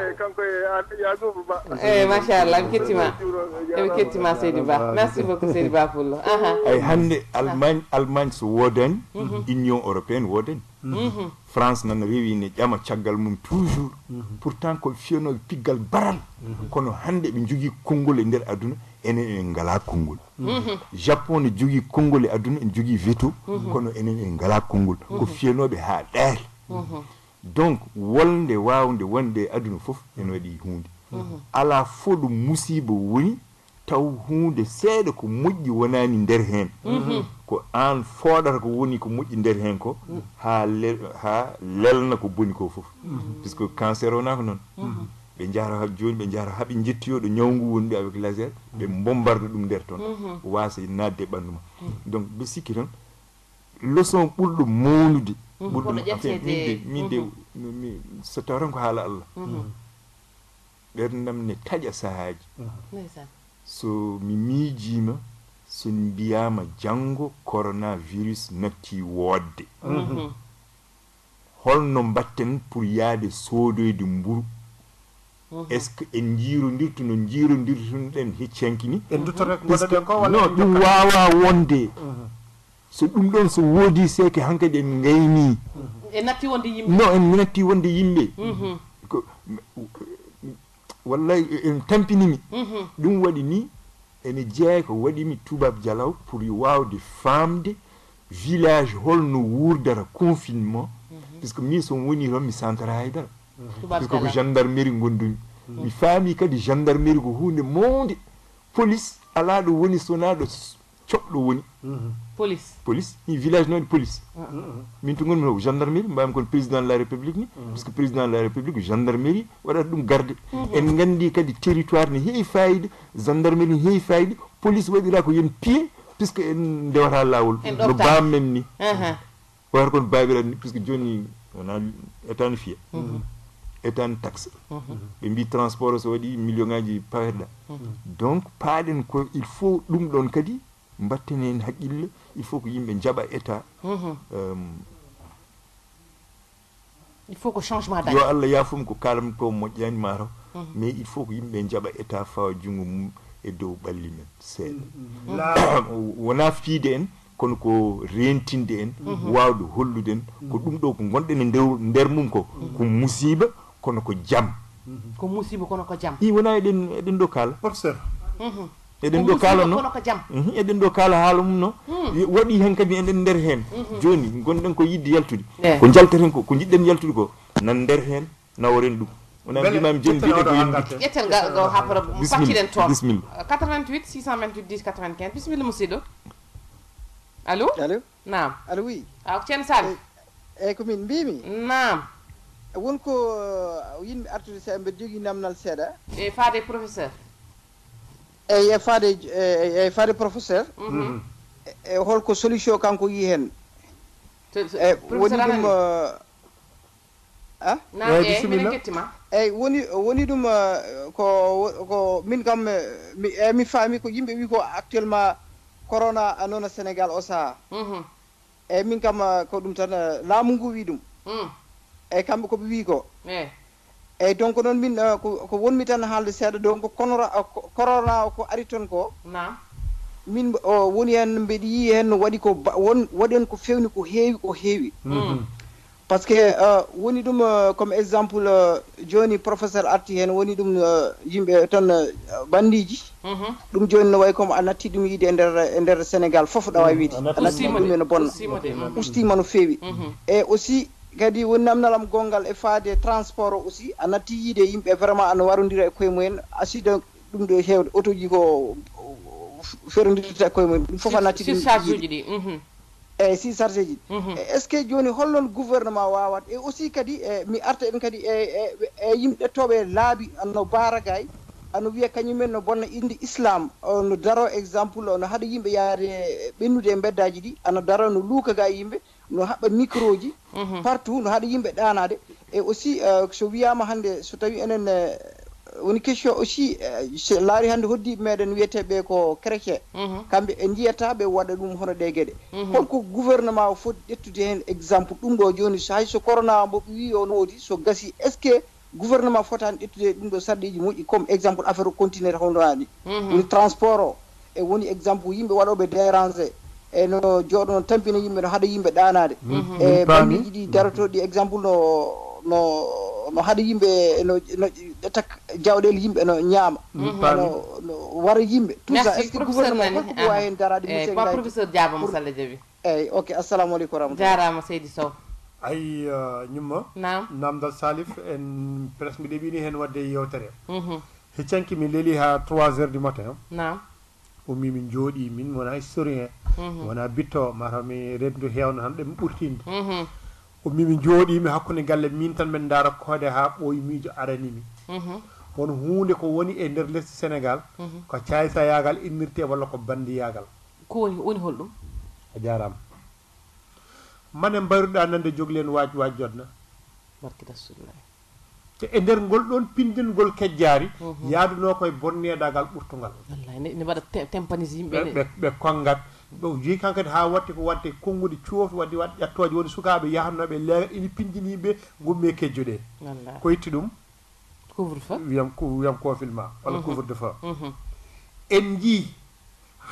eyi machallah mi kettima eɓe kettima seydi ba merci beaucoup seydi ba pullo ay ah, ah. eh, hande allemagne allemagne so woodani mhm. union européenne woodani mhm. france nana rewi ne ƴama caggal mum toujours mhm. pourtant koɓe fiyanoɓe piggal baral kono hande ɓe jogui konngol e nder aduna enen en ngala konngol japon ne jogi konngol e aduna en jogi vito kono enen en ngala konngol ko fiyanoɓe ha ɗaari donc wolde wawde wonde e aduna fof ene waɗi hunde ala fo ɗum musiba woni taw hunde seeɗa ko moƴƴi wonani nder hen ko an fooɗata ko woni ko moƴƴi nder hen ko ha ha lelna ko boni ko fof puisque cancer wona ko noon ɓe jaara haɓe jooni ɓe jaara haɓe jittiyo ɗo ñawngu woni ɗi avec laser ɓe mm-hmm. bombarde ɗum nder toon mm-hmm. waasa e naatde e ɓanndu ma mm-hmm. donc mbi sikki toon leçon ɓurɗo mawnude ɓurɗo min de min de so tawran ko haala allah ɓernam ne taƴa sahaaji so mi miijiima so mbiyaama janngo corona virus nattii woodde holno mbatten pour yaade soodoyde mburu est ce que en jiirondirtu no jiirondirtunoɗen ɗen en duttotoɗe non ɗum wawa wonde uh-huh. so ɗum ɗon so woodi seeke hankadi en gayni uh-huh. e, en non uh-huh. en natti wonde yimɓe wallay en tampinimi ɗum waɗi ni ene jeeya ko waɗimi tubab dialaw pour wawde famde village holno wurdata confinement puisque min son woni toon mi santata haydara puisque ko gendarmerie gondumi mi mm. fami kadi gendarmerie ko hunde monde police ala do woni sona ɗo coɗɗo woni mm-hmm. police police ni village noon police mm-hmm. min to gonmi o gendarmerie mbawmi kon président de la république ni mm-hmm. parce que président de la république gendarmerie waɗata dum garde en gandi kadi territoire ni heewi fayde gendarmerie ne fayde police police waɗira ko yen pied puisque en ndewata lawol no bam bammen ni uh-huh. wata kon babiraɗ ni puisque joni on a no fiya étane taxe mhm. ɓe mbi transport so waɗi million ngaji paweɗa mhm. donc paaɗen ko il faut ɗum ɗon kadi mbatten hen haqqille il faut ko yimɓe jaɓa état mhm. euh, il faut ko changement yo allah yafum ko kalam ko moƴƴani mataw mais il faut ko yimɓe jaɓa état fawa junngo mum e dow ɓalli men seeɗa wona fiide en kono ko rentinde en wawde holluden ko ɗum ɗo ko gonɗen e nder mum ko ko musiba kono ko jam mhm. ko musiba kono ko jam i wona eɗen eɗen ɗo kaala professeur eɗen ɗo kaala no eɗen ɗo kaala haala mum no waɗi hen kadi eɗen nder hen mhm. joni gonɗen ko yidde yaltude e. ko jaltaten ko ko jiɗɗen yaltude ko nan nder hen naworen ɗum onan mbimami joni mbiɗen ko yimɓe ƴetten gago ha para pakkiɗen toon bisimilla 88 628 10 95 bisimilla musidɗo allo allo nam allo oui a ah, ceerno sali eyyi eh, eh, komin mbimi nam wonko yimɓe uh, artude seeɗa mbeɗa jogii namdal seeɗa e faade professeur eyi e faade e faade professeur mm-hmm. mm-hmm. e holko solution kanko yii heen e woni ɗum a eyi bisimilla eyi woni woni ɗum uh, ko ko min kam eyi uh, mi faami eh, ko yimɓe wi ko actuellement corona noon sénégal o sahaa mm-hmm. eyyi min kam ko ɗum tan laamu ngu wi ɗum mm. eyyi kamɓe koɓe wii ko eyyi e donc noon min euh, ko wonmi tan haalde seeɗa donc konora corona euh, o ko ari toon ko min o euh, woni hen mbeɗe yii hen no waɗi ko won waɗi hen ko fewni ko heewi ko heewi mm-hmm. par ce que woni ɗum comme exemple joni professeur arti hen woni ɗum yimɓe toon bandiji mm-hmm. ɗum joni no wayi comme a natti ɗum yiide e nder e nder sénégal foof ɗawa wiide a natti ɗum ene bonna ustima no feewi e aussi kadi woni namdalam gongal e faade transport o aussi a natti yiide yimɓe vraiment ana warondira e koye mumen asida ɗum ɗo heewde auto ji ko ferondirta e koye mumen ɗum fof a natti ɗumsargeji ɗi mhm. eyi si chargé ji mhm. e est ce que joni holnoon gouvernement wawat e aussi kadi e mi arta en kadi ee e, yimɓe toɓe laabi anno baragay ano wiya kañumen no bonna inde islam no daro exemple ono haɗa yimɓe yaade ɓennude e mbeddaji ɗi ano daro no luukaga yimɓe no haɓa micro ji mhm. partout no haɗa yimɓe ɗanade e aussi euh, so wiyama hannde so tawi enen euh, woni question aussi euh, so laari hannde hoddiɓe meɗen wiyeteɓe ko crétien mhm. kamɓe e jiyata ɓe waɗa ɗum hono ɗe gueɗe mhm. holko gouvernement o foti ƴettude heen exemple ɗum ɗo joni hayso corona mboɓe wi on woodi so gasi est ce que gouvernement fotani ƴettude ɗum ɗo sarɗiji moƴƴi comme exemple affaire o continuer holnoani woni transport o e woni exemple yimɓe waɗoɓe dérangé e no jooɗono tampina yimɓe no haɗa yimɓe ɗanade mhm. e banniji ɗi mhm. daratoɗi exemple no no no haɗa yimɓe no no ƴettak jawɗele yimɓe no ñaama no no wara yimɓe tout ça est ce que gouvernement hokko wawi hen darade monsieurprofesseur jabama salla djaaɓi eyyi ok assalamu aleykum wa rahmatulla jarama seydi sow ay euh, ñumma nam namdal salif en presque mi ɗeɓini hen wadde yewtere mhm. hecanki mi leeli ha 3 heures du matin nam ummi min jooɗi min wona historien mhm. wona bitto matami mi rendu hewno tan ɗe ɓurtinde ummi mhm. min jooɗimi hakkude galle min tan min daara koode ha ɓooyi miijo aranimi won mhm. huunde ko woni e nder lesdi sénégal ko caysa yagal innirte walla ko bandiyagal ko woni woni holɗum a jarama mane mbayruɗa nande joglen waaj waaj jotna barke te e nder ngol ɗon pindingol kejjaari yaaduno koye bonneeɗagal ɓurtungal ne waɗa tempanis yimɓeɓe konngat jeyi kan kadi haa waɗte ko waɗte konngude cooftu waɗde waɗ ƴattooje woni sukaaɓe yahannooɓe e leegat ini pindiniiɓe ngummi kejju ɗee ko itti ɗum couvre feu wiyam wiyam confinement walla couvre de feu en njiyi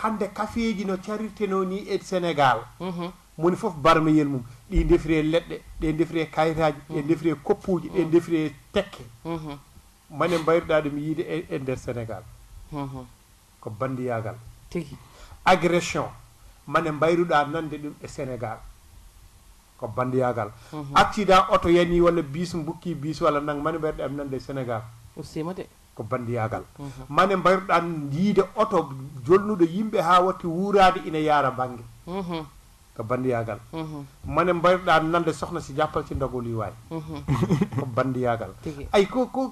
hannde kafeeji no carirte noo nii e sénégal moni fof barmeyel mum ɗi defire leɗɗe ɗe defire kayitaji ɗe defire koppuji ɗe mm-hmm. defire tekke mm-hmm. mane mbayruɗa ɗum yiide e, e nder sénégal mm-hmm. ko bandiyagal tigi agression mane mbayruɗa nande ɗum e sénégal ko bandiyagal accident oto yani walla bis bukki bis walla nag mane mbayruɗa ɗum nande e sénégal ustima ko bandiyagal mane mbayruɗa yiide oto jolnuɗo yimɓe ha watti wuurade ina yaara banggue ko bandiyaagal mhm. ma ne mbay daan nan de soxna si jàppal ci ndogu li waay mhm. ko bandiyaagal ay ko ko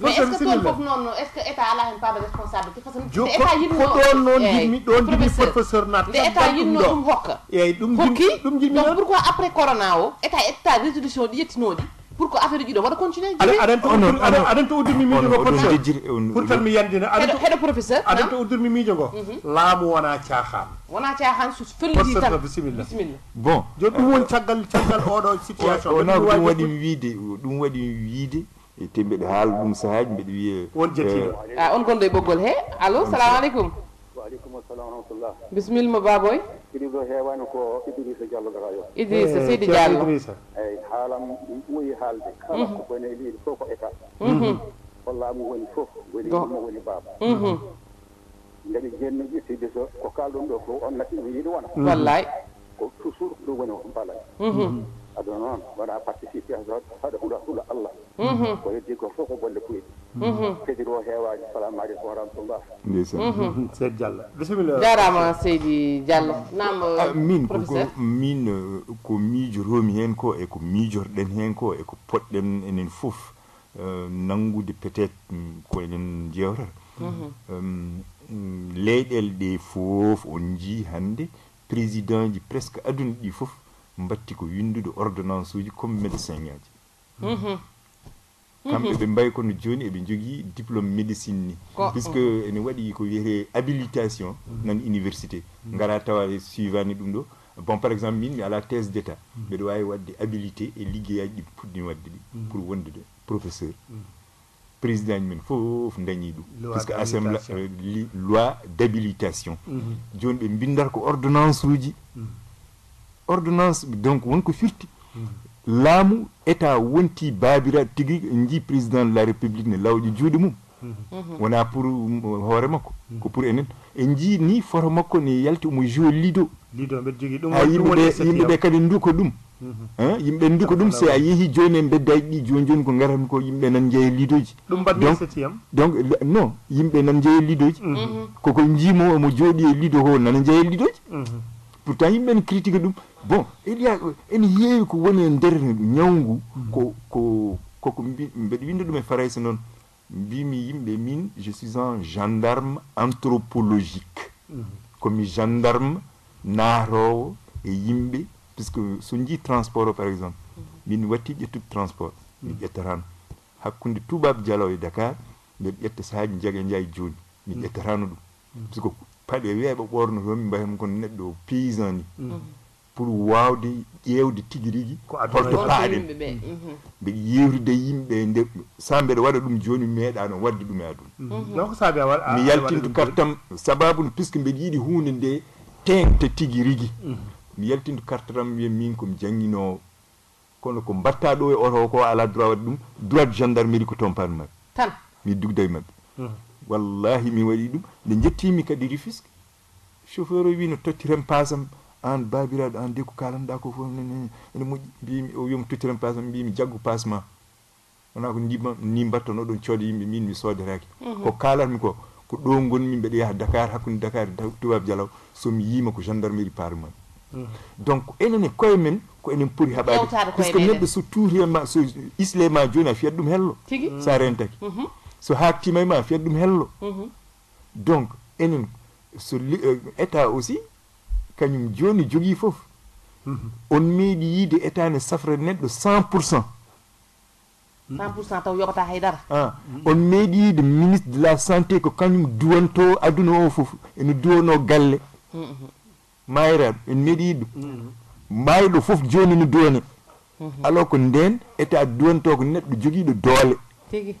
mais est ce que tool foofu noonu est ce que état ala hen pas de responsabilité parce que état jimmi ɗon jimmi professeur eh, après corona o état état résolution ɗi yettinoɗi pour que affaire ji ɗo waɗa continuer adanta oh, oh, uddirmi oh, miijo ngo pour tan mi yandina heɗo professeur adanta ah. uddirmi miijo ngo mhm. laamu wona caaxaan wona caaxaan so fellibisimilla bon joni ɗum woni caggal caggal oɗo situation ɗum waɗi wiide ɗum waɗi wiide e te mbeɗe haala ɗum sahaaji mbeɗe wiya won jetti eh, ah, on gonɗo e ɓoggol he allo salamu aleykum waaleykum assalam warahmatullah bisimilla ma baboye kiliɗo heewani ko idrissa diallo gata yo idrissa mm-hmm. seydi diallo idrissa eyyi haalam ɓooyi haalde kala mm-hmm. ko bone e leydi ko état hollaamu mm-hmm. woni fof woni umma woni baaba ndeɓe jennuji sidde so ko kalɗon ɗo fof on natti ɗum yiiɗi wona wallay ko toujours ko ɗum woni mbalay ado noon waɗa participé haɗa huɗa huɗa allah ko heddi ko fof ko golle puyɗe kadiro mhm. heewaani salamaale ko rahmatullah seydi diallah bisimilla jarama seydi diallah namamin euh, koko min ko euh, miijotomi heen e ko eko miijotoɗen heen e ko eko poɗɗen enen fof euh, nanngude peut être mm, ko enen jewtata mhm. mm, leyɗele ɗe fof on jii hannde président ji presque aduna ɗi fof mbatti ko windude ordonnance uji comme médecin ŋaji mhm. kamɓe ɓe mbayi kono joni eɓe jogui diplôme médecine ni puisque ene waɗi ko wiyete habilitation nan mhm. université mhm. gara tawa suivani ɗum ɗo bon par exemple min mi la thèse d' état mbeɗa mhm. wawi wadde habilité e liggeyaji ɗi puɗɗi wadde ɗi pour wonde professeur président ji men fof dañi Parce que assemblé euh, loi d'habilitation, habilitation joni ɓe mbindata ko ordonnance uji ordonnance donc wonko firti laamu état wonti baabira tigi ji président de la république ne lawji juuɗe mum mhm. wona pour mm, hoore makko ko pour enen en jii ni foto makko ne yalti omo joi lido yimɓeɓe kadi ndu mhm. ko ɗum yimɓe ndu ko ɗum si a yeehi joni e beddaji ɗi joni joni ko garatmi ko yimɓe nan jeeye lidoji donc non yimɓe nan jeeye lidoji mhm. koko jiimo omo jooɗi e lido ko nana jeeye lidoji pourtant yimɓe ne critique ɗum bon Il eɗiya ene heewi ko woni e nder ñawngu ko ko ko mbeɗa bien de e farayse noon mbimi yimɓe je suis un gendarme anthropologique comme gendarme naarowo et yimbe, puisque son jii transport par exemple min je tout transport mi ƴettatano hakkude tubabe dialo e dakar mbeɗa ƴetta saahaji jaga jaayi djoni mi ƴettatano ɗum puisque paɗe wiya ɓorno toon min mbayi ɗum kono neɗɗo paysan ni pour wawde ƴewde tigui rigui holto paaɗen mbeɗa yewtide yimɓe nde nder sa mbeɗa waɗa ɗum joni meeɗano wadde ɗum mm-hmm. mm-hmm. e aduna ah, mi yaltinto kartam sababu mm-hmm. no puisque mbeɗa yiiɗi hunde nde tengte tigui rigui mi yaltinto kartaram wiya min komi jangguinowo kono ko mbatta ɗo e oto ko ala droit waɗi ɗum droit de gendarmerie ko toon parmami mi dugda mabɓe wallahi mi waɗi ɗum nde jettimi kadi rifiske chauffeur o wi no tottiren pasam an babiraɗo an de ko kalanɗa ko fof ene moƴƴi mbimi o wiyomi tottiren pasam mbimi jaggu pas wona ko ni mbattono ɗon cooda yimɓe min mi soodoraki mhm. ko kalanmi ko ko ɗo gonmi mbeɗa yaha dakar hakkude dakar tubab dialaw somi yima ko gendarmerie parlement mhm. donc enene koye men ko enen pooti haɓade par ce que neɗɗo so tuuri so isle ma joni a fiyata ɗum hello sa rentaki mhm. so hakkima e ma fiyata ɗum hello mhm. donc enen so état eh, aussi kañum joni jogii fof mhm. on meeɗi yiide état ne safra neɗɗo cent pour cent cent pour cent taw yoɓata haydara on meeɗi yiide ministre de la santé ko kañum duwanto aduna o fof ene duwano galle mhm. mayiraɗo en meeɗi yiide ɗum mayiɗo fof joni ne duwane alors ko nden état duwanto ko neɗɗo jogiiɗo doole tigi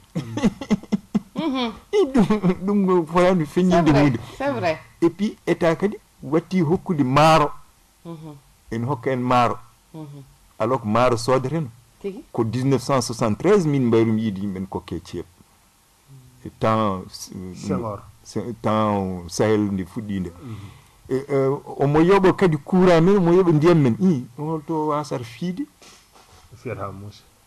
ɗum forani feññinde hunde c'est vrai et puis état kadi watti hokkude maaro ene uhum. hokka en maaro uhum. alors que maaro soodeteno ko 1973 min mbayrumi yiide então kokke ceeb mmh. temps temps sahel nde fuɗɗi mmh. euh, nde omo yoɓo kadi courant men omo yoɓo ndiyam men i holto wasata fiide fiyata muusa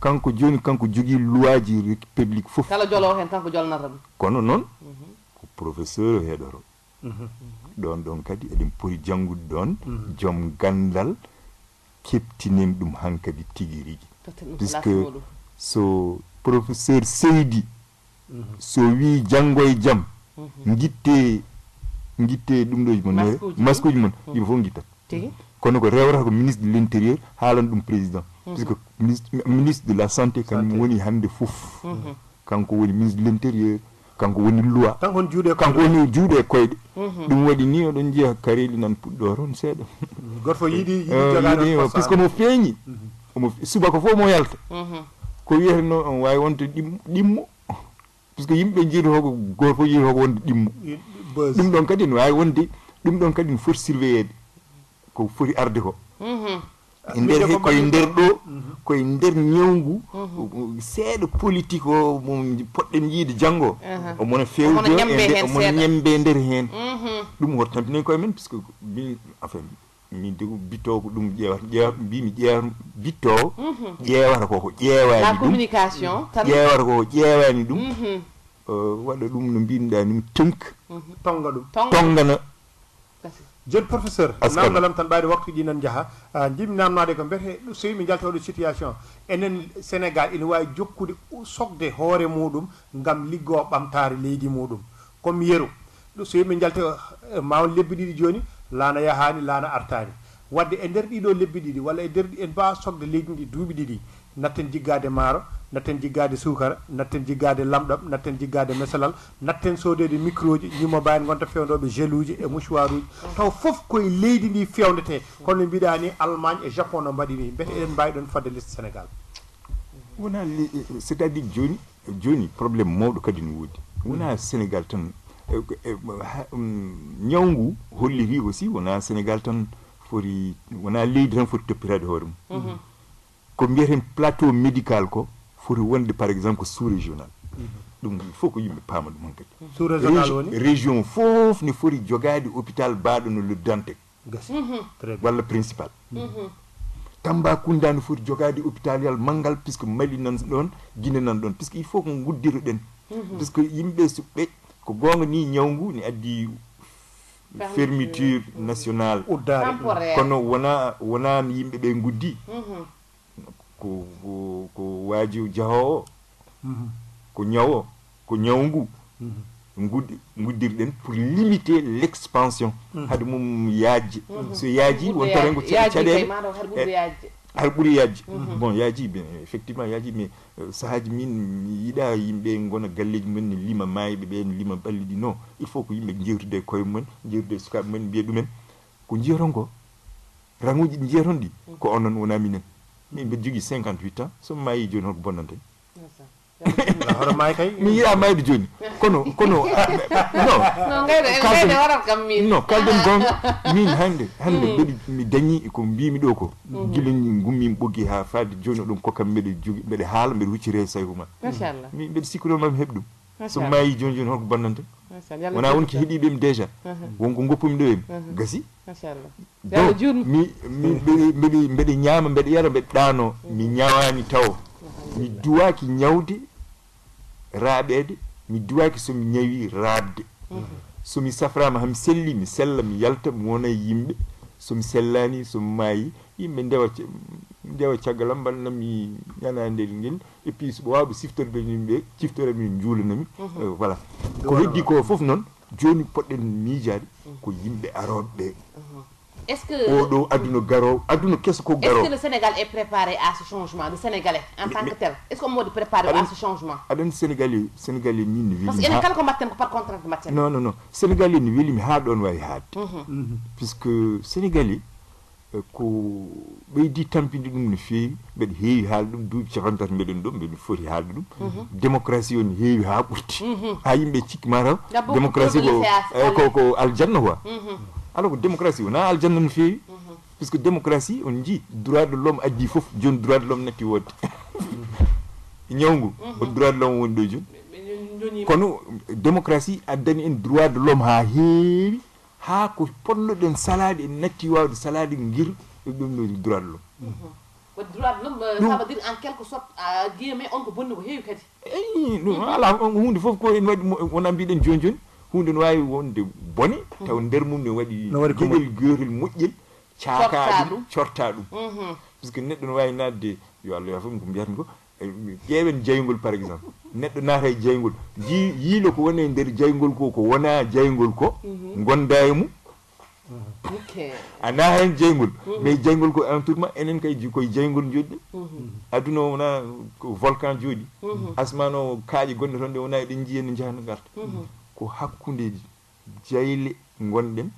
kanko joni kanko jogi loiji public fof kala jolo hen tan ko jolnata ɗum kono non mhm. ko professeur Don don don kadi edim pori janggu don mhm. jom gandal keptinem dum hankadi tigiri. rigi puisque so professeur seydi mhm. so wi janngo e jam ngitte ngitte dum do mon masque mon il faut gittat kono ko rewra ko ministre de l'intérieur halan dum président puisque ministre de la santé kañum woni hannde fof kanko woni ministre de l' intérieur kanko woni loi kanko woni juuɗe koyɗe ɗum waɗi ni oɗon jiya kareli nan puɗɗoron seeɗa goto eh, eh, mhm. fof yiiɗi yiiɗi puisque mo feeñi omo subaka fof mo yalta mhm. ko wiyateno on wawi wonto ɗimmo puisque yimɓe jiitotoko goto fof jiitotoko wonde ɗimmo ɗum ɗon kadi ne wawi wonde ɗum ɗon kadi ne foti surveillede ko foti arde ko mhm e nder koye nder ɗo koye nder ñewngu seeɗa politique o mo poɗɗen yiide janngo omono fewde omono ñembe nder heen ɗum woto tampinen koye men puisque min enfin min de bittowo ko ɗum ƴeewata ƴeewat mbimi ƴeewat bittowo ƴeewata mhm. koko ƴeewani communication ƴeewata koko ƴeewani ɗum mhm. waɗa ɗum no mbinoɗa ni tunk mhm. tonga ɗum tongana joni professeur namdalam tan ɓaade waktu ji nan jaha jimi ah, namnade ko mbiyete so wimi jaltoɗo situation enen sénégal ina wawi jokkude sogde hoore muɗum gam liggoo ɓamtare leydi muɗum comme yeru so wimi jalto eh, maw lebbi ɗiɗi joni laana yahani laana artani wadde e nder ɗiɗo lebbi ɗiɗi walla e nder en mbawa sogde leydi ndi duuɓi ɗiɗi natten jiggade maaro natten jiggaade suukara natten jiggaade lamɗam natten jiggaade mesalal natten soodeede micro ji ñimmo mbaani gonta fewndooɓe geluuji e mouchoir uji taw fof koye leydi ndi fewndetee kono no mbiɗaa ni allemagne e japon no mbaɗi ni mbete eɗen mbaawi ɗoon fadde liste sénégal wona c' est à dire jooni jooni probléme mawɗo kadi no woodi hmm. wona sénégal tan e, e, um, ñaw ngu holliri aussi wona sénégal tan fori wona leydi tan foti toppiraade hoore mum mhm. ko mbiyaten plateau médical ko foti wonde par exemple sous régional ɗum mhm. fof ko yimɓe paama ɗum hankadi sous régional woni région fof ne foti jogade hôpital mbaaɗo no luddante mhm. walla principal mhm. tamba kunda no foti jogade hôpital yal mangal puisque mali nan ɗon guine nan ɗon puisque il faut ko guddiro ɗen puisque yimɓe suɓɓe ko goonga ni ñawgu ne addi fermeture nationale kono wona wona yimɓe ɓe goudi ku ku ku waju jaho mm -hmm. ko ñawo ko ñawngu mm -hmm. guddirɗen pour limiter l' expansion mm -hmm. hade mum yajji so yaaji won tarengo caɗele har ɓuri yaji mhm. mhm. bon yaaji effectivement yaaji mais euh, sahaji min yida yiiɗa ngona gona galleji mumen ne lima mayiɓe ɓe lima ɓalli non il faut ko yimɓe jewtide e koye mumen jewtide e sukaɓe mumen mbiya ɗumen ko jiyaton ko ranguji ɗi jiyaton ɗi mhm. ko onon wona minen min mbiɗa jogui 58 ans somi maayi joni holko bonnante min yiiya mayde joni kono kono ah, no kalden gon min hande hande mm. mbeɗi mi dañi ko mbimi ɗo ko mm-hmm. gila gummimi ɓoggi ha fadde joni oɗon kokkam mbeɗe jogi mbeɗe haala mbeɗe huccire saygo ma mbeɗe sikkuɗomami heɓe ɗum so mayi joni joni holko bonnante wona wonki heeɗiɓem déjà wonko goppumi ɗo em gasi mbeɗe ñaama mbeɗe yara mbeɗe ɗano mi ñawani taw mi duwaki ñawde raaɓede mi duwaki somi ñawi raabde somi saframa hami selli mi sella mi yalta mi wona yimɓe somi sellani somi maayi yimɓe ndewa ndewa caggal am ballami ñanandel ngel et puis wawɓe siftorde min ɓe ciftore min juulanami mhm. euh, voilà ko heddi ko fof noon joni mi miijade mhm. ko yimɓe aroɓe mhm. est ce que do aduna garowo aduna kesso ko garowo est ce que le sénégal est préparé à ce changement le sénégalais en tant que tel est ce qu'on mode préparé à ce changement aɗan sénégalais sénégalais ni no parce que enen kala ko mbatten ko par contrainte mbatten non non non sénégalais no mi ha ɗon wawi haadde puisque sénégalais ko ɓeydi tampinde ɗum no feewi mbeɗa heewi haalde ɗum duuɓi capantati mbeɗen ɗo mbeɗa foti haalde ɗum démocratie o no heewi haa ɓurti haa yimɓe cikki mataw démocratie koko ko aljanna quoi alors ko démocratie wona aljanna no feewi puisque démocratie on jii droit de l'homme addi fof joni droit de l'homme natti wodde ñawngu on droit de l'homme woni ɗo joni kono démocratie addani en droit de l'homme haa heewi ha ko ponnoɗen salade en natti wawde salade guir e ɗum no droit lum ko droit ɗum saba euh, dir en quelque sorte a guiyeme on ko bonni ko heewi kadi eyi ɗum ala hunde foof ko en waɗi wona mbiɗen joni joni hunde ne wawi wonde bone taw nder mum ne waɗi geɗel gotel moƴƴel caka ɗum corta ɗum mhm. par ce que neɗɗo ne wawi nadde yo allah yo foof ko mbiyatmi ko ƴeeɓen jeyngol par exemple neɗɗo naata e jeyngol ji yiilo ko woni e ndeer jeyngol ko ko wona jeyngol ko mhm. gonda e mum a naata hen jeyngol mhm. mais jeyngol ko entourement enen kay koye jeyngol jooɗi ɗen mhm. aduna o wona volcan jooɗi asman o kaaƴe gonɗe toon ɗe wona eɗen jiyi ene jahano garta ko hakkunde jeyle gonɗen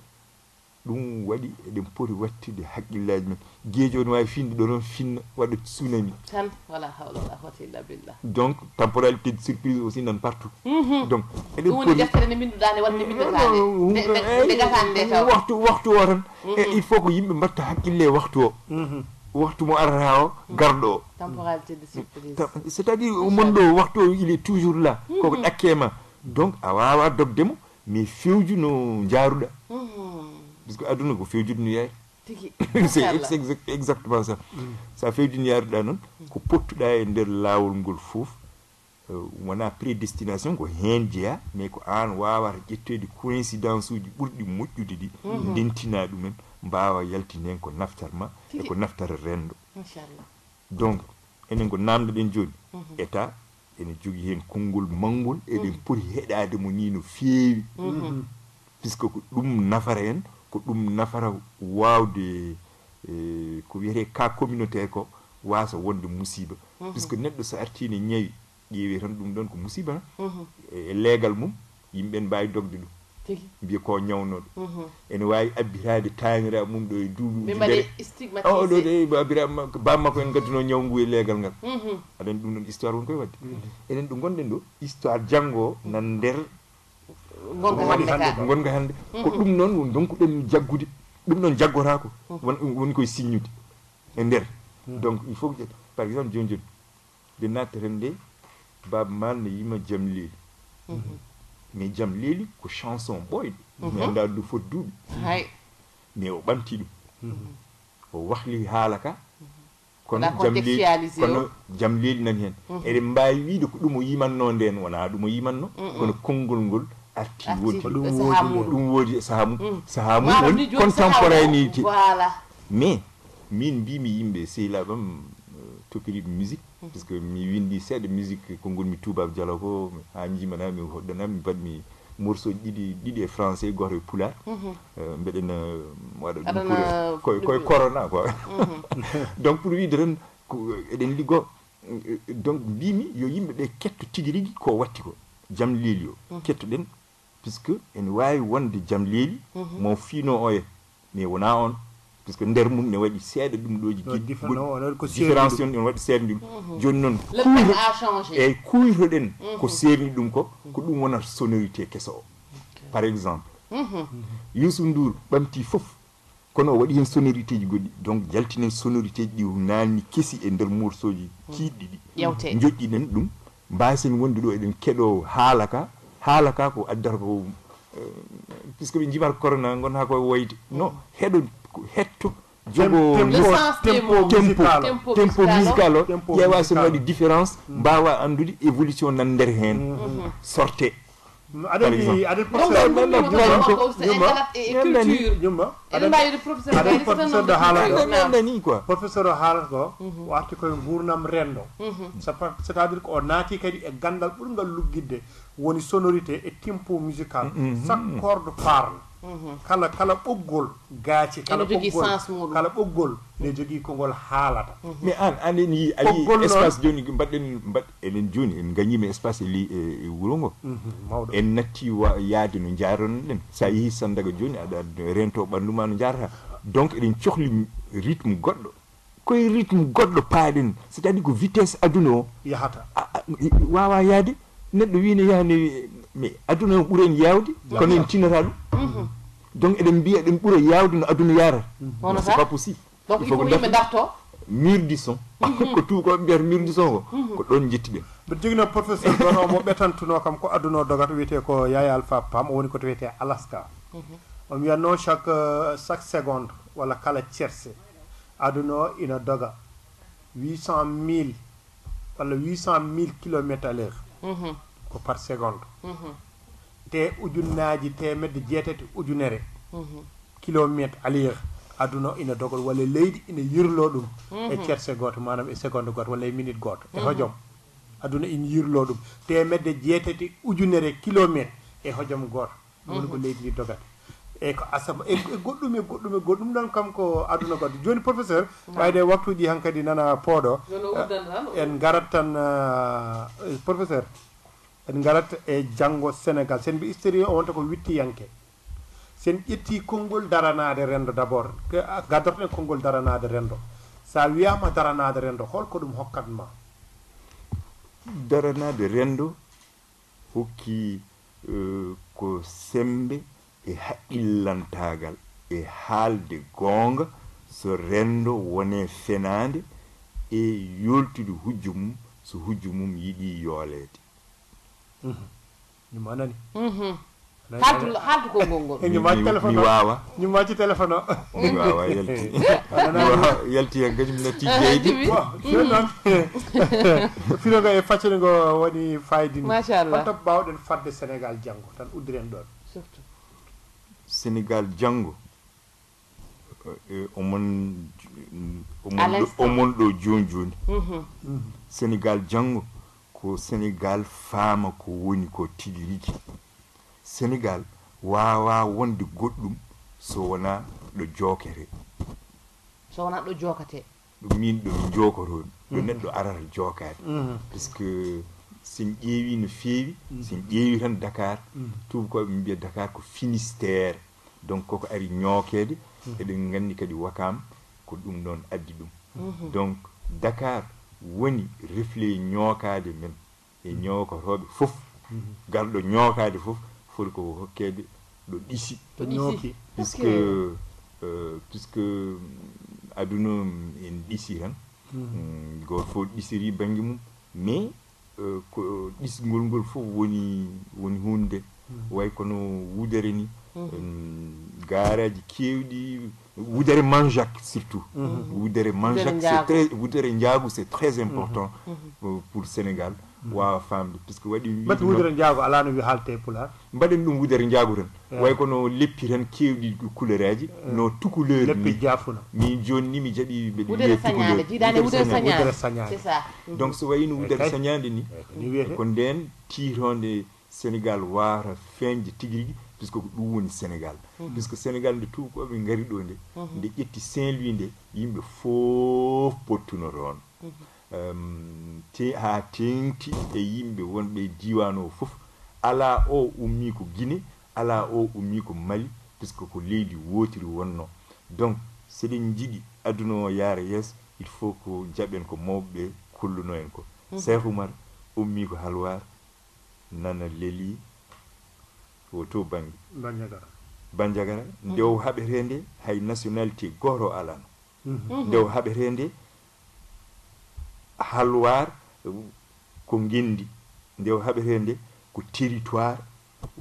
ɗum waɗi eɗen poti wattude haqqillaji men gueeji o ne wawi finde ɗo noon finna waɗa tsunami tan wala hawla wala hota illa billah donc temporalité de surprise aussi nan partout mhm. donc eɗen woni deftere nde binduɗane walla nde bindotaande gatande eh, taw waxtu waxtu o tan e il faut ko yimɓe mbatta haqqille waxtu o mhm. waxtu mo arata o garɗo o temporalité de surprise c'est à dire monɗo waxtu o il est toujours là koko ɗakke ma donc a wawa dogdemo mais fewju no jaaruɗa parce que aduna ko fewjudunuyaare exactement ça sa mm. fewjudunuyaareɗa noon ko pottuɗa e nder laawol ngol fof euh, wona prédestination ko heen jeeya mais ko an wawata ƴettede coïncidence uji ɓurɗi moƴƴude ɗi mhm. ndentina ɗumen mbawa yaltinen ko naftar ma e ko naftara rendo donc enen ko namdoɗen joni mhm. état ene jogui hen konngol manngol eɗen mhm. poti heɗade mo ni no feewi puisque ko ɗum nafara en Eh, ko ɗum nafata wawde ko wiyete ka communauté ko wasa wonde musiba mhm. puisque neɗɗo so artine ñawi ƴeewi tan ɗum ɗon ko musiba tan mhm. e eh, leegal mum yimɓe mbawi dogde ɗum mbiya ko ñawnoɗo mhm. ene wawi abbitade taniraɓe mum ɗo e duuɓi o bam makko en gadduno ñaw ngu e legal ngal aɗani ɗum ɗon histoire won koye wadde enen ɗo gonɗen ɗo histoire janggo nan nder gonga hande ka hande ko ɗum noon donc ɗen jaggude ɗum noon jaggotako mm. woni koye signude e nder mm. donc il faut par exemple joni joni nde natteten nde baba mal ne yima jaam leeli mm-hmm. mais jaam leeli ko chanson ɓoyɗo mi mm-hmm. annda ɗum foti duuɓi mais o ɓamti ɗum mm-hmm. o wahli haala ka kono kono jam leeli nani hen eɗen mbawi wiide ko ɗum o yimanno nden wona ɗum o yimanno kono konngol ngol arti woodi ɗum woodi ɗum woodi saha mum saha mum woni contemporanéité mais min mbimi yimɓe sehilaɓe euh, musique mm. parce que mi windi seeɗa musique kongol mi touba tubaɓe dialo ko ha jimanami mi bad mi morceau didi didi français e français goto e pular mm-hmm. euh, mbeɗena euh, waɗa ɗum koye corona quoi mm-hmm. donc pour lui tan eɗen liggo donc mbimi yo yimɓeɓe ketto tigui rigui ko watti ko jaam liili o den mm-hmm. puisque ene wawi wonde jaam leeli mhm. mo fino oya mais e, wona on puisque nder mum ne waɗi seeɗa ɗum ɗoji gidiférence on ene waɗi seeɗa ɗum mhm. joni noon kuyro eyyi kuyroɗen ko mhm. serni ɗum ko ko ɗum wonat sonorité keso o par exemple yusuf ndour ɓamti foof kono o waɗi hen sonorité ji goɗɗi donc jaltinen sonorité ji ɗi nanni kesi e nder morceau ji kiɗɗi ɗi joƴƴinen ɗum mbasen wonde ɗo eɗen keɗo haala ka haala ka ko addata ko puisque ɓe jimata corona gonata koye wayde non heɗo hetto jogotempo musical o ƴeewa sono waɗi différence mbawa andude évolution nan nder hen sorté aɗaɗani quoi professeur o haalata ko o arti koye gurnam rendo c' est à dire ko o naati kadi e gandal ɓurgal luggidde woni sonorité e tempo musical mm-hmm. Mm-hmm. chaque corde parle mm-hmm. kala kala ɓoggol gaaci kala ɓoggol kala ɓoggol ne jogii ko ngol haalata mais an anen yi yii a yii espace jooni mbaɗen mbaɗ eɗen jooni en gañiima espace e, e wuro ngo mawɗo en natti yaade no jaarono ɗen so a yehii tan daga jooni aɗa rento ɓanndu ma no jaarata donc eɗen cohli rythme goɗɗo koye rythme goɗɗo paaɗen c'est à dire ko vitesse aduna o yahata wawa yaade neɗɗo wino yahani mi aduna en mhm. donc eɗen mbiya a ɓuura yawde no aduna yarata c'est pas possible donc il faut mhm. ko ko tuukoɓe mbiyata ko mhm. ko ɗon mais professeur mo ɓetantuno kam ko aduna o dogata yaya alpha pam alaska on wiyatno chaque euh, chaque seconde walla kala tierse aduna o ina doga 800 mille walla 800 à l'heure Mm-hmm. ko par seconde mm-hmm. te ujunnaaji temedde jeetati ujunere mm-hmm. kilométre aliyer aduna ina dogol walla leydi ina yirlo ɗum e cerse goto manam e seconde goto walla e minute goto e hojom aduna ina yirlo ɗum temedde jeetati ujunere kilométre e hojom goto ɗum woni ko leydi ndi dogata eyyi ko asama e, e goɗɗum e goɗɗum e goɗɗum ɗon kam ko aduna gadde joni professeur ɓayde waktuji hankkadi nana pooɗo en garat tan euh, professeur en garat e janngo sénégal sen mbi histérie wonta ko wittiyanke sen ƴetti konngol daranade rendo d' abord gaddorten konngol daranade rendo so wiyama daranade rendo holko ɗum hokkatma daranade rendo hokki euh, ko sembe e haqqillantagal e haalde goonga so renndo wone fenaande e yoltude hujju mum so hujju mum yiɗi yooleede ñuma mhm. mhm. anani haaltu konngol ngol mi waawa ñummaji téléphone o mi waawa yalti yalti hen kadi mi natti jeydi joni noon fino ngo e faccade ngo woni fayidini machallah hoto mbawɗen fadde sénégal janngo tan uddiren ɗon surtout sénégal jango e, e omon ɗo joni joni mhm. sénégal jango ko sénégal faama ko woni ko tigi rigi sénégal wawa wonde goɗɗum so wona ɗo jokere so wona ɗo jokate ɗum min ɗo mi jokoton ɗo mhm. neɗɗo arata jokade mhm. puisque sen ƴeewi no feewi sen ƴeewi tan dakar tubakoɓe mbiya dakar ko finistére donc koko ari ñookeede mm-hmm. eɗen nganndi kadi wakaam ko ɗum noon addi ɗum mm-hmm. donc dakar woni refle e ñookaade men e mm-hmm. ñookotooɓe fof garɗo ñookaade fof foti koko hokkeede ɗo ɗisi puisque euh, puisque mm, aduna mm, en ɗisi tan mm, gooto fof ɗisiri baŋnge mum mais euh, ko ɗisgol ngol fof woni woni hunde way kono wuudere ni Euh, garaji kewɗi wudere manjac surtout mhm. Mhm. wudere manjac c'est très mhm. important euh, pour le sénégal wawa famde par que waɗi mbatti wudere ala no wi nous vous mbaɗen ɗum wudere jaagu tan way no leppi tan couleur no leppi min joni ni mi jaɓi c'est ça donc so wayino wudere sañade ni ko sénégal wara feñde tigui puisque ɗum woni sénégal mhm. puisque sénégal nde tubakoɓe gari ɗo nde mhm. nde ƴetti saint louis nde yimɓe fof pottuno toon mhm. ha tengti e yimɓe wonɓe diwan o fof ala o ummi ko guine ala o ummi ko mali puisque ko leydi wotiri wonno donc seɗen jiɗi aduna o yaara yeeso il faut ko jaɓen ko mawɓeɓe kulluno en ko cheikh oumar ummi ko halwar nana lelie woto bangi banjagara nde mm-hmm. ndew haberende hay nationalité goto alano mm-hmm. nde o haɓetende halwar ko gindi ndew haberende ko territoire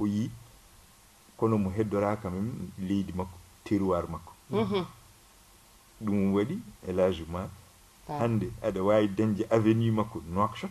o yi kono mo heddoraka men leydi makko terroir makko ɗum mm-hmm. waɗi élagement hande aɗa wawi dañde avenue makko noakchot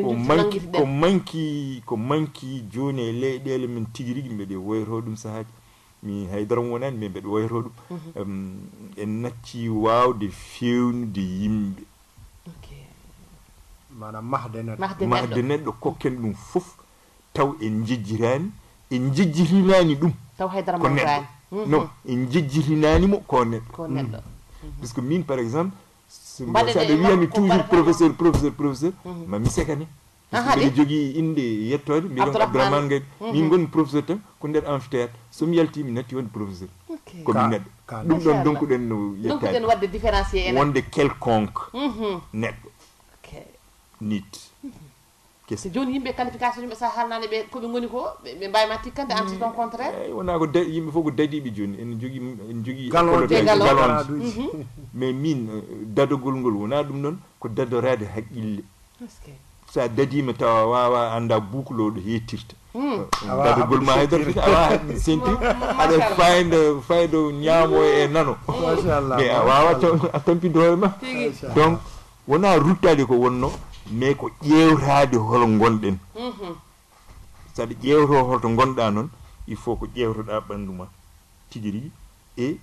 ko manki ko manki ko manki joni e leyɗele min tigi rigui mbeɗe woyto ɗum saahaji mi haydaram wonani min mbeɗe woyto ɗum mhm. en natti wawde fewnude yimɓe manam mahde neɗɗo mahde neɗɗo kokken ɗum foof taw en jejjirani en jejjirinani ɗum taw haydara ko neɗɗo mhm. non en jejjirinanimo ko neɗɗo ko neɗɗo mm. mhm. puisque min par exemple mbaɗa wiyami toujours professeur professeur professeur mhm. mami sekane eh. mbeɗa jogii innde yettode mbiɗon abdourahmane min mhm. gonmi professeur tan ko nder amphithéâtre somi yalti mi natti wonde professeur komi neɗɗo ɗum ɗon donkuɗen no quelconque neɗɗo nit kese joni yimɓe qualification yimɓe sa halnani ɓe koɓe goni ko ɓe mbawima tikkande anti ton contraireeyi wona ko yimɓe fof ko dadiɓe joni en jogi en jogui galoji mhm. mais min euh, dadogol ngol wona ɗum noon ko dadorade haqqille sa dadima tawa wawa anda boucleoɗo hettirta hmm. euh, dadogol ma haydar a wawa haqqil sentir aɗa fayde fayde ñaamo e nano hmm. mais a wawa a tampide hoore ma donc wona ruttade ko wonno mais ko ƴewtade holo gonɗen mhm. saɗa ƴewto holto gonɗa noon il faut ko ƴewtoɗa ɓandu ma tigi rigui e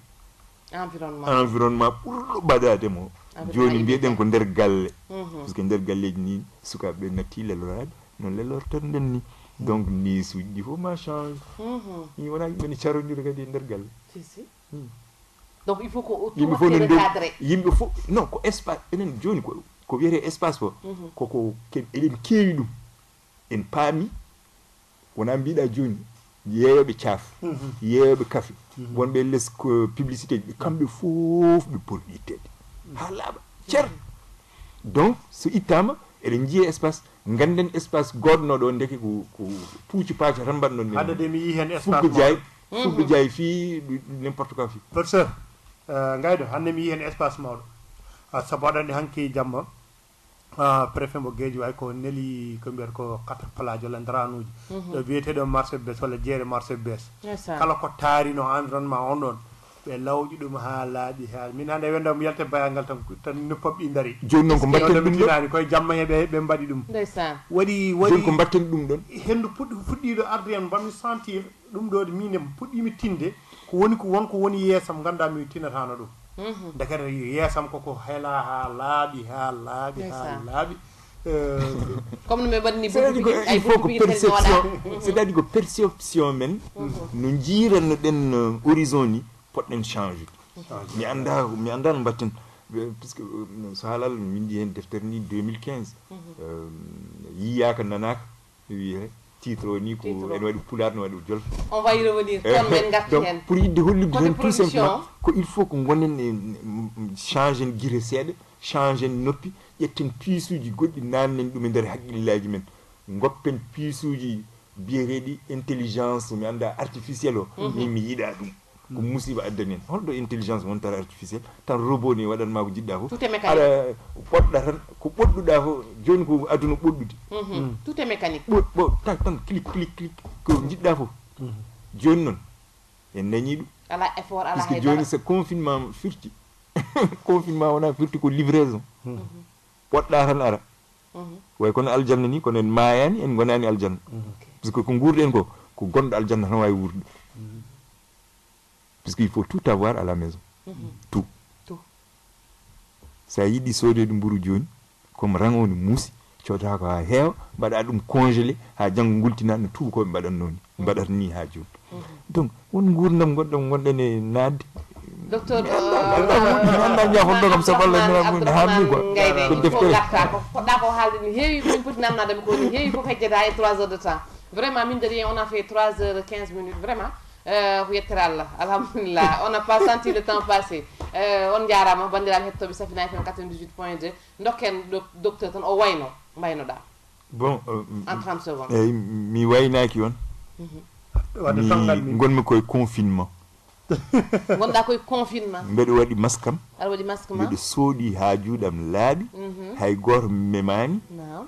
environnement environnement ɓurɗo mbaɗademo joni mbiyeɗen ko nder galle mhm. par ce que nder galleji ni sukaɓeɓe natti lelorade noon nden ni donc ni ɗi fof ma change mhm. i wona yimɓe ne carodira kadi e nder galle hmm. donc il faut ko yimɓe fof no yimɓe fof non ko espace enen joni ko ko wiyete espace o mhm. koko eɗen keewi ɗum en paami wona mbiɗa jooni yeeyoɓe caaf mhm. yeeyoɓe kafe mhm. wonɓe les publicité ji ɓe kamɓe fof ɓe pori ittede ha laaɓa ceer donc so ittama eɗen jiiya espace ganden espace goɗno ɗo ndeke ko ko puuci paaco tan mbatnon hadade mi yii hen espace fugo diaye fugo diaye fii n' importe quoi fii professeur euh, ngayɗo hannde mi yii hen espace mawɗo ah, sabu aɗa anndi hanki jamma Ah, préfet mo geji way ko neli ko mbiyata ko quatre plage walla ndaranuji mhm. ɗo biyeteɗo marché bes walla jeere marché bes kala ko taarino environnement on ɗon ɓe lawƴi ɗum ha laaɓi ha min hande wenda mi yalta bayangal tan tan noppa ɓi dari joni noon e ko mbatten ɗum ɗon koye jamma he ɓe mbaɗi ɗum waɗi waɗi ko mbatten ɗum ɗon hendu puɗɗi fuɗɗiɗo ardi hen mbami sentir ɗum ɗo min puɗɗimi tinde ko woni ko wonko woni yeesam ganda mi tinatano ɗum ndekete yeesam koko heelaa haa laaɓi haa laaɓi haa laaɓi comme no mi waɗni il faut ko perception c'est à dire ko perception men no jiiranno ɗen horizon ni poɗɗen change mm-hmm. mi annda mi annda no mbatten euh, puisque so haalal min ji hen deftere ni 2015 yiyaka nanaka wiyee titre o ni ko ene waɗi pulaar no waɗi jolf on va y revenir kon men garti hen pour yidde hollide hen tout simplement ko hein. il faut ko gonen e change en guire sede change en noppi ƴetten piisuji goddi nan ɗum e nder haqqillaji men goppen piisuji biyeteɗi intelligence mi anda artificiel o min mhm. mi yida ɗum ko musiba addani en holɗo intelligence wontara artificiel tan robot ni waɗanma ko jiɗɗa fof aɗa poɗɗa tan ko ɓoɗɗuɗa fof joni ko aduna ɓoɗɗude mhm. mm. tout est mécanique ɓo tan tan clic clic clic ko jiɗɗa fof mm. joni noon en dañi ɗum ala effort ala puisque joni so confinement firti confinement wona firti ko livraison mm. mhm. poɗɗa tan ara mhm. way kono aljanna ni kono en mayani en gonani aljanna par que ko guurɗen ko ko gonɗo aljanna tan wawi wurde puisqu'il faut tout avoir à la maison. Mm -hmm. Tout. tout. Ça y yiɗi soodede mburu jooni comme rang muusi codata ha heewa mbaɗa ɗum congelé ha janngo ngultina no tubakoɓe mbaɗatno ni mbaɗata ni ha jooni donc won gurdam goɗɗam gonɗen e naatde docteur kam saabu ko haalde heewi poti ko heewi e heures de vraiment min on a fait 3 heures 15 minutes vraiment Euh, on n'a pas senti le temps passer euh, on eh, mhm. de safina docteur un bon en 30 secondes mi on confinement da koy confinement masque am aɗa waɗi masque ah. ha mhm. hay memani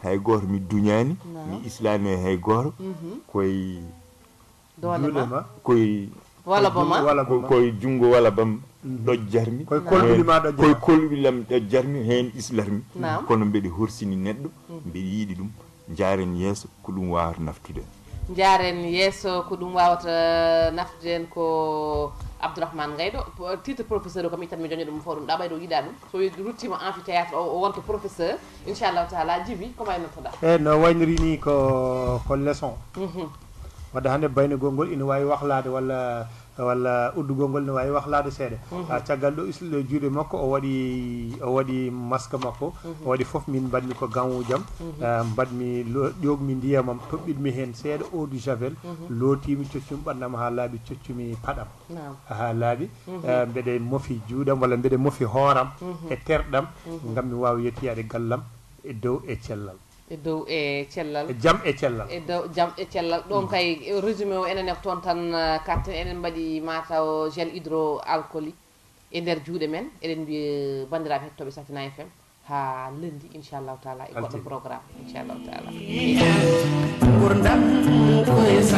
hay mi hay gulema koye wala koye junngo wala bam ɗo jarmi koye kolɓilima ɗo jarmi heen islarmi kono mbeɗe horsini neɗɗo hmm. mbeɗe yiiɗi ɗum jaren yeeso ko ɗum wawata naftude jaren yeeso ko ɗum wawata naftude ko abdourahmane gayɗo titre professeur o kam ittanmi joño ɗum fo ɗum ɗa ɓayɗo yiɗa ɗum so ruttima amphithéâtre o wonto professeur inchallahu taala djibi ko waynotoɗa e eyyi eh, no wayniri ni ko ko leçon mhm. wadde hannde bayno gongol ina wawi wahlade walla walla uddugol ngol ne wawi wahlade seeɗa mhm. ha caggal ɗo islɗo juuɗe makko o waɗi o waɗi masque makko mhm. o waɗi foof min mbaɗmi ko gawujam mhm. mbaɗmi ƴogmi ndiyamam toɓɓitmi hen seeɗa eau du javel lootimi coccumi ɓannama ha laaɓi coccumi paɗam ha laaɓi mbeɗe mofi juuɗam walla mbeɗe mofi hooram e terɗam gam mi wawi yettiyade gallam e dow e cellal e dow e cellal e jam e cellal e dow jam e cellal ɗon mm. kay résumé o enen e ko toon tan karten uh, enen mbaɗi mataw gel hydro alcooli e nder juuɗe men eɗen mbiya uh, bandiraɓe hettoɓe satina fm ha lendi inchallahu taala e goɗɗo programme inchallahu taala